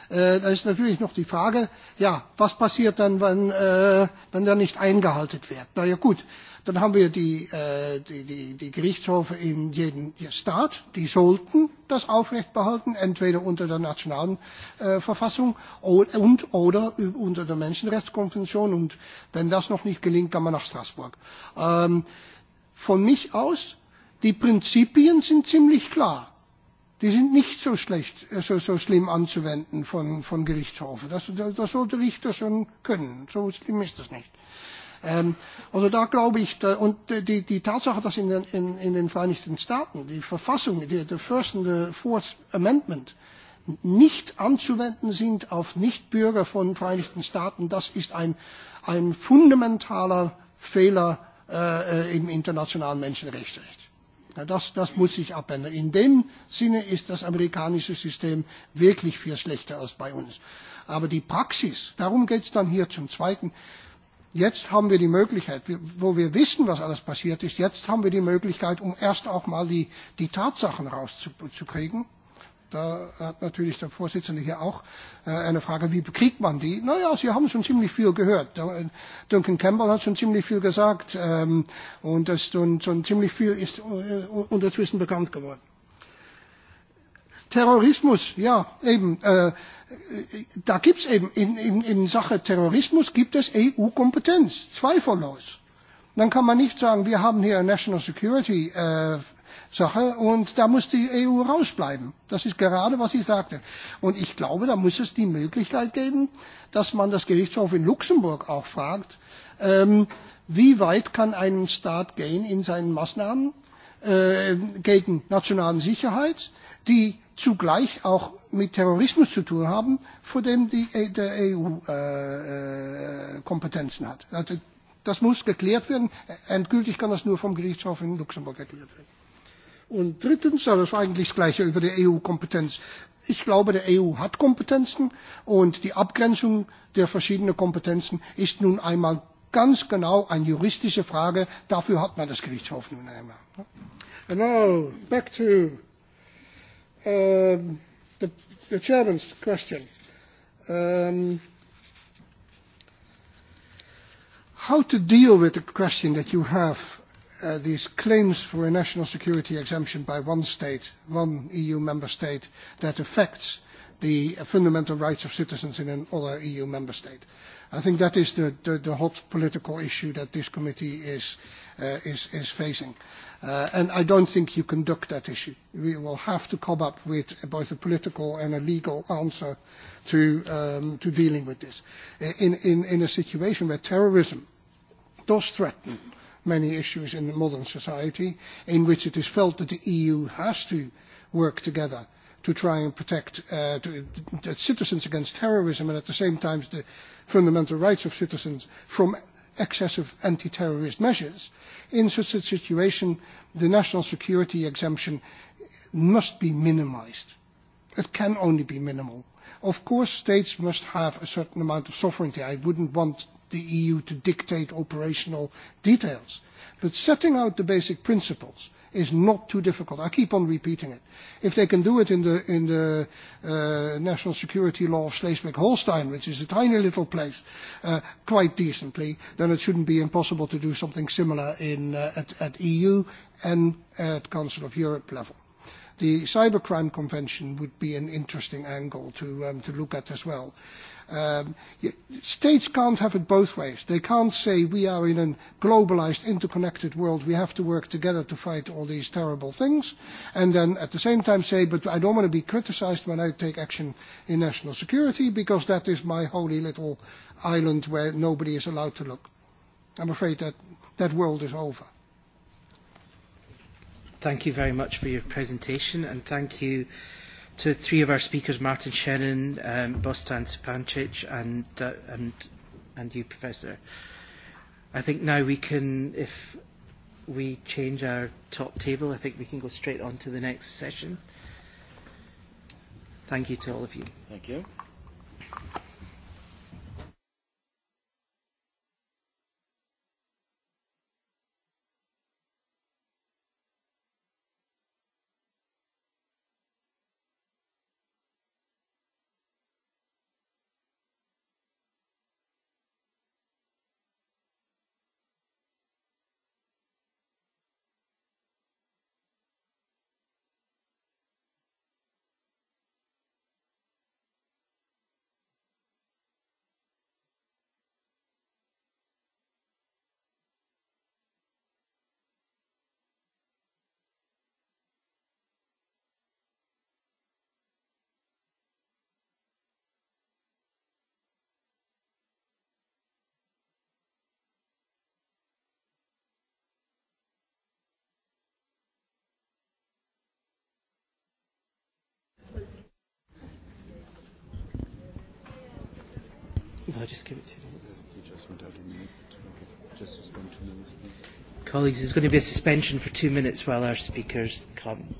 Äh, da ist natürlich noch die Frage, ja, was passiert dann, wenn, äh, wenn da nicht eingehalten wird? Na ja gut, äh, Dann haben wir die, äh, die, die, die Gerichtshofe in jedem Staat. Die sollten das aufrecht behalten, entweder unter der nationalen äh, Verfassung und, und oder unter der Menschenrechtskonvention. Und wenn das noch nicht gelingt, kann man nach Straßburg. Ähm, von mich aus, die Prinzipien sind ziemlich klar die sind nicht so schlecht, äh, so, so schlimm anzuwenden von, von Gerichtshofen. Das, das, das sollte Richter schon können. So schlimm ist das nicht. Äh, Ähm, also da glaube ich, da, und die, die Tatsache, dass in den, in, in den Vereinigten Staaten die Verfassung, die, der First and the Fourth Amendment, nicht anzuwenden sind auf Nichtbürger von Vereinigten Staaten, das ist ein, ein fundamentaler Fehler äh, im internationalen Menschenrechtsrecht. Ja, das, das muss sich abändern. In dem Sinne ist das amerikanische System wirklich viel schlechter als bei uns. Aber die Praxis, darum geht es dann hier zum Zweiten, Jetzt haben wir die Möglichkeit, wo wir wissen, was alles passiert ist, jetzt haben wir die Möglichkeit, um erst auch mal die, die Tatsachen rauszukriegen. Da hat natürlich der Vorsitzende hier auch äh, eine Frage, wie bekriegt man die? Naja, Sie haben schon ziemlich viel gehört. Äh, Duncan Campbell hat schon ziemlich viel gesagt ähm, und das schon ziemlich viel ist äh, unterzwischen bekannt geworden. Terrorismus, ja, eben. Äh, da gibt es eben in, in, in Sache Terrorismus gibt es EU-Kompetenz, zweifellos. Dann kann man nicht sagen, wir haben hier eine National Security äh, Sache und da muss die EU rausbleiben. Das ist gerade, was ich sagte. Und ich glaube, da muss es die Möglichkeit geben, dass man das Gerichtshof in Luxemburg auch fragt, ähm, wie weit kann ein Staat gehen in seinen Maßnahmen äh, gegen nationalen Sicherheit, Äh, die zugleich auch mit Terrorismus zu tun haben, vor dem die e-, der EU äh, äh, Kompetenzen hat. Also das muss geklärt werden. Endgültig kann das nur vom Gerichtshof in Luxemburg geklärt werden. Und drittens, das ist eigentlich das Gleiche über die EU-Kompetenz. Ich glaube, die EU hat Kompetenzen und die Abgrenzung der verschiedenen Kompetenzen ist nun einmal ganz genau eine juristische Frage. Dafür hat man das Gerichtshof nun einmal. And now, back to Um, the, the chairman's question. Um, how to deal with the question that you have uh, these claims for a national security exemption by one state, one EU member state, that affects uh, the fundamental rights of citizens in another EU member state. I think that is the, the, the hot political issue that this committee is, uh, is, is facing. Uh, and I don't think you can duck that issue. We will have to come up with both a political and a legal answer to, um, to dealing with this. Uh, in, in, in a situation where terrorism does threaten many issues in the modern society, in which it is felt that the EU has to work together to try and protect uh, to, to citizens against terrorism and at the same time the fundamental rights of citizens from excessive anti-terrorist measures. In such a situation, the national security exemption must be minimized. It can only be minimal. Of course, states must have a certain amount of sovereignty. I wouldn't want the EU to dictate operational details. But setting out the basic principles – uh, is not too difficult. I keep on repeating it. If they can do it in the, in the uh, national security law of Schleswig-Holstein, which is a tiny little place, uh, quite decently, then it shouldn't be impossible to do something similar in, uh, at, at EU and at Council of Europe level. The Cybercrime Convention would be an interesting angle to, um, to look at as well. Uh, Um, states can't have it both ways. They can't say we are in a globalized, interconnected world. We have to work together to fight all these terrible things. And then at the same time say, but I don't want to be criticized when I take action in national security because that is my holy little island where nobody is allowed to look. I'm afraid that that world is over. Thank you very much for your presentation and thank you to three of our speakers, Martin Shannon, um, Bostan Supancic, and, uh, and, and you, Professor. I think now we can, if we change our top table, I think we can go straight on to the next session. Thank you to all of you. Thank you. I just give it to You Colleagues, there's going to be a suspension for two minutes while our speakers come.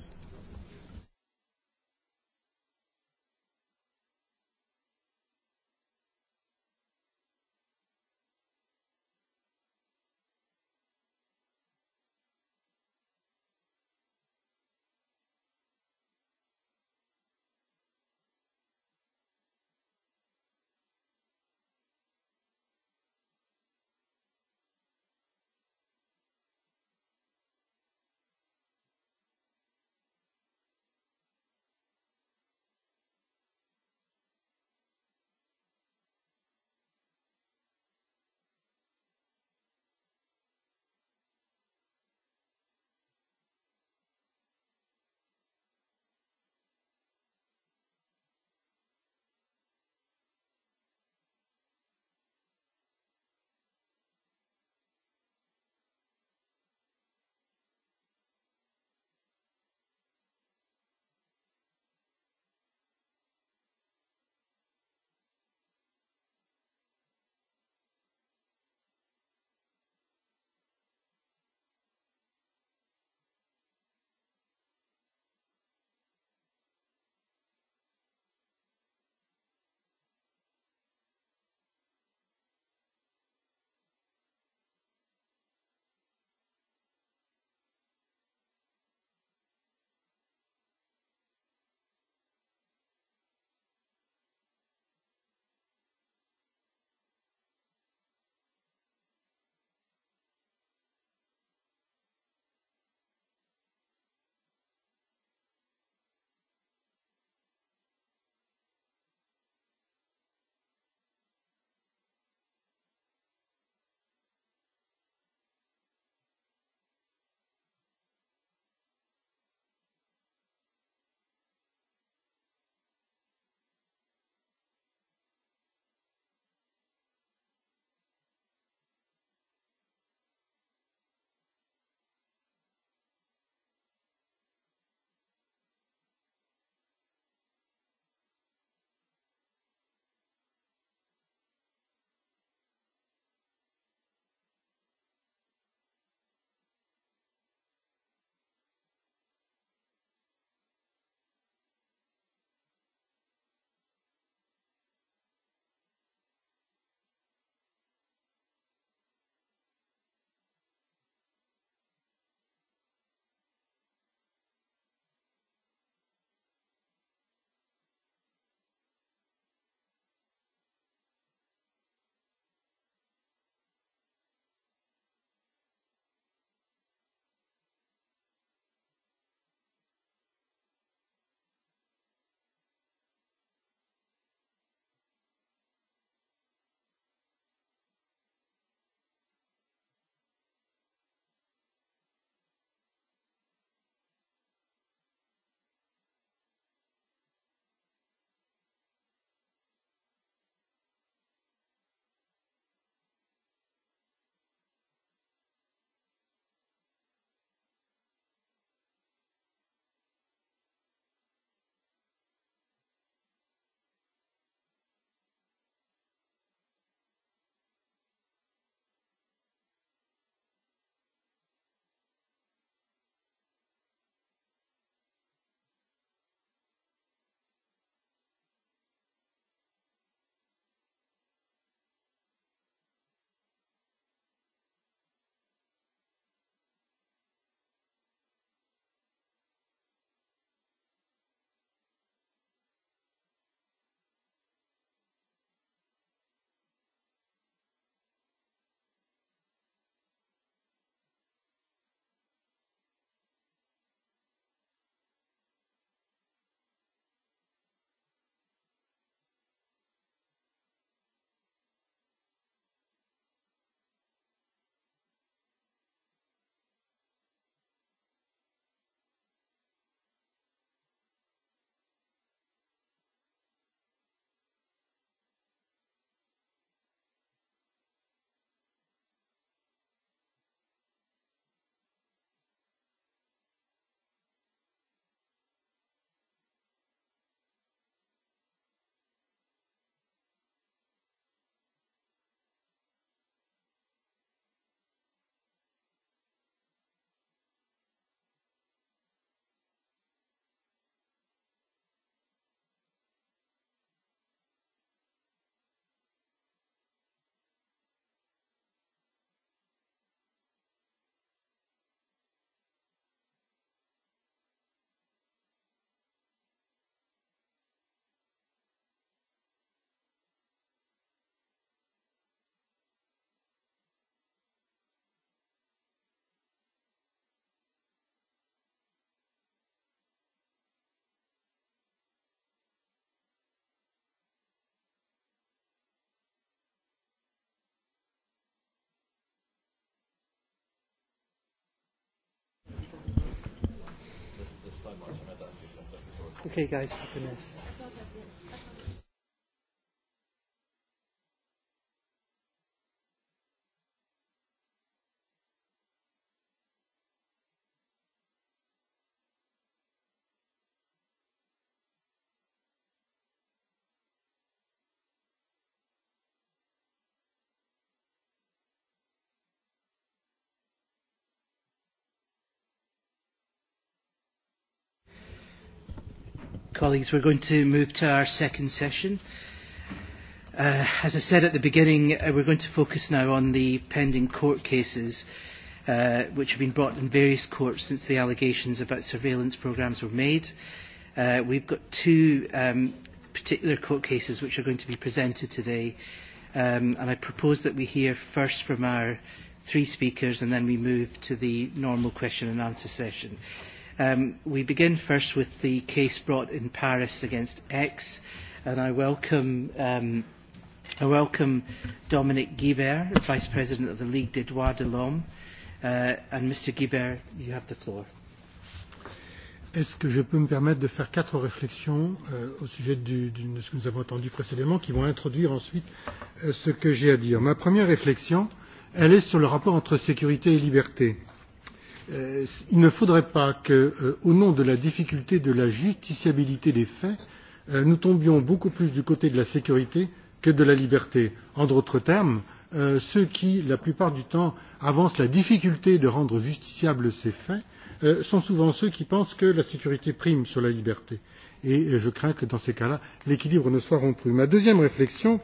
Okay, guys, for goodness. Colleagues, we're going to move to our second session. Uh, as I said at the beginning, uh, we're going to focus now on the pending court cases uh, which have been brought in various courts since the allegations about surveillance programmes were made. Uh, we've got two um, particular court cases which are going to be presented today, um, and I propose that we hear first from our three speakers and then we move to the normal question and answer session. Uh, Um, we begin first with the case brought in Paris against X, and I welcome, um, I welcome Dominic Guibert, Vice President of the Ligue des Droits de l'Homme. Uh, and Mr. Guibert, you have the floor. Est-ce que je peux me permettre de faire quatre réflexions euh, au sujet du, du, de ce que nous avons entendu précédemment qui vont introduire ensuite euh, ce que j'ai à dire Ma première réflexion, elle est sur le rapport entre sécurité et liberté. Euh, Euh, il ne faudrait pas que euh, au nom de la difficulté de la justiciabilité des faits euh, nous tombions beaucoup plus du côté de la sécurité que de la liberté. en d'autres termes ceux qui la plupart du temps avancent la difficulté de rendre justiciables ces faits sont souvent ceux qui pensent que la sécurité prime sur la liberté et je crains que dans ces cas là l'équilibre ne soit rompu. ma deuxième réflexion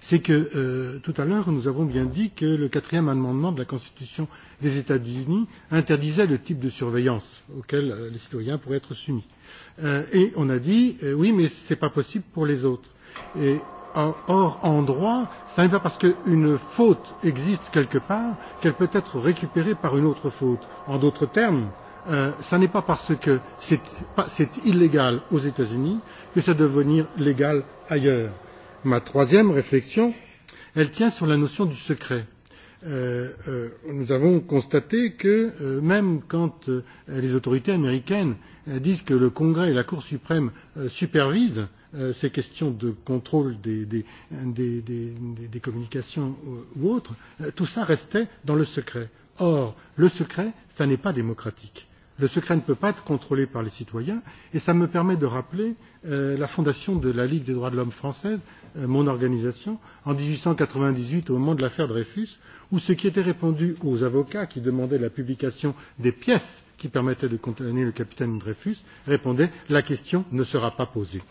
c'est que euh, tout à l'heure nous avons bien dit que le quatrième amendement de la constitution des états unis interdisait le type de surveillance auquel euh, les citoyens pourraient être soumis euh, et on a dit oui mais ce n'est pas possible pour les autres. Et, or en droit ce n'est pas parce qu'une faute existe quelque part qu'elle peut être récupérée par une autre faute. en d'autres termes ce n'est pas parce que c'est illégal aux états unis que c'est devenir légal ailleurs ma troisième réflexion elle tient sur la notion du secret. Euh, euh, nous avons constaté que euh, même quand les autorités américaines disent que le Congrès et la Cour suprême supervisent ces questions de contrôle des, des, des, des, des communications ou autres, tout ça restait dans le secret. Or, le secret, ce n'est pas démocratique Le secret ne peut pas être contrôlé par les citoyens et cela me permet de rappeler euh, la fondation de la Ligue des droits de l'homme française, euh, mon organisation, en 1898 au moment de l'affaire Dreyfus, où ce qui était répondu aux avocats qui demandaient la publication des pièces qui permettaient de condamner le capitaine Dreyfus répondait la question ne sera pas posée.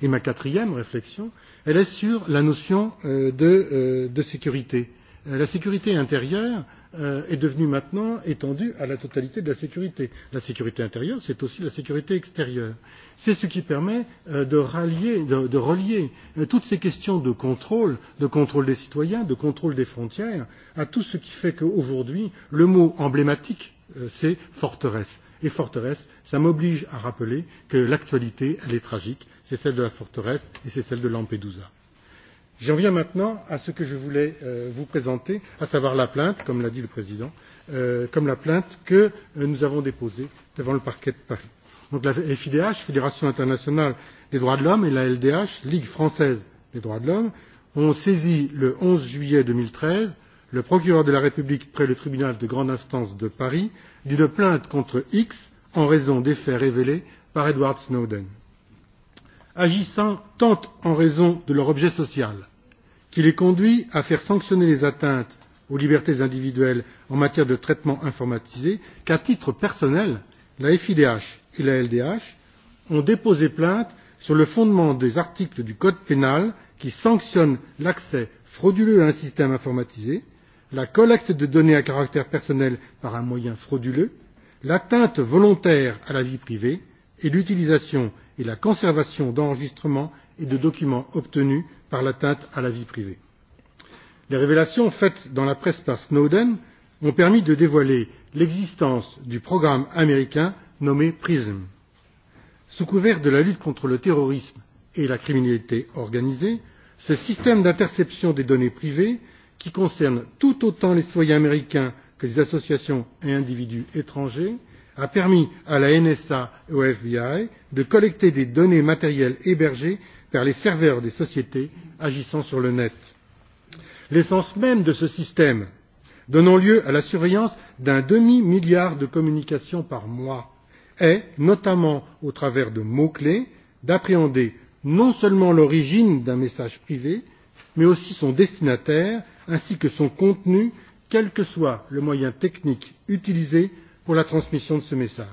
Et ma quatrième réflexion, elle est sur la notion euh, de, de sécurité Euh, la sécurité intérieure euh, est devenue maintenant étendue à la totalité de la sécurité. la sécurité intérieure c'est aussi la sécurité extérieure. c'est ce qui permet euh, de, relier toutes ces questions de contrôle de contrôle des citoyens de contrôle des frontières à tout ce qui fait qu'aujourd'hui le mot emblématique c'est forteresse et forteresse cela m'oblige à rappeler que l'actualité est tragique c'est celle de la forteresse et c'est celle de lampedusa j'en viens maintenant à ce que je voulais euh, vous présenter à savoir la plainte comme l'a dit le président euh, comme la plainte que euh, nous avons déposée devant le parquet de paris. la fidh fédération internationale des droits de l'homme et la ldh ligue française des droits de l'homme ont saisi le onze juillet deux mille treize le procureur de la république près le tribunal de grande instance de paris d'une plainte contre x en raison des faits révélés par edward snowden. agissant tant en raison de leur objet social qui les conduit à faire sanctionner les atteintes aux libertés individuelles en matière de traitement informatisé qu'à titre personnel la fidh et la ldh ont déposé plainte sur le fondement des articles du code pénal qui sanctionnent l'accès frauduleux à un système informatisé la collecte de données à caractère personnel par un moyen frauduleux l'atteinte volontaire à la vie privée et l'utilisation et la conservation d'enregistrements et de documents obtenus par l'atteinte à la vie privée. Les révélations faites dans la presse par Snowden ont permis de dévoiler l'existence du programme américain nommé PRISM. Sous couvert de la lutte contre le terrorisme et la criminalité organisée, ce système d'interception des données privées, qui concerne tout autant les citoyens américains que les associations et individus étrangers, a permis à la NSA et au FBI de collecter des données matérielles hébergées vers les serveurs des sociétés agissant sur le net. l'essence même de ce système donnant lieu à la surveillance d'un demi milliard de communications par mois est notamment au travers de mots clés d'appréhender non seulement l'origine d'un message privé mais aussi son destinataire ainsi que son contenu quel que soit le moyen technique utilisé pour la transmission de ce message.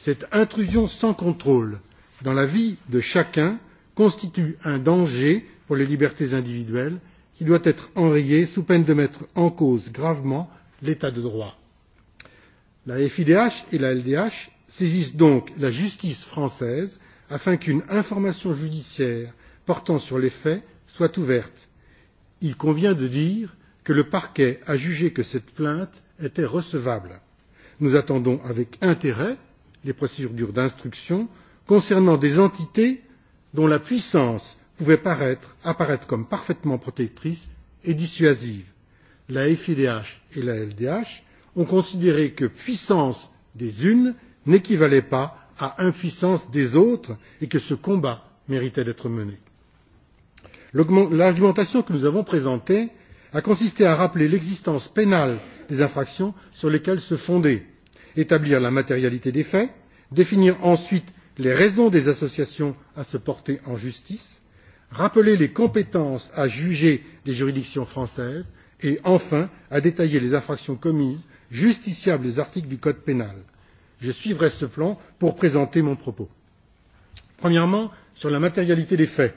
cette intrusion sans contrôle dans la vie de chacun constitue un danger pour les libertés individuelles qui doit être enrayé sous peine de mettre en cause gravement l'état de droit. la fidh et la ldh saisissent donc la justice française afin qu'une information judiciaire portant sur les faits soit ouverte. il convient de dire que le parquet a jugé que cette plainte était recevable. nous attendons avec intérêt les procédures d'instruction concernant des entités dont la puissance pouvait paraître, apparaître comme parfaitement protectrice et dissuasive. La FIDH et la LDH ont considéré que puissance des unes n'équivalait pas à impuissance des autres et que ce combat méritait d'être mené. L'argumentation que nous avons présentée a consisté à rappeler l'existence pénale des infractions sur lesquelles se fonder établir la matérialité des faits définir ensuite les raisons des associations à se porter en justice rappeler les compétences à juger des juridictions françaises et enfin détailler les infractions commises justiciables des articles du code pénal. je suivrai ce plan pour présenter mon propos. premièrement sur la matérialité des faits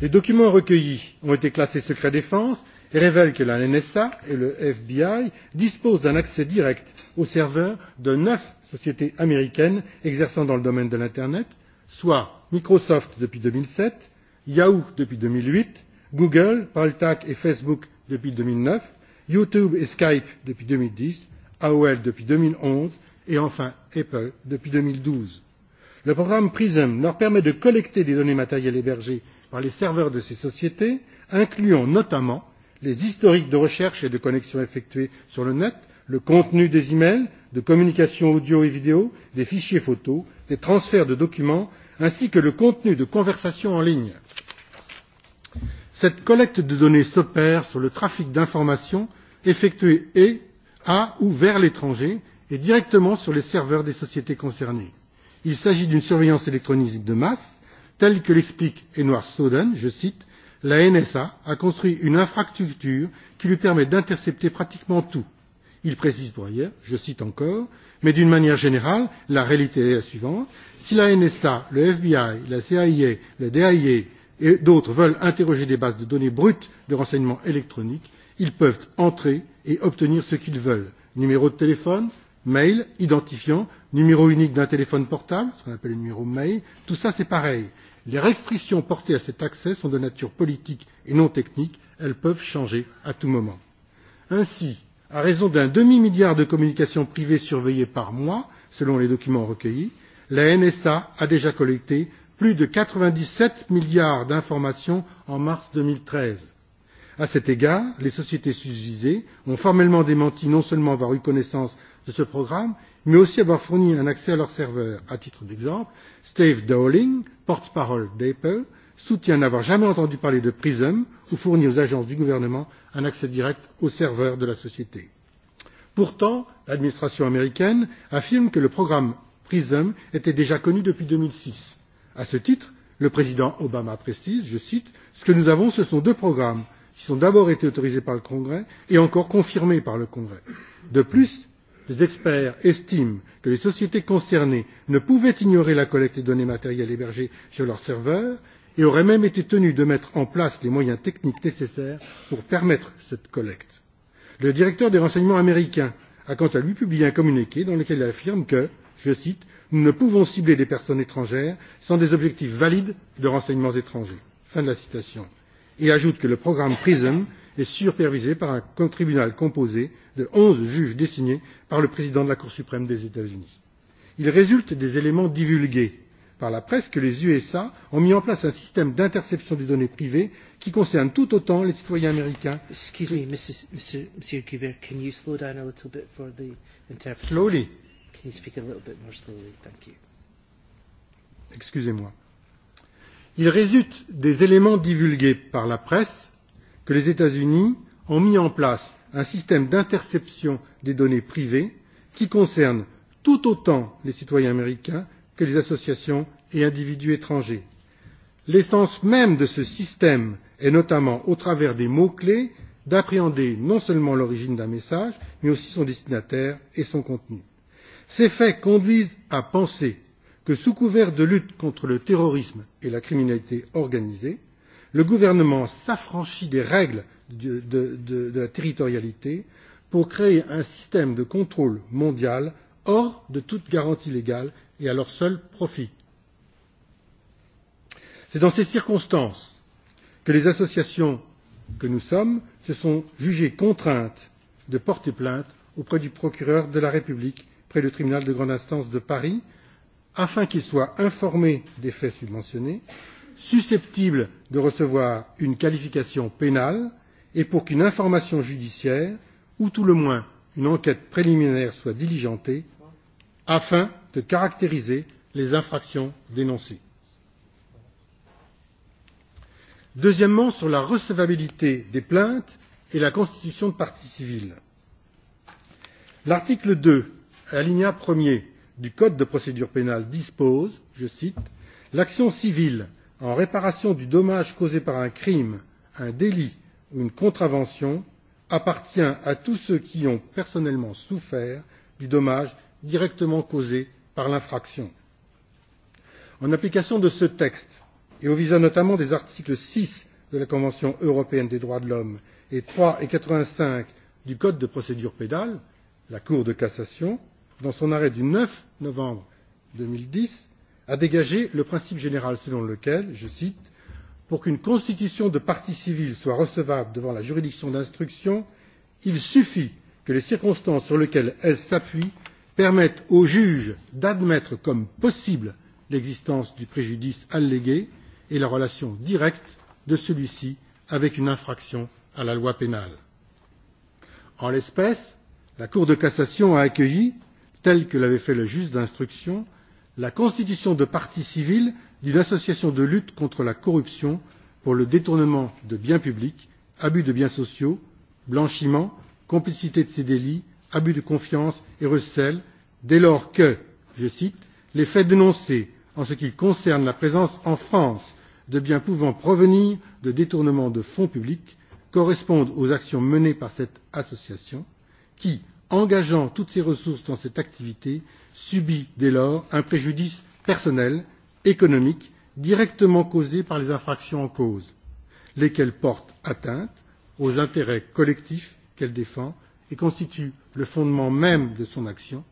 les documents recueillis ont été classés secret défense révèle que la nsa et le fbi disposent d'un accès direct aux serveurs de neuf sociétés américaines exerçant dans le domaine de l'internet soit microsoft depuis deux mille sept yahoo depuis deux mille huit google paltalk et facebook depuis deux mille neuf youtube et skype depuis deux mille dix aol depuis deux mille onze et enfin apple depuis. deux mille douze le programme prism leur permet de collecter des données matérielles hébergées par les serveurs de ces sociétés incluant notamment les historiques de recherche et de connexions effectuées sur le net le contenu des e mails de communications audio et vidéo des fichiers photo des transferts de documents ainsi que le contenu de conversations en ligne. cette collecte de données s'opère sur le trafic d'informations effectué et à ou vers l'étranger et directement sur les serveurs des sociétés concernées. il s'agit d'une surveillance électronique de masse telle que l'explique edward snowden je cite la nsa a construit une infrastructure qui lui permet d'intercepter pratiquement tout. il précise pour ailleurs je cite encore mais d'une manière générale la réalité est la suivante si la nsa le fbi la cia la dia et d'autres veulent interroger des bases de données brutes de renseignements électroniques ils peuvent entrer et obtenir ce qu'ils veulent numéro de téléphone mail identifiant numéro unique d'un téléphone portable ce qu'on appelle le numéro mail tout cela c'est pareil les restrictions portées à cet accès sont de nature politique et non technique elles peuvent changer à tout moment. ainsi à raison d'un demi milliard de communications privées surveillées par mois selon les documents recueillis la nsa a déjà collecté plus de quatre vingt dix sept milliards d'informations en mars. deux mille treize à cet égard les sociétés susvisées ont formellement démenti non seulement avoir eu connaissance de ce programme mais aussi avoir fourni un accès à leurs serveurs. à titre d'exemple steve dowling porte parole d'apple soutient n'avoir jamais entendu parler de prism ou fournit aux agences du gouvernement un accès direct aux serveurs de la société. pourtant l'administration américaine affirme que le programme prism était déjà connu depuis. 2006. à ce titre le président obama précise je cite ce que nous avons ce sont deux programmes qui ont d'abord été autorisés par le congrès et encore confirmés par le congrès. de plus les experts estiment que les sociétés concernées ne pouvaient ignorer la collecte des données matérielles hébergées sur leurs serveurs et auraient même été tenues de mettre en place les moyens techniques nécessaires pour permettre cette collecte. le directeur des renseignements américain a quant à lui publié un communiqué dans lequel il affirme que je cite nous ne pouvons cibler des personnes étrangères sans des objectifs valides de renseignements étrangers fin de la citation et ajoute que le programme prism et supervisée par un tribunal composé de onze juges désignés par le président de la cour suprême des états unis. il résulte des éléments divulgués par la presse que les états unis ont mis en place un système d'interception des données privées qui concerne tout autant les citoyens américains il résulte des éléments divulgués par la presse que les états unis ont mis en place un système d'interception des données privées qui concerne tout autant les citoyens américains que les associations et individus étrangers. l'essence même de ce système est notamment au travers des mots clés d'appréhender non seulement l'origine d'un message mais aussi son destinataire et son contenu. ces faits conduisent à penser que sous couvert de lutte contre le terrorisme et la criminalité organisée le gouvernement s'affranchit des règles de, de, de, de la territorialité pour créer un système de contrôle mondial hors de toute garantie légale et à leur seul profit. c'est dans ces circonstances que les associations que nous sommes se sont jugées contraintes de porter plainte auprès du procureur de la république près du tribunal de grande instance de paris afin qu'il soit informé des faits subventionnés susceptibles de recevoir une qualification pénale et pour qu'une information judiciaire ou tout le moins une enquête préliminaire soit diligentée afin de caractériser les infractions dénoncées. deuxièmement sur la recevabilité des plaintes et la constitution de partie civile l'article deux alinéa un du code de procédure pénale dispose je cite l'action civile en réparation du dommage causé par un crime un délit ou une contravention appartient à tous ceux qui ont personnellement souffert du dommage directement causé par l'infraction. en application de ce texte et au visa notamment des articles 6 de la convention européenne des droits de l'homme et 3 et 85 du code de procédure pénale la cour de cassation dans son arrêt du 9 novembre 2010, A dégagé le principe général selon lequel je cite pour qu'une constitution de partie civile soit recevable devant la juridiction d'instruction il suffit que les circonstances sur lesquelles elle s'appuie permettent au juge d'admettre comme possible l'existence du préjudice allégué et la relation directe de celui ci avec une infraction à la loi pénale. en l'espèce la cour de cassation a accueilli tel que l'avait fait le juge d'instruction la constitution de partie civile d'une association de lutte contre la corruption pour le détournement de biens publics abus de biens sociaux blanchiment complicité de ces délits abus de confiance et recel dès lors que je cite les faits dénoncés en ce qui concerne la présence en france de biens pouvant provenir de détournement de fonds publics correspondent aux actions menées par cette association qui engageant toutes ses ressources dans cette activité subit dès lors un préjudice personnel économique directement causé par les infractions en cause lesquelles portent atteinte aux intérêts collectifs qu'elle défend et constituent le fondement même de son action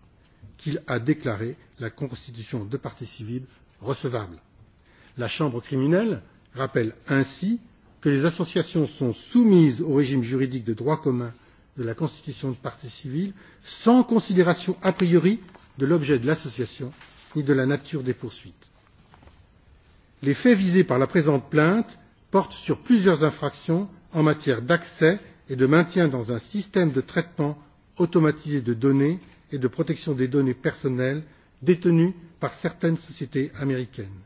qu'il a déclaré la constitution de partie civile recevable. la chambre criminelle rappelle ainsi que les associations sont soumises au régime juridique de droit commun de la constitution de partie civile sans considération a priori de l'objet de l'association ni de la nature des poursuites. les faits visés par la présente plainte portent sur plusieurs infractions en matière d'accès et de maintien dans un système de traitement automatisé de données et de protection des données personnelles détenues par certaines sociétés américaines.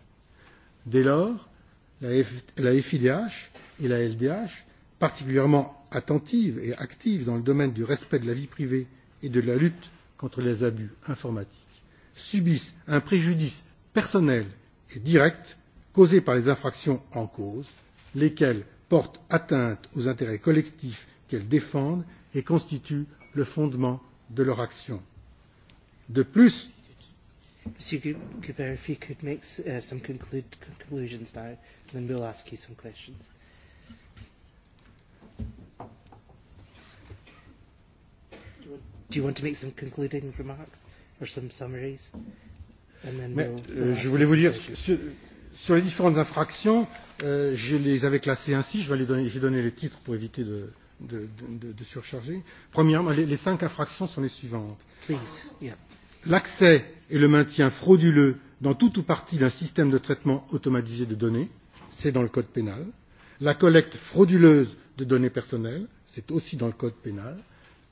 dès lors la fidh et la ldh particulièrement attentive et active dans le domaine du respect de la vie privée et de la lutte contre les abus informatiques subissent un préjudice personnel et direct causé par les infractions en cause lesquelles portent atteinte aux intérêts collectifs qu'elles défendent et constituent le fondement de leur action. de plus Mr. Guber, if you could make uh, some conclusions now, then we'll ask you some questions. Do you want to make some concluding remarks or some summaries? And then Mais, we'll, we'll euh, je voulais vous dire, sur, les différentes infractions, euh, je les avais classées ainsi, je vais les donner, je vais donner les titres pour éviter de, de, de, de surcharger. Premièrement, les, les cinq infractions sont les suivantes. L'accès Yeah. et le maintien frauduleux dans toute ou partie d'un système de traitement automatisé de données, c'est dans le code pénal. La collecte frauduleuse de données personnelles, c'est aussi dans le code pénal. Euh,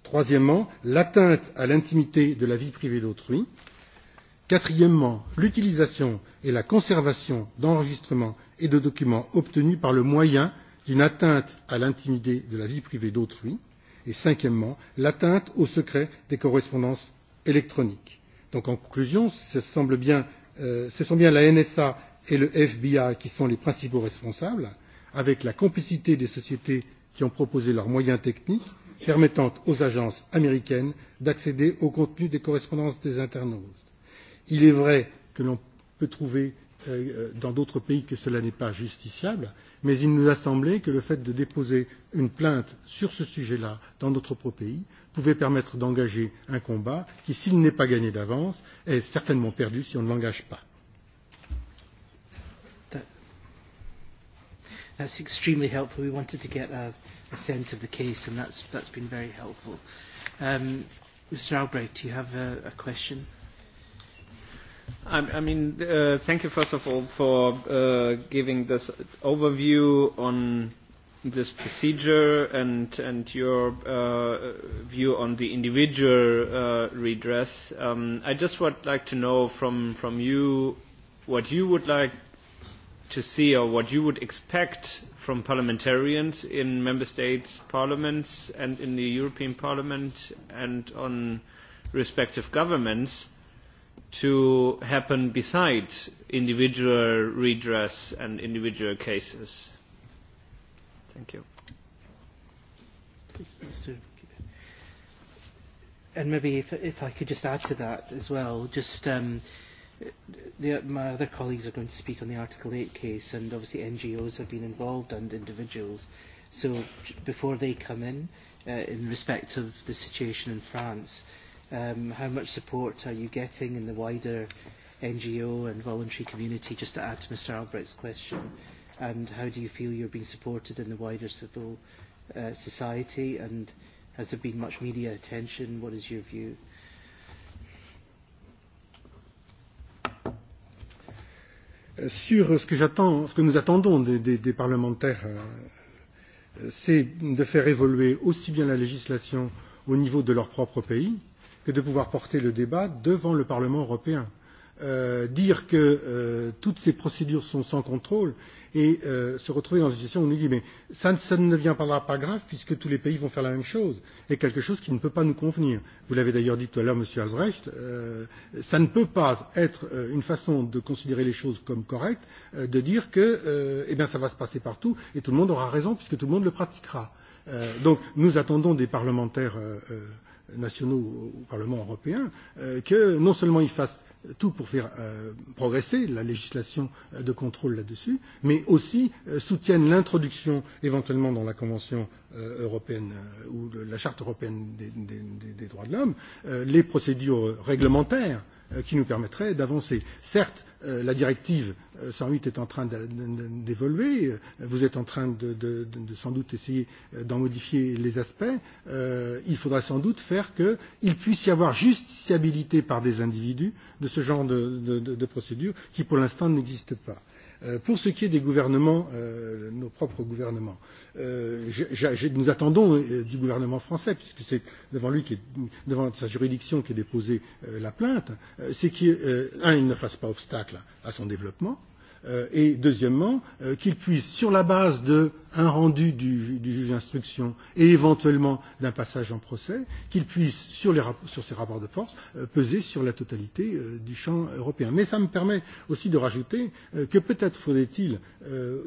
troisièmement l'atteinte à l'intimité de la vie privée d'autrui quatrièmement l'utilisation et la conservation d'enregistrements et de documents obtenus par le moyen d'une atteinte à l'intimité de la vie privée d'autrui et cinquièmement l'atteinte au secret des correspondances électroniques. en conclusion euh, ce sont bien la nsa et le fbi qui sont les principaux responsables avec la complicité des sociétés qui ont proposé leurs moyens techniques permettant aux agences américaines d'accéder au contenu des correspondances des internautes. il est vrai que l'on peut trouver euh, dans d'autres pays que cela n'est pas justifiable mais il nous a semblé que le fait de déposer une plainte sur ce sujet là dans notre propre pays pouvait permettre d'engager un combat qui s'il n'est pas gagné d'avance est certainement perdu si on ne l'engage pas. That's extremely helpful. We wanted to get a, a sense of the case, and that's, that's been very helpful. Um, Mr. Albrecht, do you have a, a question? I, I mean, uh, thank you first of all for uh, giving this overview on this procedure and and your uh, view on the individual uh, redress. Um, I just would like to know from from you what you would like to see or what you would expect from parliamentarians in member states' parliaments and in the European Parliament and on respective governments to happen besides individual redress and individual cases. Thank you. And maybe if, if I could just add to that as well, just um, uh, the, my other colleagues are going to speak on the Article 8 case, and obviously NGOs have been involved and individuals. So before they come in, uh, in respect of the situation in France, um, how much support are you getting in the wider NGO and voluntary community, just to add to Mr Albrecht's question, and how do you feel you're being supported in the wider civil uh, society, and has there been much media attention? What is your view? Uh, sur ce que, j'attends, ce que nous attendons des, des, des parlementaires euh, c'est de faire évoluer aussi bien la législation au niveau de leur propre pays que de pouvoir porter le débat devant le parlement européen. Euh, dire que euh, toutes ces procédures sont sans contrôle et euh, se retrouver dans une situation où on nous dit mais ça, ça ne deviendra pas grave puisque tous les pays vont faire la même chose est quelque chose qui ne peut pas nous convenir. Vous l'avez d'ailleurs dit tout à l'heure, Monsieur Albrecht, euh, ça ne peut pas être euh, une façon de considérer les choses comme correctes, euh, de dire que euh, eh bien, ça va se passer partout et tout le monde aura raison puisque tout le monde le pratiquera. Euh, donc nous attendons des parlementaires euh, euh nationaux au Parlement européen euh, que non seulement ils fassent tout pour faire euh, progresser la législation euh, de contrôle là-dessus, mais aussi euh, soutiennent l'introduction éventuellement dans la Convention euh, européenne euh, ou le, la Charte européenne des, des, des, des droits de l'homme, euh, les procédures réglementaires Euh, qui nous permettrait d'avancer. Certes, euh, la directive 108 euh, est en train d'évoluer, vous êtes en train de, de, de sans doute essayer d'en modifier les aspects, euh, il faudra sans doute faire qu'il puisse y avoir justiciabilité par des individus de ce genre de, de, de, de procédure qui pour l'instant n'existe pas. Euh, pour ce qui est des gouvernements, euh, nos propres gouvernements, euh, je, je, nous attendons euh, du gouvernement français, puisque c'est devant lui, qui est, devant sa juridiction qu'est déposée euh, la plainte, euh, c'est qu'il, euh, ne fasse pas obstacle à son développement, euh, Euh, et deuxièmement euh, qu'il puisse, sur la base d'un rendu du, juge d'instruction et éventuellement d'un passage en procès, qu'il puisse, sur, les, sur ces rapports de force, euh, peser sur la totalité du champ européen. Mais ça me permet aussi de rajouter que peut-être faudrait-il,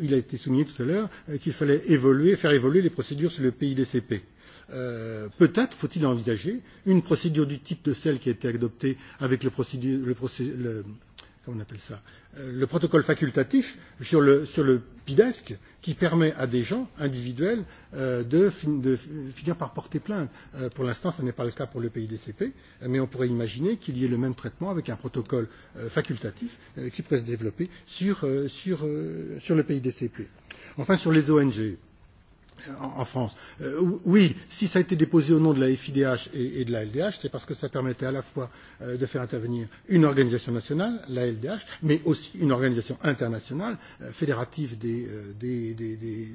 il a été souligné tout à l'heure, qu'il fallait évoluer, faire évoluer les procédures sur le PIDCP. Euh, peut-être faut-il envisager une procédure du type de celle qui a été adoptée avec le, procédure, le, procé, le, comment on appelle ça euh, le protocole facultatif sur le, sur le PIDESC qui permet à des gens individuels euh, de, fin, de euh, finir par porter plainte. Euh, pour l'instant, ce n'est pas le cas pour le pays DCP, euh, mais on pourrait imaginer qu'il y ait le même traitement avec un protocole euh, facultatif euh, qui pourrait se développer sur, euh, sur, euh, sur le pays DCP. Enfin, sur les ONG. Euh, en France. Euh, oui, si ça a été déposé au nom de la FIDH et, et de la LDH, c'est parce que ça permettait à la fois euh, de faire intervenir une organisation nationale, la LDH, mais aussi une organisation internationale, euh, fédérative des, euh, des, des, des,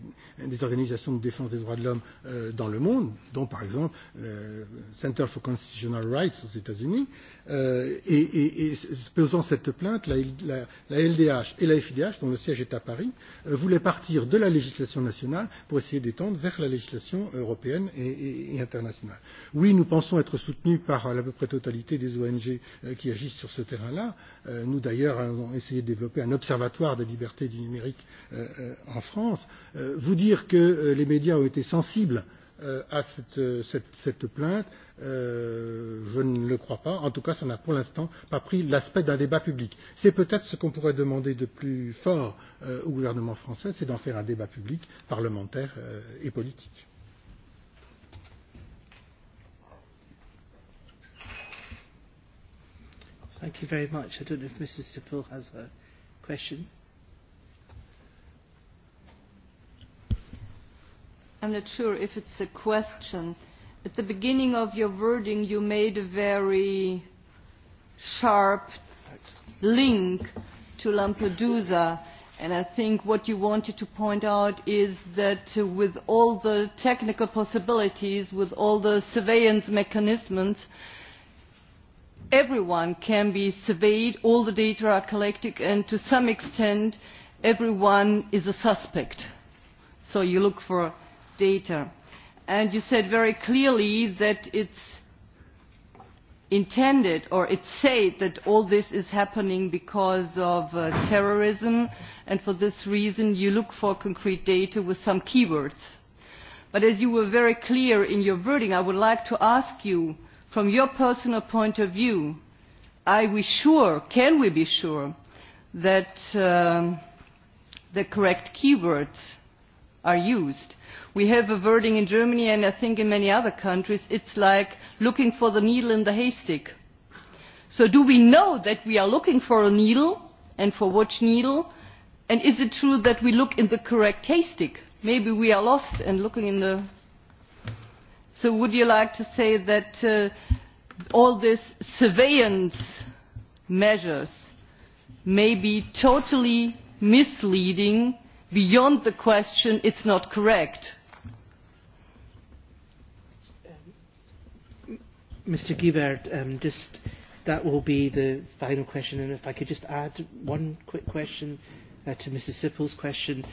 des organisations de défense des droits de l'homme euh, dans le monde, dont par exemple le euh, Center for Constitutional Rights aux États-Unis, euh, et, et, et posant cette plainte, la, la, la LDH et la FIDH, dont le siège est à Paris, euh, voulaient partir de la législation nationale pour essayer d'étendre vers la législation européenne et, et, et internationale. Oui, nous pensons être soutenus par à peu près totalité des ONG euh, qui agissent sur ce terrain-là. Euh, nous, d'ailleurs, avons essayé de développer un observatoire des libertés du numérique euh, euh, en France. Euh, vous dire que euh, les médias ont été sensibles euh, Euh, à cette, cette, cette plainte euh, Je ne le crois pas. En tout cas, ça n'a pour l'instant pas pris l'aspect d'un débat public. C'est peut-être ce qu'on pourrait demander de plus fort euh, au gouvernement français, c'est d'en faire un débat public, parlementaire euh, et politique. Thank you very much. I don't know if Mrs. Sippel has a question. I'm not sure if it's a question. At the beginning of your wording, you made a very sharp link to Lampedusa. And I think what you wanted to point out is that uh, with all the technical possibilities, with all the surveillance mechanisms, everyone can be surveyed, all the data are collected, and to some extent, everyone is a suspect. So you look for data. And you said very clearly that it's intended or it said that all this is happening because of uh, terrorism and for this reason you look for concrete data with some keywords. But as you were very clear in your wording, I would like to ask you, from your personal point of view, are we sure, can we be sure, that um, the correct keywords are used. We have a wording in Germany and I think in many other countries, it's like looking for the needle in the haystack. So do we know that we are looking for a needle and for which needle? And is it true that we look in the correct haystack? Maybe we are lost and looking in the... So would you like to say that uh, all these surveillance measures may be totally misleading beyond the question it is not correct. Mr um, Guibert, um, just, that will be the final question and if I could just add one quick question uh, to Mrs Sippel's question.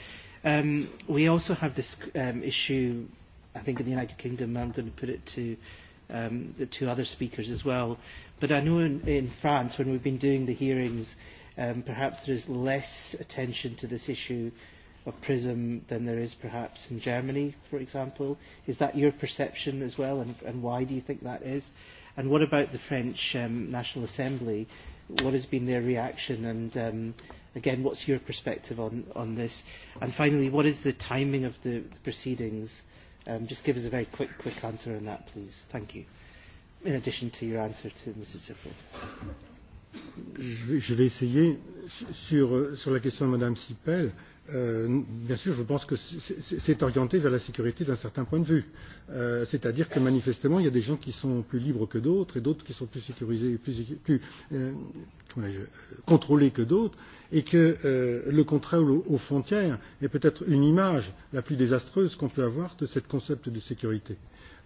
Um, we also have this um, issue, I think in the United Kingdom, I'm going to put it to um, the two other speakers as well, but I know in, in France when we've been doing the hearings um, perhaps there is less attention to this issue of PRISM than there is perhaps in Germany, for example. Is that your perception as well, and, and why do you think that is? And what about the French um, National Assembly? What has been their reaction, and um, again, what's your perspective on, on this? And finally, what is the timing of the, the proceedings? Um, just give us a very quick, quick answer on that, please. Thank you. In addition to your answer to Mrs. Zippel. Je vais essayer sur, sur la question de Mme Sipel. Euh, bien sûr je pense que c'est orienté vers la sécurité d'un certain point de vue euh, c'est à dire que manifestement il y a des gens qui sont plus libres que d'autres et d'autres qui sont plus sécurisés plus plus euh, euh contrôlés que d'autres et que euh, le contrôle aux frontières est peut être une image la plus désastreuse qu'on peut avoir de ce concept de sécurité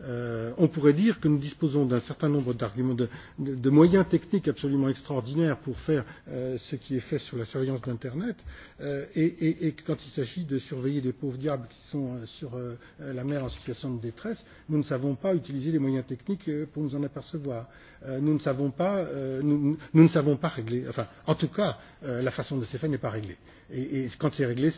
euh, on pourrait dire que nous disposons d'un certain nombre d'arguments, de, de, de moyens techniques absolument extraordinaires pour faire euh, ce qui est fait sur la surveillance d'Internet, euh, et, et, et quand il s'agit de surveiller des pauvres diables qui sont euh, sur euh, la mer en situation de détresse, nous ne savons pas utiliser les moyens techniques euh, pour nous en apercevoir. Euh, nous ne savons pas, euh, nous, nous ne savons pas régler, enfin, en tout cas, Euh, la façon dont c'est fait n'est pas réglée. Et, et quand c'est réglé,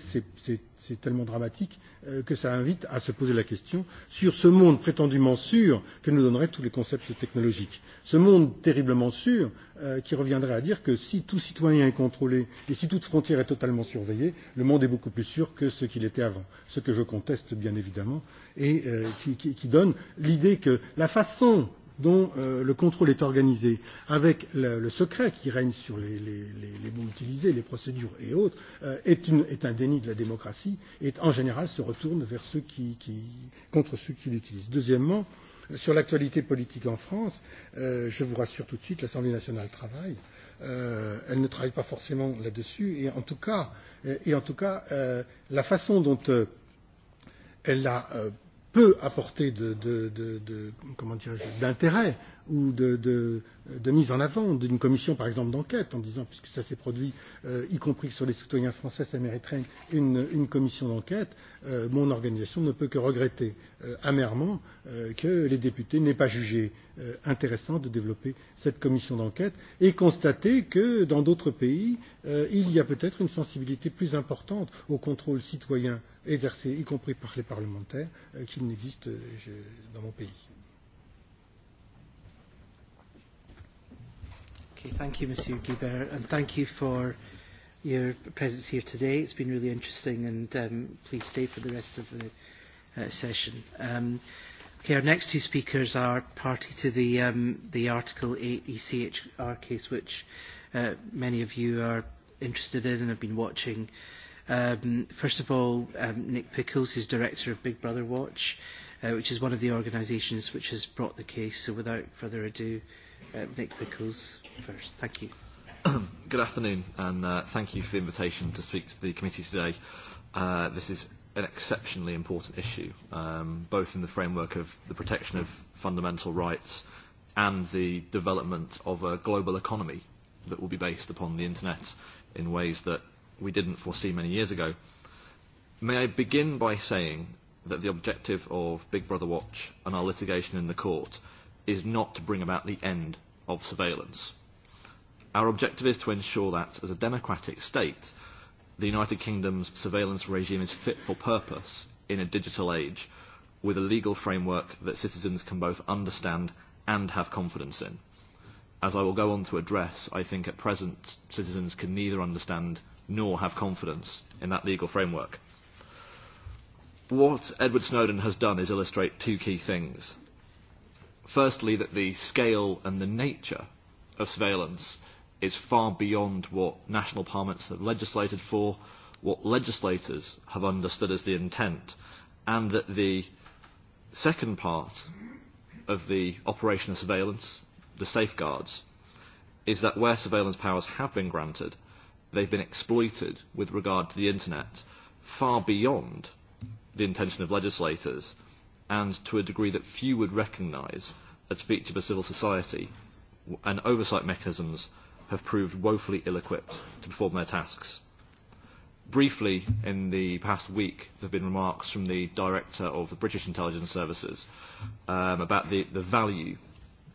c'est tellement dramatique euh, que ça invite à se poser la question sur ce monde prétendument sûr que nous donneraient tous les concepts technologiques. Ce monde terriblement sûr euh, qui reviendrait à dire que si tout citoyen est contrôlé et si toute frontière est totalement surveillée, le monde est beaucoup plus sûr que ce qu'il était avant. Ce que je conteste bien évidemment et euh, qui, qui, qui donne l'idée que la façon dont euh, le contrôle est organisé, avec le, le secret qui règne sur les, les, les, les mots utilisés, les procédures et autres, euh, est, une, est un déni de la démocratie et en général se retourne vers ceux qui, qui, contre ceux qui l'utilisent. Deuxièmement, sur l'actualité politique en France, euh, je vous rassure tout de suite, l'Assemblée nationale travaille. Euh, elle ne travaille pas forcément là-dessus et en tout cas, euh, et en tout cas euh, la façon dont euh, elle a euh, peut apporter de, de, de, de comment d'intérêt ou de, de, de mise en avant d'une commission par exemple d'enquête en disant puisque ça s'est produit euh, y compris sur les citoyens français ça mériterait une, une commission d'enquête euh, mon organisation ne peut que regretter euh, amèrement euh, que les députés n'aient pas jugé euh, intéressant de développer cette commission d'enquête et constater que dans d'autres pays euh, il y a peut-être une sensibilité plus importante au contrôle citoyen euh, exercée, y compris par les parlementaires, euh, qu'il n'existe euh, dans mon pays. Okay, thank you, Monsieur Guibert, and thank you for your presence here today. It's been really interesting, and um, please stay for the rest of the uh, session. Um, okay, our next two speakers are party to the, um, the Article 8 ECHR case, which uh, many of you are interested in and have been watching uh, Um, first of all, um, Nick Pickles, who's director of Big Brother Watch, uh, which is one of the organisations which has brought the case. So without further ado, uh, Nick Pickles first. Thank you. Good afternoon, and uh, thank you for the invitation to speak to the committee today. Uh, this is an exceptionally important issue, um, both in the framework of the protection of fundamental rights and the development of a global economy that will be based upon the internet in ways that we didn't foresee many years ago. May I begin by saying that the objective of Big Brother Watch and our litigation in the court is not to bring about the end of surveillance. Our objective is to ensure that, as a democratic state, the United Kingdom's surveillance regime is fit for purpose in a digital age with a legal framework that citizens can both understand and have confidence in. As I will go on to address, I think at present citizens can neither understand nor have confidence in that legal framework. What Edward Snowden has done is illustrate two key things. Firstly, that the scale and the nature of surveillance is far beyond what national parliaments have legislated for, what legislators have understood as the intent, and that the second part of the operation of surveillance, the safeguards, is that where surveillance powers have been granted, they've been exploited with regard to the internet far beyond the intention of legislators and to a degree that few would recognise as a feature of a civil society and oversight mechanisms have proved woefully ill-equipped to perform their tasks. Briefly, in the past week, there have been remarks from the director of the British intelligence services um, about the, the value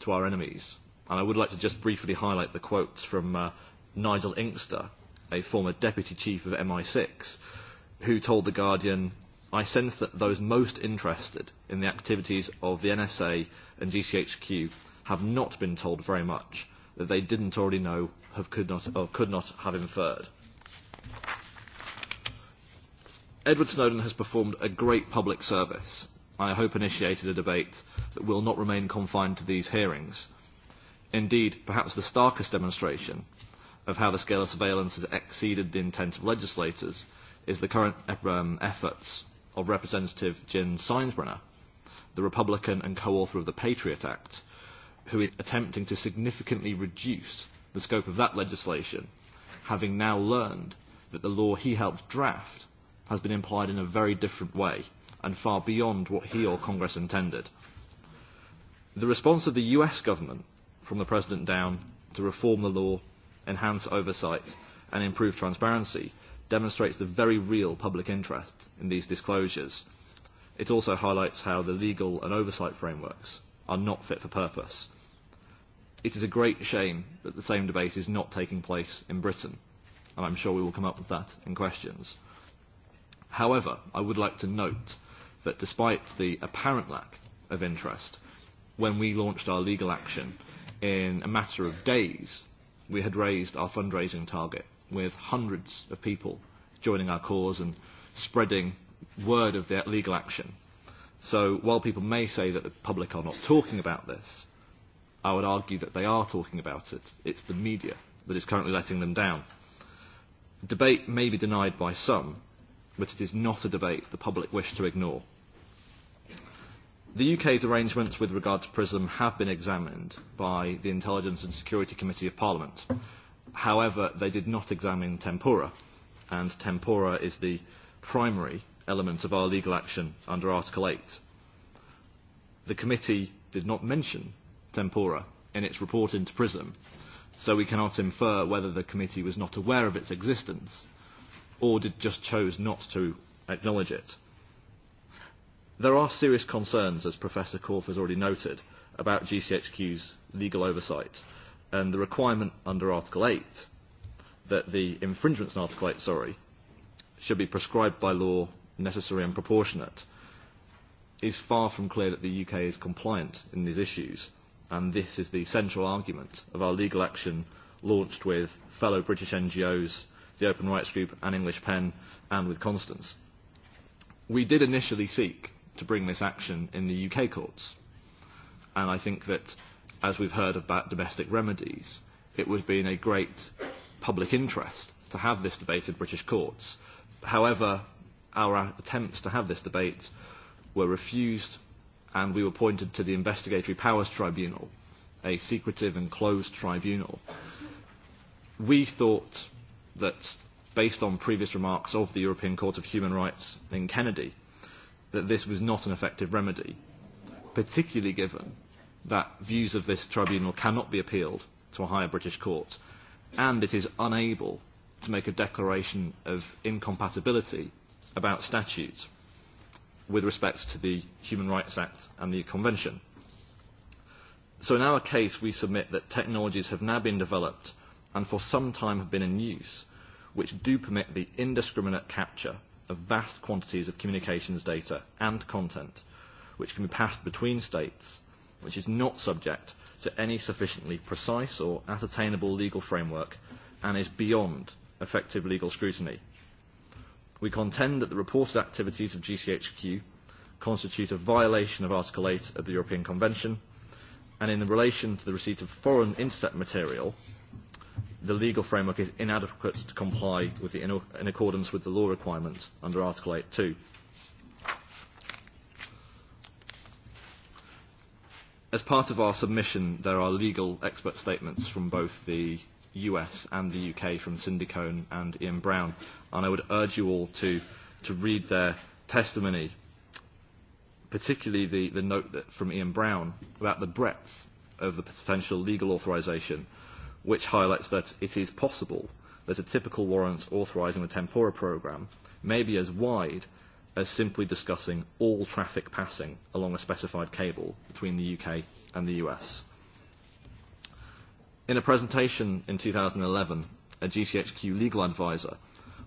to our enemies. And I would like to just briefly highlight the quotes from uh, Nigel Inkster, a former deputy chief of MI6, who told The Guardian, I sense that those most interested in the activities of the NSA and GCHQ have not been told very much that they didn't already know have could not, or could not have inferred. Edward Snowden has performed a great public service. I hope initiated a debate that will not remain confined to these hearings. Indeed, perhaps the starkest demonstration of how the scale of surveillance has exceeded the intent of legislators is the current um, efforts of Representative Jim Seinsbrenner, the Republican and co-author of the Patriot Act, who is attempting to significantly reduce the scope of that legislation, having now learned that the law he helped draft has been implied in a very different way and far beyond what he or Congress intended. The response of the US government, from the President down, to reform the law enhance oversight and improve transparency demonstrates the very real public interest in these disclosures. It also highlights how the legal and oversight frameworks are not fit for purpose. It is a great shame that the same debate is not taking place in Britain, and I'm sure we will come up with that in questions. However, I would like to note that despite the apparent lack of interest, when we launched our legal action in a matter of days, we had raised our fundraising target with hundreds of people joining our cause and spreading word of their legal action. So while people may say that the public are not talking about this, I would argue that they are talking about it. It's the media that is currently letting them down. Debate may be denied by some, but it is not a debate the public wish to ignore. The UK's arrangements with regard to PRISM have been examined by the Intelligence and Security Committee of Parliament. However, they did not examine tempora, and tempora is the primary element of our legal action under Article 8. The committee did not mention tempora in its report into PRISM, so we cannot infer whether the committee was not aware of its existence or did just chose not to acknowledge it. There are serious concerns, as Professor Korf has already noted, about GCHQ's legal oversight and the requirement under Article 8 that the infringements in Article 8, sorry, should be prescribed by law, necessary and proportionate, is far from clear that the UK is compliant in these issues. And this is the central argument of our legal action launched with fellow British NGOs, the Open Rights Group and English Pen, and with Constance. We did initially seek to bring this action in the UK courts. And I think that, as we've heard about domestic remedies, it would be in a great public interest to have this debate in British courts. However, our attempts to have this debate were refused and we were pointed to the Investigatory Powers Tribunal, a secretive and closed tribunal. We thought that, based on previous remarks of the European Court of Human Rights in Kennedy, that this was not an effective remedy, particularly given that views of this tribunal cannot be appealed to a higher British court, and it is unable to make a declaration of incompatibility about statutes with respect to the Human Rights Act and the Convention. So in our case, we submit that technologies have now been developed and for some time have been in use, which do permit the indiscriminate capture of vast quantities of communications data and content, which can be passed between states, which is not subject to any sufficiently precise or ascertainable legal framework and is beyond effective legal scrutiny. We contend that the reported activities of GCHQ constitute a violation of Article 8 of the European Convention, and in relation to the receipt of foreign intercept material, the legal framework is inadequate to comply with the in, in accordance with the law requirement under Article 8.2. As part of our submission, there are legal expert statements from both the US and the UK from Cindy Cohn and Ian Brown, and I would urge you all to, to read their testimony, particularly the, the note that, from Ian Brown about the breadth of the potential legal authorisation which highlights that it is possible that a typical warrant authorising the Tempora programme may be as wide as simply discussing all traffic passing along a specified cable between the UK and the US. In a presentation in 2011, a GCHQ legal advisor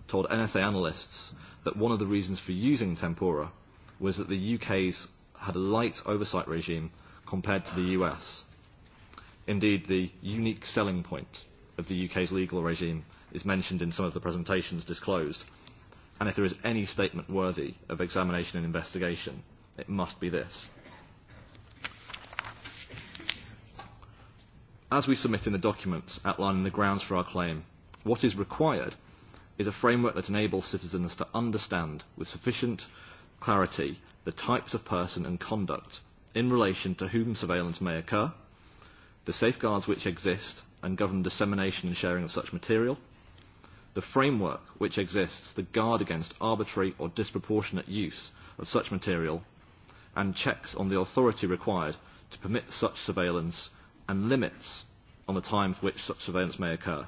told NSA analysts that one of the reasons for using Tempora was that the UK's had a light oversight regime compared to the US, Indeed, the unique selling point of the UK's legal regime is mentioned in some of the presentations disclosed. And if there is any statement worthy of examination and investigation, it must be this. As we submit in the documents outlining the grounds for our claim, what is required is a framework that enables citizens to understand with sufficient clarity the types of person and conduct in relation to whom surveillance may occur, the safeguards which exist and govern dissemination and sharing of such material, the framework which exists to guard against arbitrary or disproportionate use of such material, and checks on the authority required to permit such surveillance and limits on the time for which such surveillance may occur.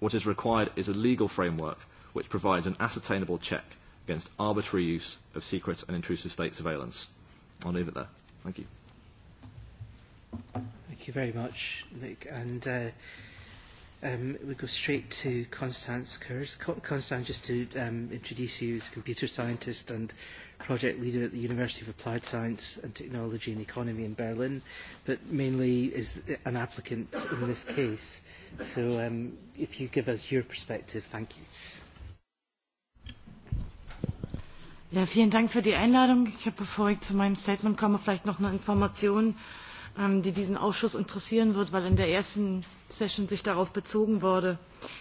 What is required is a legal framework which provides an ascertainable check against arbitrary use of secret and intrusive state surveillance. I'll leave it there. Thank you. Thank you very much, Nick. And uh, um, we go straight to Constance Kurz. Constance, just to um, introduce you, is a computer scientist and project leader at the University of Applied Science and Technology and Economy in Berlin, but mainly is an applicant in this case. So um, if you give us your perspective, thank you. Ja, vielen Dank für die Einladung. Ich habe, bevor ich zu meinem Statement komme, vielleicht noch eine Information Ähm, die diesen Ausschuss interessieren wird, weil in der ersten Session sich darauf bezogen wurde,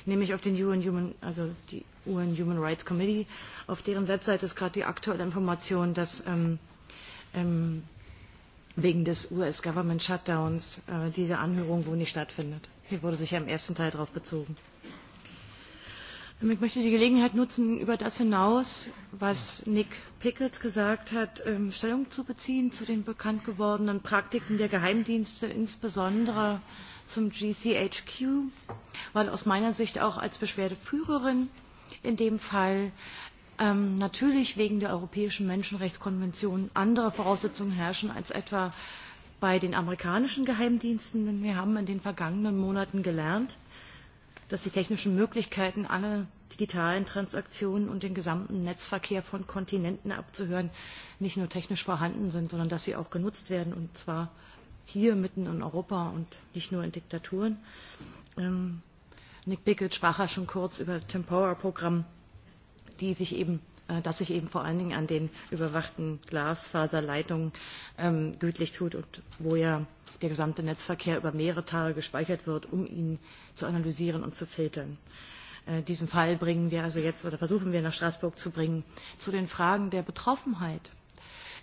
nämlich auf den UN Human, also die UN Human Rights Committee, auf deren Website ist gerade die aktuelle Information, dass ähm, ähm, wegen des US-Government-Shutdowns äh, diese Anhörung wohl nicht stattfindet. Hier wurde sich ja im ersten Teil darauf bezogen. Ähm, ich möchte die Gelegenheit nutzen, über das hinaus, was Nick Pickles gesagt hat, ähm, Stellung zu beziehen zu den bekannt gewordenen Praktiken der Geheimdienste, insbesondere zum GCHQ, weil aus meiner Sicht auch als Beschwerdeführerin in dem Fall ähm, natürlich wegen der Europäischen Menschenrechtskonvention andere Voraussetzungen herrschen als etwa bei den amerikanischen Geheimdiensten, denn wir haben in den vergangenen Monaten gelernt, dass die technischen Möglichkeiten alle digitalen Transaktionen und den gesamten Netzverkehr von Kontinenten abzuhören, nicht nur technisch vorhanden sind, sondern dass sie auch genutzt werden, und zwar hier mitten in Europa und nicht nur in Diktaturen. Ähm, Nick Bickett sprach ja schon kurz über Tempora-Programm, die sich eben äh, dass sich eben vor allen Dingen an den überwachten Glasfaserleitungen ähm, gütlich tut und wo ja der gesamte Netzverkehr über mehrere Tage gespeichert wird, um ihn zu analysieren und zu filtern. Äh, Diesen Fall bringen wir also jetzt oder versuchen wir nach Straßburg zu bringen. Zu den Fragen der Betroffenheit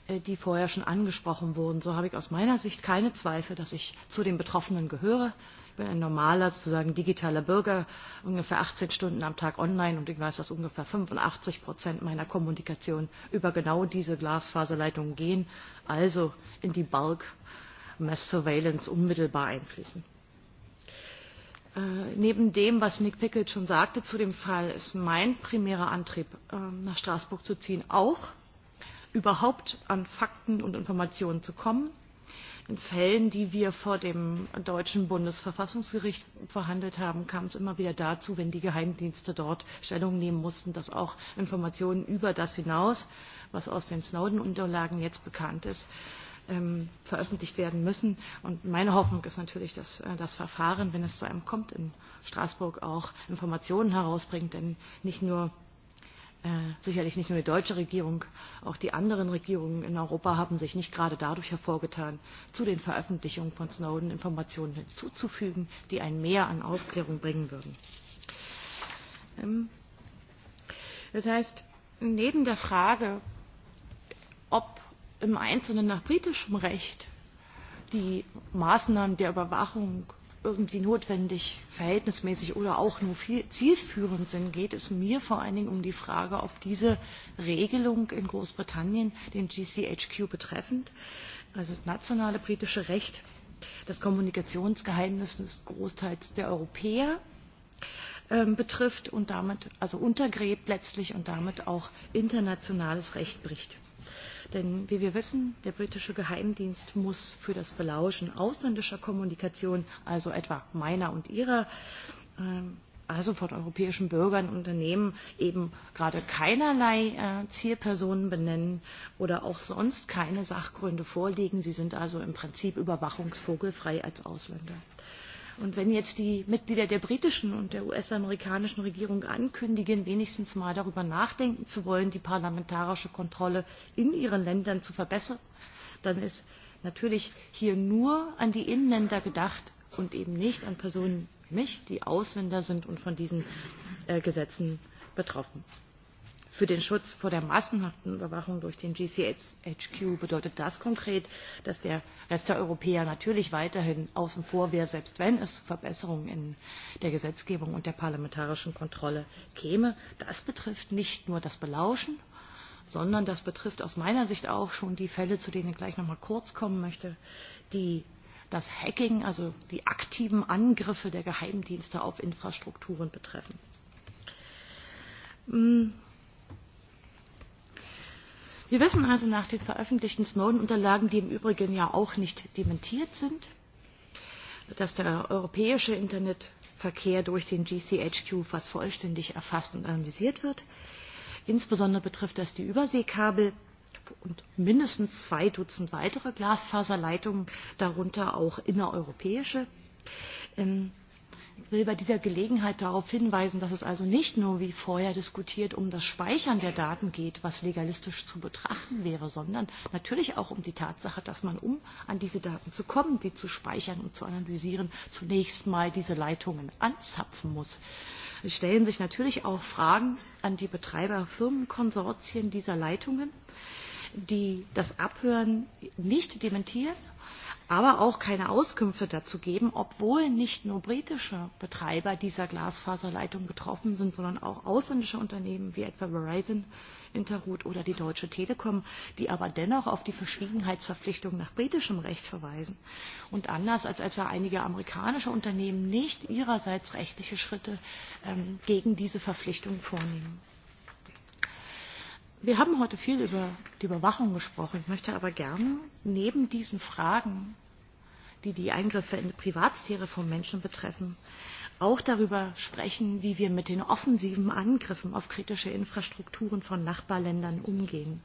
äh, die vorher schon angesprochen wurden. So habe ich aus meiner Sicht keine Zweifel, dass ich zu den Betroffenen gehöre. Ich bin ein normaler, sozusagen digitaler Bürger, ungefähr 18 Stunden am Tag online und ich weiß, dass ungefähr 85 Prozent meiner Kommunikation über genau diese Glasfaserleitungen gehen, also in die Bulk Mass um Surveillance unmittelbar einfließen. Äh, neben dem, was Nick Pickett schon sagte zu dem Fall, ist mein primärer Antrieb, äh, nach Straßburg zu ziehen, auch überhaupt an Fakten und Informationen zu kommen. In Fällen, die wir vor dem deutschen Bundesverfassungsgericht verhandelt haben, kam es immer wieder dazu, wenn die Geheimdienste dort Stellung nehmen mussten, dass auch Informationen über das hinaus, was aus den Snowden-Unterlagen jetzt bekannt ist, ähm, veröffentlicht werden müssen. Und meine Hoffnung ist natürlich, dass äh, das Verfahren, wenn es zu einem kommt, in Straßburg auch Informationen herausbringt, denn nicht nur äh, sicherlich nicht nur die deutsche Regierung, auch die anderen Regierungen in Europa haben sich nicht gerade dadurch hervorgetan, zu den Veröffentlichungen von Snowden Informationen hinzuzufügen, die ein Mehr an Aufklärung bringen würden. Ähm, das heißt, neben der Frage, ob im Einzelnen nach britischem Recht die Maßnahmen der Überwachung irgendwie notwendig, verhältnismäßig oder auch nur viel zielführend sind, geht es mir vor allen Dingen um die Frage, ob diese Regelung in Großbritannien, den GCHQ betreffend, also nationale britische Recht, das Kommunikationsgeheimnis des Großteils der Europäer ähm, betrifft und damit also untergräbt letztlich und damit auch internationales Recht bricht. Denn wie wir wissen, der britische Geheimdienst muss für das Belauschen ausländischer Kommunikation, also etwa meiner und ihrer, ähm, also von europäischen Bürgern und Unternehmen eben gerade keinerlei äh, Zielpersonen benennen oder auch sonst keine Sachgründe vorlegen. Sie sind also im Prinzip überwachungsvogelfrei als Ausländer. Und wenn jetzt die Mitglieder der britischen und der US-amerikanischen Regierung ankündigen, wenigstens mal darüber nachdenken zu wollen, die parlamentarische Kontrolle in ihren Ländern zu verbessern, dann ist natürlich hier nur an die Inländer gedacht und eben nicht an Personen wie mich, die Ausländer sind und von diesen äh, Gesetzen betroffen sind für den Schutz vor der massenhaften Überwachung durch den GCHQ bedeutet das konkret, dass der Rest der Europäer natürlich weiterhin außen vor wäre, selbst wenn es Verbesserungen in der Gesetzgebung und der parlamentarischen Kontrolle käme. Das betrifft nicht nur das Belauschen, sondern das betrifft aus meiner Sicht auch schon die Fälle, zu denen ich gleich noch mal kurz kommen möchte, die das Hacking, also die aktiven Angriffe der Geheimdienste auf Infrastrukturen betreffen. Hm, Wir wissen also nach den veröffentlichten Snowden-Unterlagen, die im Übrigen ja auch nicht dementiert sind, dass der europäische Internetverkehr durch den GCHQ fast vollständig erfasst und analysiert wird. Insbesondere betrifft das die Überseekabel und mindestens zwei Dutzend weitere Glasfaserleitungen, darunter auch innereuropäische. Ähm, Ich will bei dieser Gelegenheit darauf hinweisen, dass es also nicht nur wie vorher diskutiert um das Speichern der Daten geht, was legalistisch zu betrachten wäre, sondern natürlich auch um die Tatsache, dass man, um an diese Daten zu kommen, die zu speichern und zu analysieren, zunächst mal diese Leitungen anzapfen muss. Es stellen sich natürlich auch Fragen an die Betreiber Firmenkonsortien dieser Leitungen, die das Abhören nicht dementieren, aber auch keine Auskünfte dazu geben, obwohl nicht nur britische Betreiber dieser Glasfaserleitung betroffen sind, sondern auch ausländische Unternehmen wie etwa Verizon, Interroute oder die Deutsche Telekom, die aber dennoch auf die Verschwiegenheitsverpflichtung nach britischem Recht verweisen und anders als etwa einige amerikanische Unternehmen nicht ihrerseits rechtliche Schritte ähm, gegen diese Verpflichtung vornehmen. Wir haben heute viel über die Überwachung gesprochen. Ich möchte aber gerne neben diesen Fragen, die die Eingriffe in die Privatsphäre von Menschen betreffen, auch darüber sprechen, wie wir mit den offensiven Angriffen auf kritische Infrastrukturen von Nachbarländern umgehen.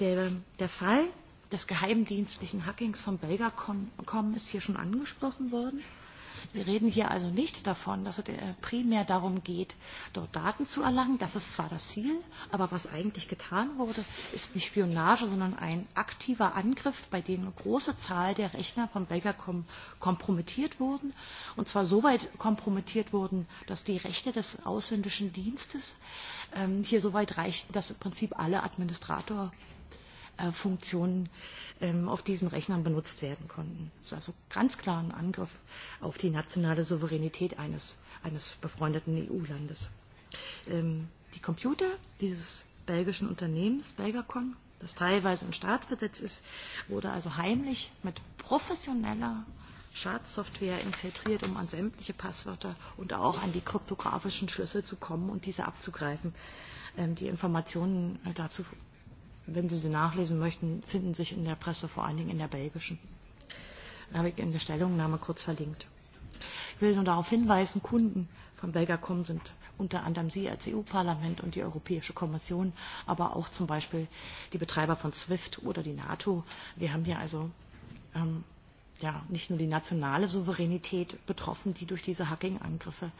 Der, der Fall des geheimdienstlichen Hackings von Belgacom ist hier schon angesprochen worden. Wir reden hier also nicht davon, dass es äh, primär darum geht, dort Daten zu erlangen. Das ist zwar das Ziel, aber was eigentlich getan wurde, ist nicht Spionage, sondern ein aktiver Angriff, bei dem eine große Zahl der Rechner von Bakercom kompromittiert wurden. Und zwar so weit kompromittiert wurden, dass die Rechte des ausländischen Dienstes ähm, hier so weit reichten, dass im Prinzip alle Administrator Äh, Funktionen ähm, auf diesen Rechnern benutzt werden konnten. Das ist also ganz klar ein Angriff auf die nationale Souveränität eines, eines befreundeten EU-Landes. Ähm, die Computer dieses belgischen Unternehmens, Belgacon, das teilweise im Staatsbesitz ist, wurde also heimlich mit professioneller Schadsoftware infiltriert, um an sämtliche Passwörter und auch an die kryptografischen Schlüssel zu kommen und diese abzugreifen. Ähm, die Informationen äh, dazu wenn Sie sie nachlesen möchten, finden sich in der Presse, vor allen Dingen in der belgischen. Da habe ich in der Stellungnahme kurz verlinkt. Ich will nur darauf hinweisen, Kunden von Belgacom sind unter anderem Sie als EU-Parlament und die Europäische Kommission, aber auch zum Beispiel die Betreiber von SWIFT oder die NATO. Wir haben hier also ähm, ja, nicht nur die nationale Souveränität betroffen, die durch diese Hacking-Angriffe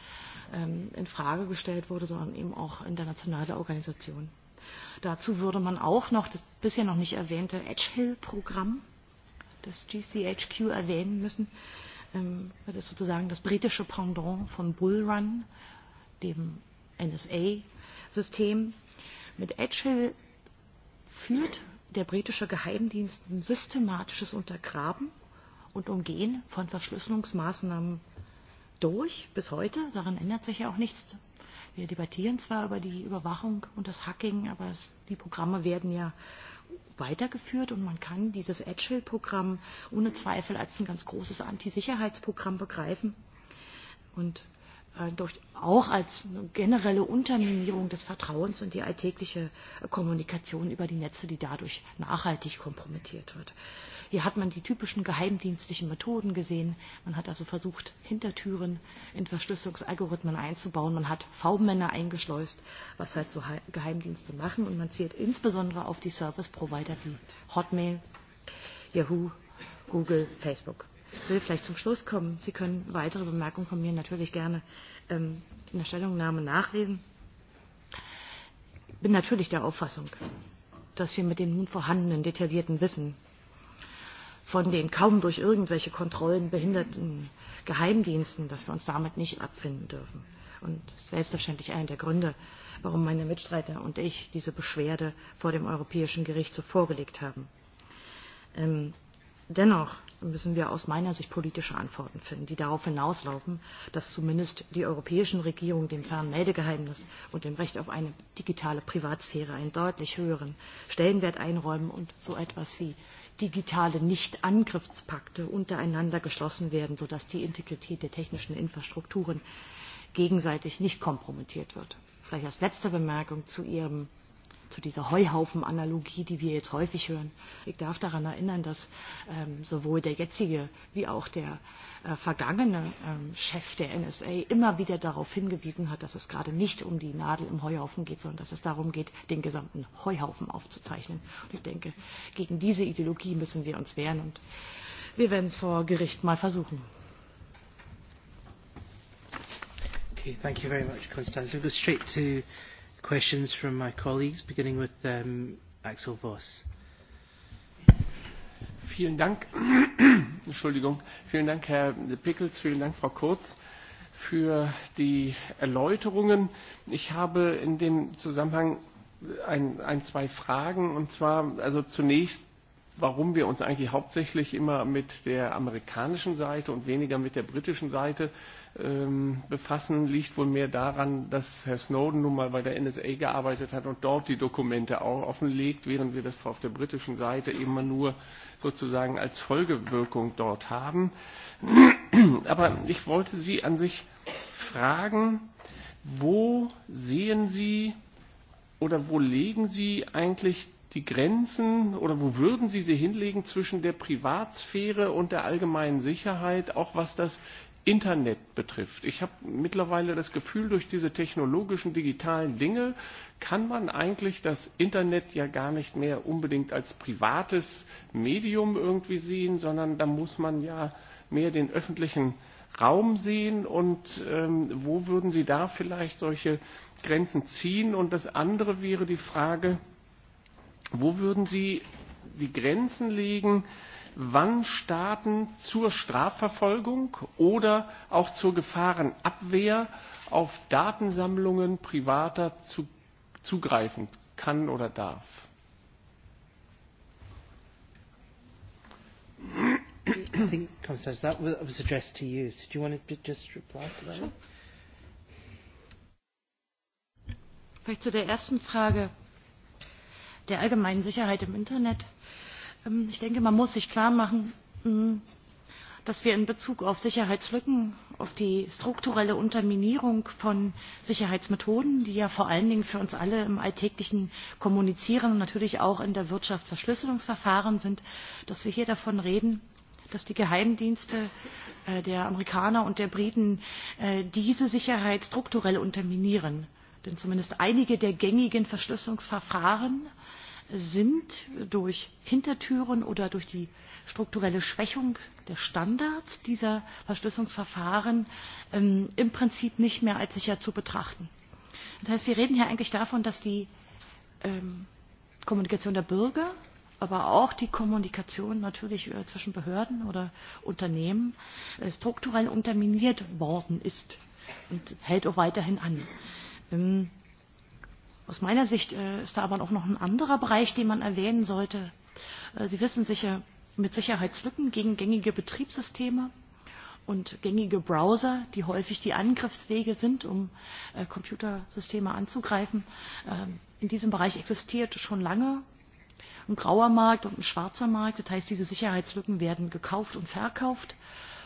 ähm, in Frage gestellt wurde, sondern eben auch internationale Organisationen. Dazu würde man auch noch das bisher noch nicht erwähnte Edge Hill Programm, das GCHQ erwähnen müssen. Ähm, das ist sozusagen das britische Pendant von Bull Run, dem NSA-System. Mit Edge Hill führt der britische Geheimdienst ein systematisches Untergraben und Umgehen von Verschlüsselungsmaßnahmen durch bis heute. Daran ändert sich ja auch nichts. Wir debattieren zwar über die Überwachung und das Hacking, aber es, die Programme werden ja weitergeführt und man kann dieses Edgehill-Programm ohne Zweifel als ein ganz großes Antisicherheitsprogramm begreifen und äh, durch, auch als eine generelle Unterminierung des Vertrauens und die alltägliche Kommunikation über die Netze, die dadurch nachhaltig kompromittiert wird. Äh, Hier hat man die typischen geheimdienstlichen Methoden gesehen. Man hat also versucht, Hintertüren in Verschlüsselungsalgorithmen einzubauen. Man hat V-Männer eingeschleust, was halt so Geheimdienste machen. Und man zielt insbesondere auf die Service-Provider wie Hotmail, Yahoo, Google, Facebook. Ich will vielleicht zum Schluss kommen. Sie können weitere Bemerkungen von mir natürlich gerne ähm, in der Stellungnahme nachlesen. Ich bin natürlich der Auffassung, dass wir mit dem nun vorhandenen detaillierten Wissen von den kaum durch irgendwelche Kontrollen behinderten Geheimdiensten, dass wir uns damit nicht abfinden dürfen. Und selbstverständlich einer der Gründe, warum meine Mitstreiter und ich diese Beschwerde vor dem Europäischen Gericht so vorgelegt haben. Ähm, dennoch müssen wir aus meiner Sicht politische Antworten finden, die darauf hinauslaufen, dass zumindest die europäischen Regierungen dem Fernmeldegeheimnis und dem Recht auf eine digitale Privatsphäre einen deutlich höheren Stellenwert einräumen und so etwas wie digitale Nichtangriffspakte untereinander geschlossen werden, sodass die Integrität der technischen Infrastrukturen gegenseitig nicht kompromittiert wird. Vielleicht als letzte Bemerkung zu Ihrem zu dieser Heuhaufen-Analogie, die wir jetzt häufig hören. Ich darf daran erinnern, dass ähm, sowohl der jetzige wie auch der äh, vergangene ähm, Chef der NSA immer wieder darauf hingewiesen hat, dass es gerade nicht um die Nadel im Heuhaufen geht, sondern dass es darum geht, den gesamten Heuhaufen aufzuzeichnen. Und ich denke, gegen diese Ideologie müssen wir uns wehren und wir werden es vor Gericht mal versuchen. Okay, thank you very much, Constanze. We'll go straight to questions from my colleagues, beginning with um, Axel Voss. Vielen Dank, Entschuldigung, vielen Dank, Herr Pickels, vielen Dank, Frau Kurz, für die Erläuterungen. Ich habe in dem Zusammenhang ein, ein zwei Fragen und zwar also zunächst warum wir uns eigentlich hauptsächlich immer mit der amerikanischen Seite und weniger mit der britischen Seite ähm, befassen, liegt wohl mehr daran, dass Herr Snowden nun mal bei der NSA gearbeitet hat und dort die Dokumente auch offenlegt, während wir das auf der britischen Seite immer nur sozusagen als Folgewirkung dort haben. Aber ich wollte Sie an sich fragen, wo sehen Sie oder wo legen Sie eigentlich die Grenzen oder wo würden Sie sie hinlegen zwischen der Privatsphäre und der allgemeinen Sicherheit, auch was das Internet betrifft. Ich habe mittlerweile das Gefühl, durch diese technologischen digitalen Dinge kann man eigentlich das Internet ja gar nicht mehr unbedingt als privates Medium irgendwie sehen, sondern da muss man ja mehr den öffentlichen Raum sehen und ähm, wo würden Sie da vielleicht solche Grenzen ziehen? Und das andere wäre die Frage, Wo würden Sie die Grenzen legen, wann Staaten zur Strafverfolgung oder auch zur Gefahrenabwehr auf Datensammlungen privater zu, zugreifen kann oder darf? I think, Constance, that was addressed to you. So do you want to just reply to that? Vielleicht zu der ersten Frage der allgemeinen Sicherheit im Internet. Ähm, ich denke, man muss sich klar machen, hm, dass wir in Bezug auf Sicherheitslücken, auf die strukturelle Unterminierung von Sicherheitsmethoden, die ja vor allen Dingen für uns alle im alltäglichen Kommunizieren und natürlich auch in der Wirtschaft Verschlüsselungsverfahren sind, dass wir hier davon reden, dass die Geheimdienste äh, der Amerikaner und der Briten äh, diese Sicherheit strukturell unterminieren. Denn zumindest einige der gängigen Verschlüsselungsverfahren äh, sind durch Hintertüren oder durch die strukturelle Schwächung der Standards dieser Verschlüsselungsverfahren ähm, im Prinzip nicht mehr als sicher zu betrachten. Das heißt, wir reden hier eigentlich davon, dass die ähm, Kommunikation der Bürger, aber auch die Kommunikation natürlich äh, zwischen Behörden oder Unternehmen äh, strukturell unterminiert worden ist und hält auch weiterhin an. Ähm, Aus meiner Sicht äh, ist da aber auch noch ein anderer Bereich, den man erwähnen sollte. Äh, Sie wissen sicher, mit Sicherheitslücken gegen gängige Betriebssysteme und gängige Browser, die häufig die Angriffswege sind, um äh, Computersysteme anzugreifen. Ähm, in diesem Bereich existiert schon lange ein grauer Markt und ein schwarzer Markt. Das heißt, diese Sicherheitslücken werden gekauft und verkauft. Äh,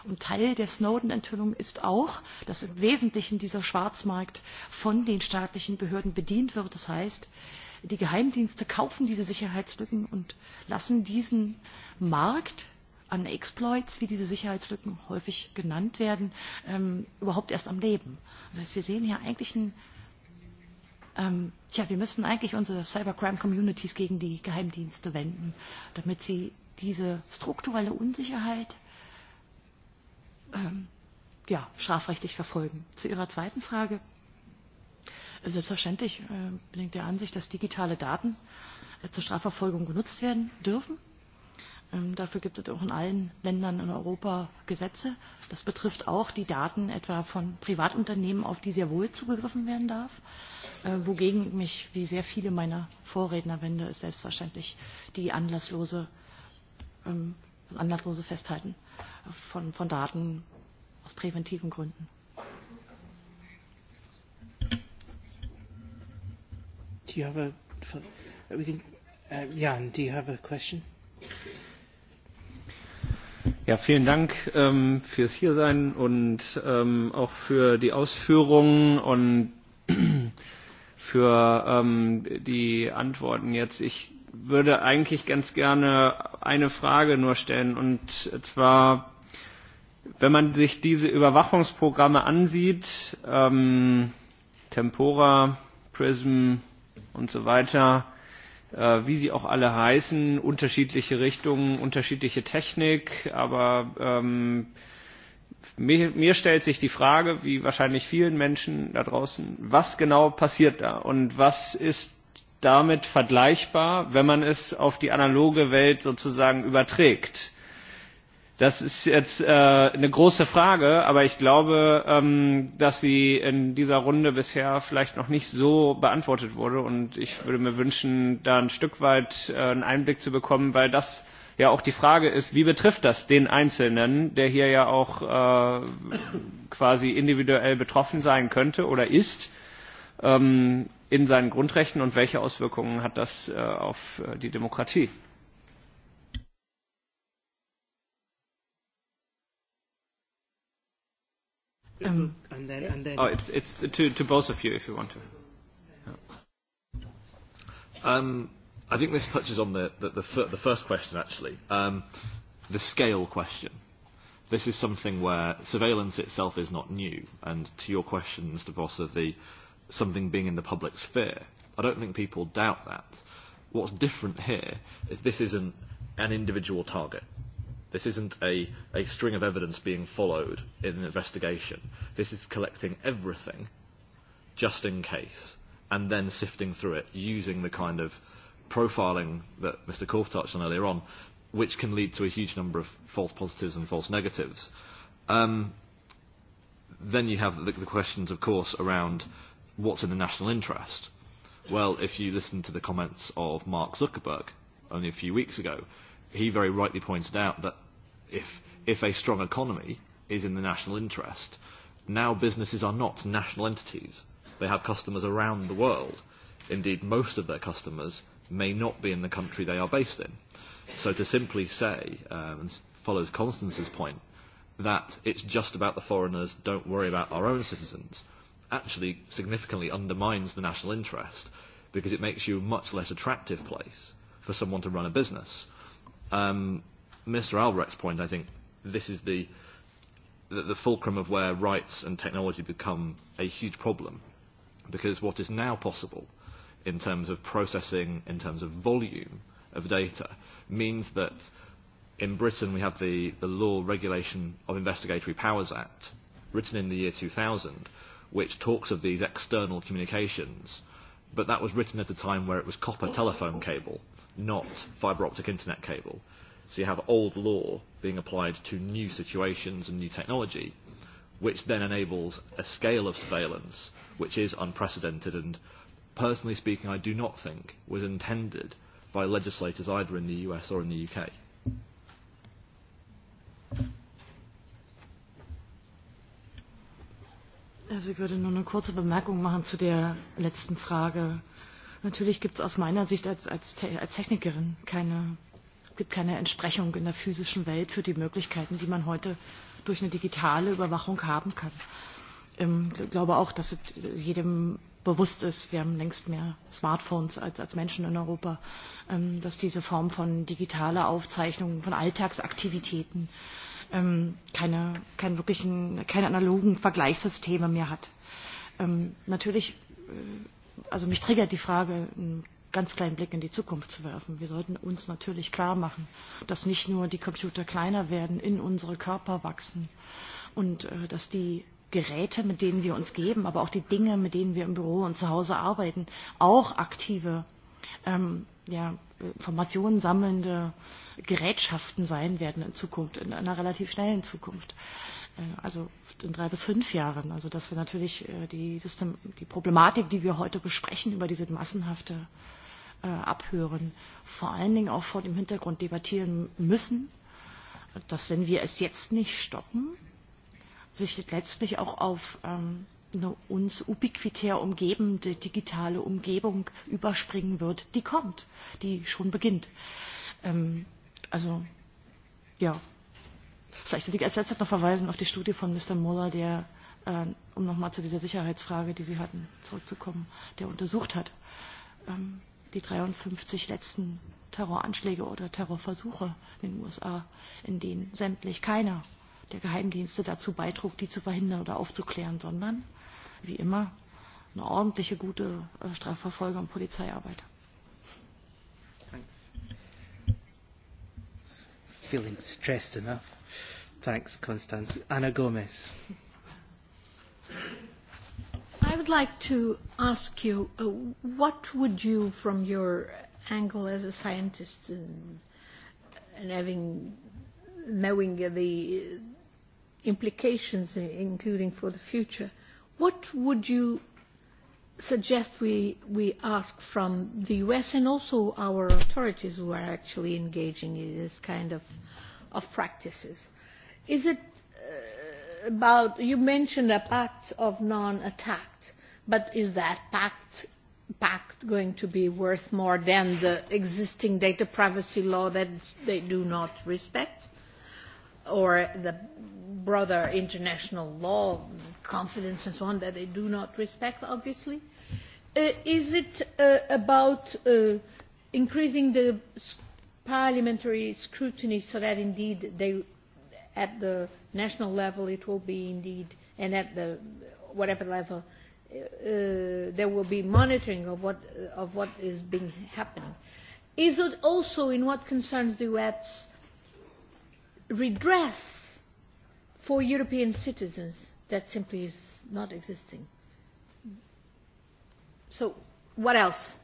Und Teil der Snowden-Enthüllung ist auch, dass im Wesentlichen dieser Schwarzmarkt von den staatlichen Behörden bedient wird. Das heißt, die Geheimdienste kaufen diese Sicherheitslücken und lassen diesen Markt an Exploits, wie diese Sicherheitslücken häufig genannt werden, ähm, überhaupt erst am Leben. Das heißt, wir sehen hier eigentlich ein ähm, tja, wir müssen eigentlich unsere Cybercrime-Communities gegen die Geheimdienste wenden, damit sie diese strukturelle Unsicherheit ähm, ja, strafrechtlich verfolgen. Zu Ihrer zweiten Frage. Selbstverständlich äh, bin ich der Ansicht, dass digitale Daten äh, zur Strafverfolgung genutzt werden dürfen. Ähm, dafür gibt es auch in allen Ländern in Europa Gesetze. Das betrifft auch die Daten etwa von Privatunternehmen, auf die sehr wohl zugegriffen werden darf. Äh, wogegen ich mich, wie sehr viele meiner Vorredner wende, ist selbstverständlich die anlasslose, ähm, das anlasslose Festhalten äh, von, von Daten aus präventiven Gründen. Do you have a, uh, we can, uh, Jan, do you have a question? Ja, vielen Dank ähm, fürs Hiersein und ähm, auch für die Ausführungen und für ähm, die Antworten jetzt. Ich würde eigentlich ganz gerne eine Frage nur stellen und zwar Wenn man sich diese Überwachungsprogramme ansieht, ähm, Tempora, Prism und so weiter, äh, wie sie auch alle heißen, unterschiedliche Richtungen, unterschiedliche Technik, aber ähm, mir, mir stellt sich die Frage, wie wahrscheinlich vielen Menschen da draußen, was genau passiert da und was ist damit vergleichbar, wenn man es auf die analoge Welt sozusagen überträgt? Das ist jetzt äh, eine große Frage, aber ich glaube, ähm, dass sie in dieser Runde bisher vielleicht noch nicht so beantwortet wurde. Und ich würde mir wünschen, da ein Stück weit äh, einen Einblick zu bekommen, weil das ja auch die Frage ist, wie betrifft das den Einzelnen, der hier ja auch äh, quasi individuell betroffen sein könnte oder ist ähm, in seinen Grundrechten und welche Auswirkungen hat das äh, auf äh, die Demokratie? Um, and then, and then. Oh, it's, it's to, to both of you if you want to. Yeah. Um, I think this touches on the, the, the, fir- the first question, actually, um, the scale question. This is something where surveillance itself is not new, and to your question, Mr. Voss, of the something being in the public sphere, I don't think people doubt that. What's different here is this isn't an individual target This isn't a, a string of evidence being followed in an investigation. This is collecting everything just in case and then sifting through it using the kind of profiling that Mr. Korf touched on earlier on, which can lead to a huge number of false positives and false negatives. Um, then you have the, the questions, of course, around what's in the national interest. Well, if you listen to the comments of Mark Zuckerberg only a few weeks ago, he very rightly pointed out that if, if a strong economy is in the national interest, now businesses are not national entities. They have customers around the world. Indeed, most of their customers may not be in the country they are based in. So to simply say, um, and follows Constance's point, that it's just about the foreigners, don't worry about our own citizens, actually significantly undermines the national interest because it makes you a much less attractive place for someone to run a business um, Mr. Albrecht's point, I think this is the, the, the fulcrum of where rights and technology become a huge problem, because what is now possible in terms of processing, in terms of volume of data, means that in Britain we have the, the Law Regulation of Investigatory Powers Act, written in the year 2000, which talks of these external communications, but that was written at a time where it was copper telephone cable not fibre optic internet cable. So you have old law being applied to new situations and new technology, which then enables a scale of surveillance which is unprecedented and, personally speaking, I do not think was intended by legislators either in the US or in the UK. Also ich würde nur eine kurze Bemerkung machen zu der letzten Frage Natürlich gibt es aus meiner Sicht als, als, als Technikerin keine, gibt keine Entsprechung in der physischen Welt für die Möglichkeiten, die man heute durch eine digitale Überwachung haben kann. Ähm, Ich glaube auch, dass es jedem bewusst ist, wir haben längst mehr Smartphones als, als Menschen in Europa, ähm, dass diese Form von digitaler Aufzeichnung von Alltagsaktivitäten ähm, keine, keine wirklichen, keine analogen Vergleichssysteme mehr hat. Ähm, Natürlich äh, also mich triggert die Frage, einen ganz kleinen Blick in die Zukunft zu werfen. Wir sollten uns natürlich klar machen, dass nicht nur die Computer kleiner werden, in unsere Körper wachsen und äh, dass die Geräte, mit denen wir uns geben, aber auch die Dinge, mit denen wir im Büro und zu Hause arbeiten, auch aktive ähm, ja, Informationen sammelnde Gerätschaften sein werden in Zukunft, in einer relativ schnellen Zukunft. Äh, also in drei bis fünf Jahren. Also dass wir natürlich äh, die, System, die Problematik, die wir heute besprechen über diese massenhafte äh, Abhören, vor allen Dingen auch vor dem Hintergrund debattieren müssen, dass wenn wir es jetzt nicht stoppen, sich letztlich auch auf ähm, eine uns ubiquitär umgebende digitale Umgebung überspringen wird, die kommt, die schon beginnt. Ähm, also ja, Vielleicht würde ich als letztes noch verweisen auf die Studie von Mr. Muller, der, äh, um nochmal zu dieser Sicherheitsfrage, die Sie hatten, zurückzukommen, der untersucht hat, ähm, die 53 letzten Terroranschläge oder Terrorversuche in den USA, in denen sämtlich keiner der Geheimdienste dazu beitrug, die zu verhindern oder aufzuklären, sondern, wie immer, eine ordentliche, gute äh, Strafverfolger- und Polizeiarbeit. Thanks. Feeling stressed enough. Thanks, Constance. Ana Gomez. I would like to ask you, uh, what would you, from your angle as a scientist and, and having knowing the implications, including for the future, what would you suggest we, we ask from the US and also our authorities who are actually engaging in this kind of, of practices? Uh, Is it uh, about, you mentioned a pact of non attack but is that pact, pact going to be worth more than the existing data privacy law that they do not respect? Or the broader international law, confidence and so on, that they do not respect, obviously? Uh, is it uh, about uh, increasing the parliamentary scrutiny so that indeed they at the national level it will be indeed, and at the whatever level, uh, there will be monitoring of what, of what is being happening. Is it also, in what concerns the UEPs, redress for European citizens that simply is not existing? So what else?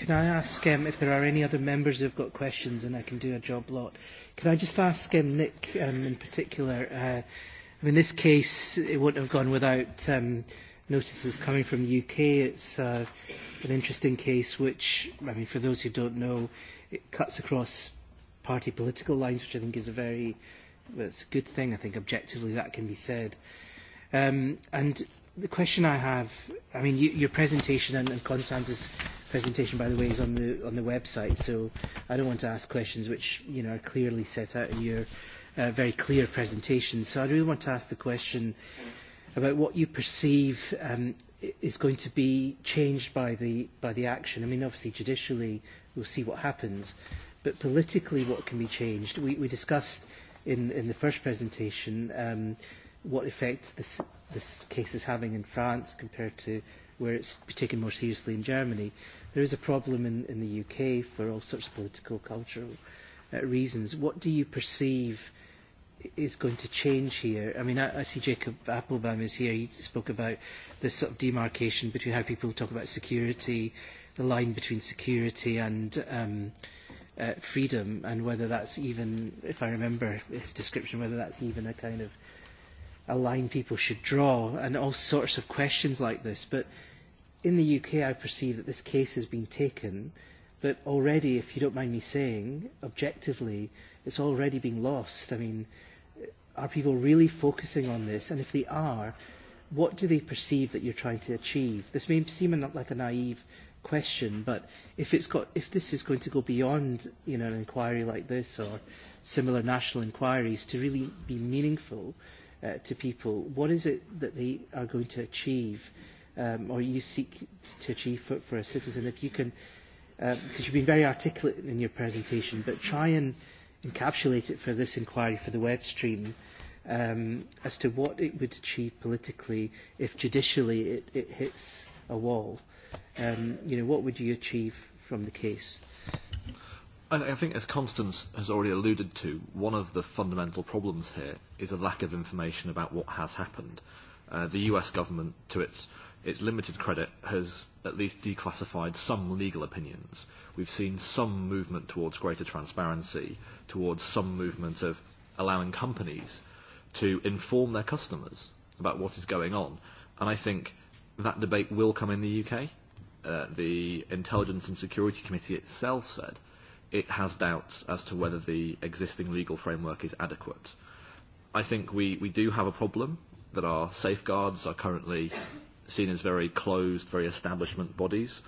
Can I ask um, if there are any other members who have got questions and I can do a job lot? Can I just ask um, Nick um, in particular? Uh, I mean, this case, it wouldn't have gone without um, notices coming from the UK. It's uh, an interesting case which, I mean, for those who don't know, it cuts across party political lines, which I think is a very, well, it's a good thing. I think objectively that can be said. Um, and the question I have, I mean, you, your presentation and, and Constance's presentation, by the way, is on the on the website, so I don't want to ask questions which you know are clearly set out in your uh, very clear presentation. So I really want to ask the question about what you perceive um, is going to be changed by the by the action. I mean, obviously, judicially, we'll see what happens, but politically, what can be changed? We, we discussed in in the first presentation. Um, what effect this this case is having in France compared to where it's taken more seriously in Germany. There is a problem in, in the UK for all sorts of political, cultural uh, reasons. What do you perceive is going to change here? I mean, I, I see Jacob Applebaum is here. He spoke about this sort of demarcation between how people talk about security, the line between security and um, uh, freedom, and whether that's even, if I remember his description, whether that's even a kind of a line people should draw and all sorts of questions like this. But in the UK, I perceive that this case has been taken, but already, if you don't mind me saying, objectively, it's already been lost. I mean, are people really focusing on this? And if they are, what do they perceive that you're trying to achieve? This may seem like a naive question, but if, it's got, if this is going to go beyond you know, an inquiry like this or similar national inquiries to really be meaningful, uh, to people. What is it that they are going to achieve um, or you seek to achieve for, for a citizen? If you can, because um, uh, you've been very articulate in your presentation, but try and encapsulate it for this inquiry, for the web stream, um, as to what it would achieve politically if judicially it, it hits a wall. Um, you know, what would you achieve from the case? I think, as Constance has already alluded to, one of the fundamental problems here is a lack of information about what has happened. Uh, the US government, to its, its limited credit, has at least declassified some legal opinions. We've seen some movement towards greater transparency, towards some movement of allowing companies to inform their customers about what is going on. And I think that debate will come in the UK. Uh, the Intelligence and Security Committee itself said it has doubts as to whether the existing legal framework is adequate. I think we, we do have a problem that our safeguards are currently seen as very closed, very establishment bodies.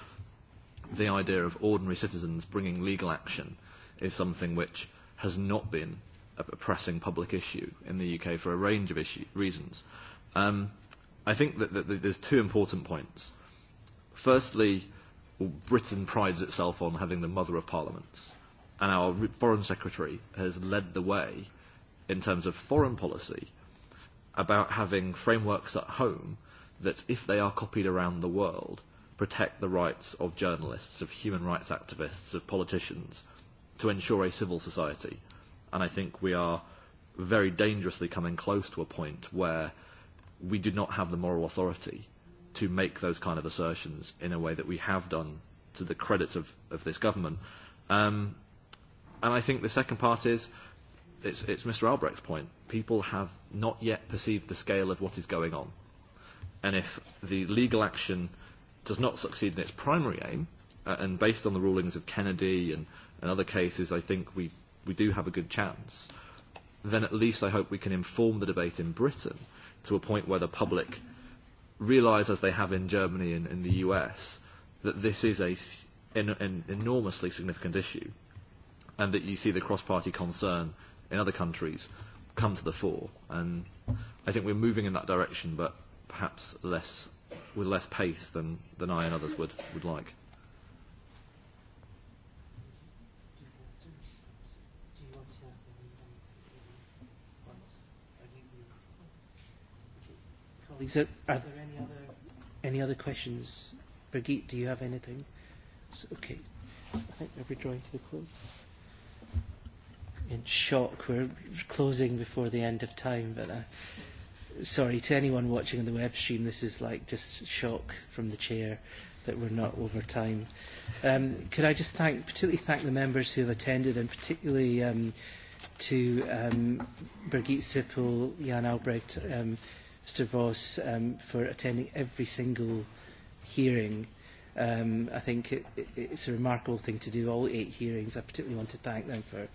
The idea of ordinary citizens bringing legal action is something which has not been a pressing public issue in the UK for a range of issue, reasons. Um, I think that, that, that there's two important points. Firstly, Britain prides itself on having the mother of parliaments. And our foreign secretary has led the way in terms of foreign policy about having frameworks at home that, if they are copied around the world, protect the rights of journalists, of human rights activists, of politicians, to ensure a civil society. And I think we are very dangerously coming close to a point where we do not have the moral authority to make those kind of assertions in a way that we have done to the credit of, of this government. Um, and I think the second part is, it's, it's Mr. Albrecht's point. People have not yet perceived the scale of what is going on. And if the legal action does not succeed in its primary aim, uh, and based on the rulings of Kennedy and, and other cases, I think we, we do have a good chance, then at least I hope we can inform the debate in Britain to a point where the public – realise, as they have in Germany and in the US, that this is a, an, an enormously significant issue and that you see the cross-party concern in other countries come to the fore. And I think we're moving in that direction, but perhaps less, with less pace than, than I and others would, would like. Uh, are there Any other questions? Birgit, do you have anything? So, okay. I think we're drawing to the close. In shock, we're closing before the end of time, but uh, sorry to anyone watching on the web stream, this is like just shock from the chair that we're not over time. Um, could I just thank, particularly thank the members who have attended and particularly um, to um, Birgit Sippel, Jan Albrecht, um, Mr Voss um, for attending every single hearing. Um, I think it, it, it's a remarkable thing to do, all eight hearings. I particularly want to thank them for,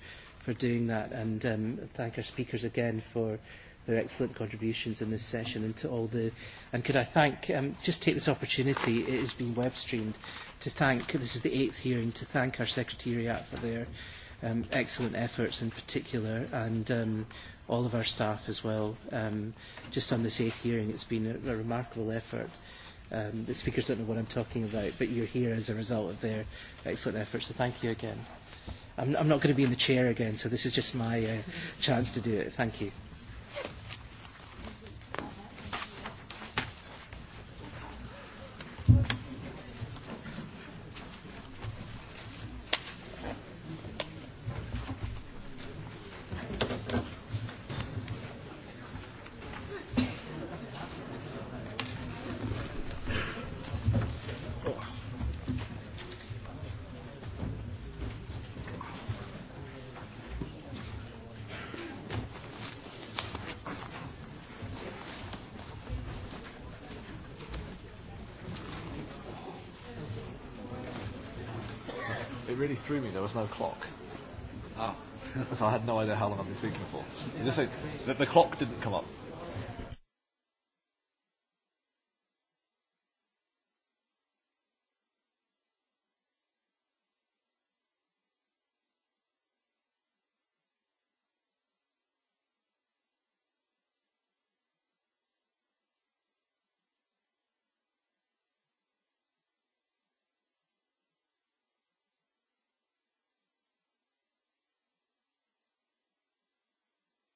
for doing that and um, thank our speakers again for their excellent contributions in this session and to all the... And could I thank, um, just take this opportunity, it has been web streamed, to thank, this is the eighth hearing, to thank our Secretariat for their um, excellent efforts in particular and um, all of our staff as well. Um, just on this eighth hearing, it's been a, a remarkable effort. Um, the speakers don't know what I'm talking about, but you're here as a result of their excellent efforts. so thank you again. I'm, I'm not going to be in the chair again, so this is just my uh, chance to do it. Thank you. no clock. Oh. so I had no idea how long I'd been speaking for. Yeah, just like, the, the clock didn't come up.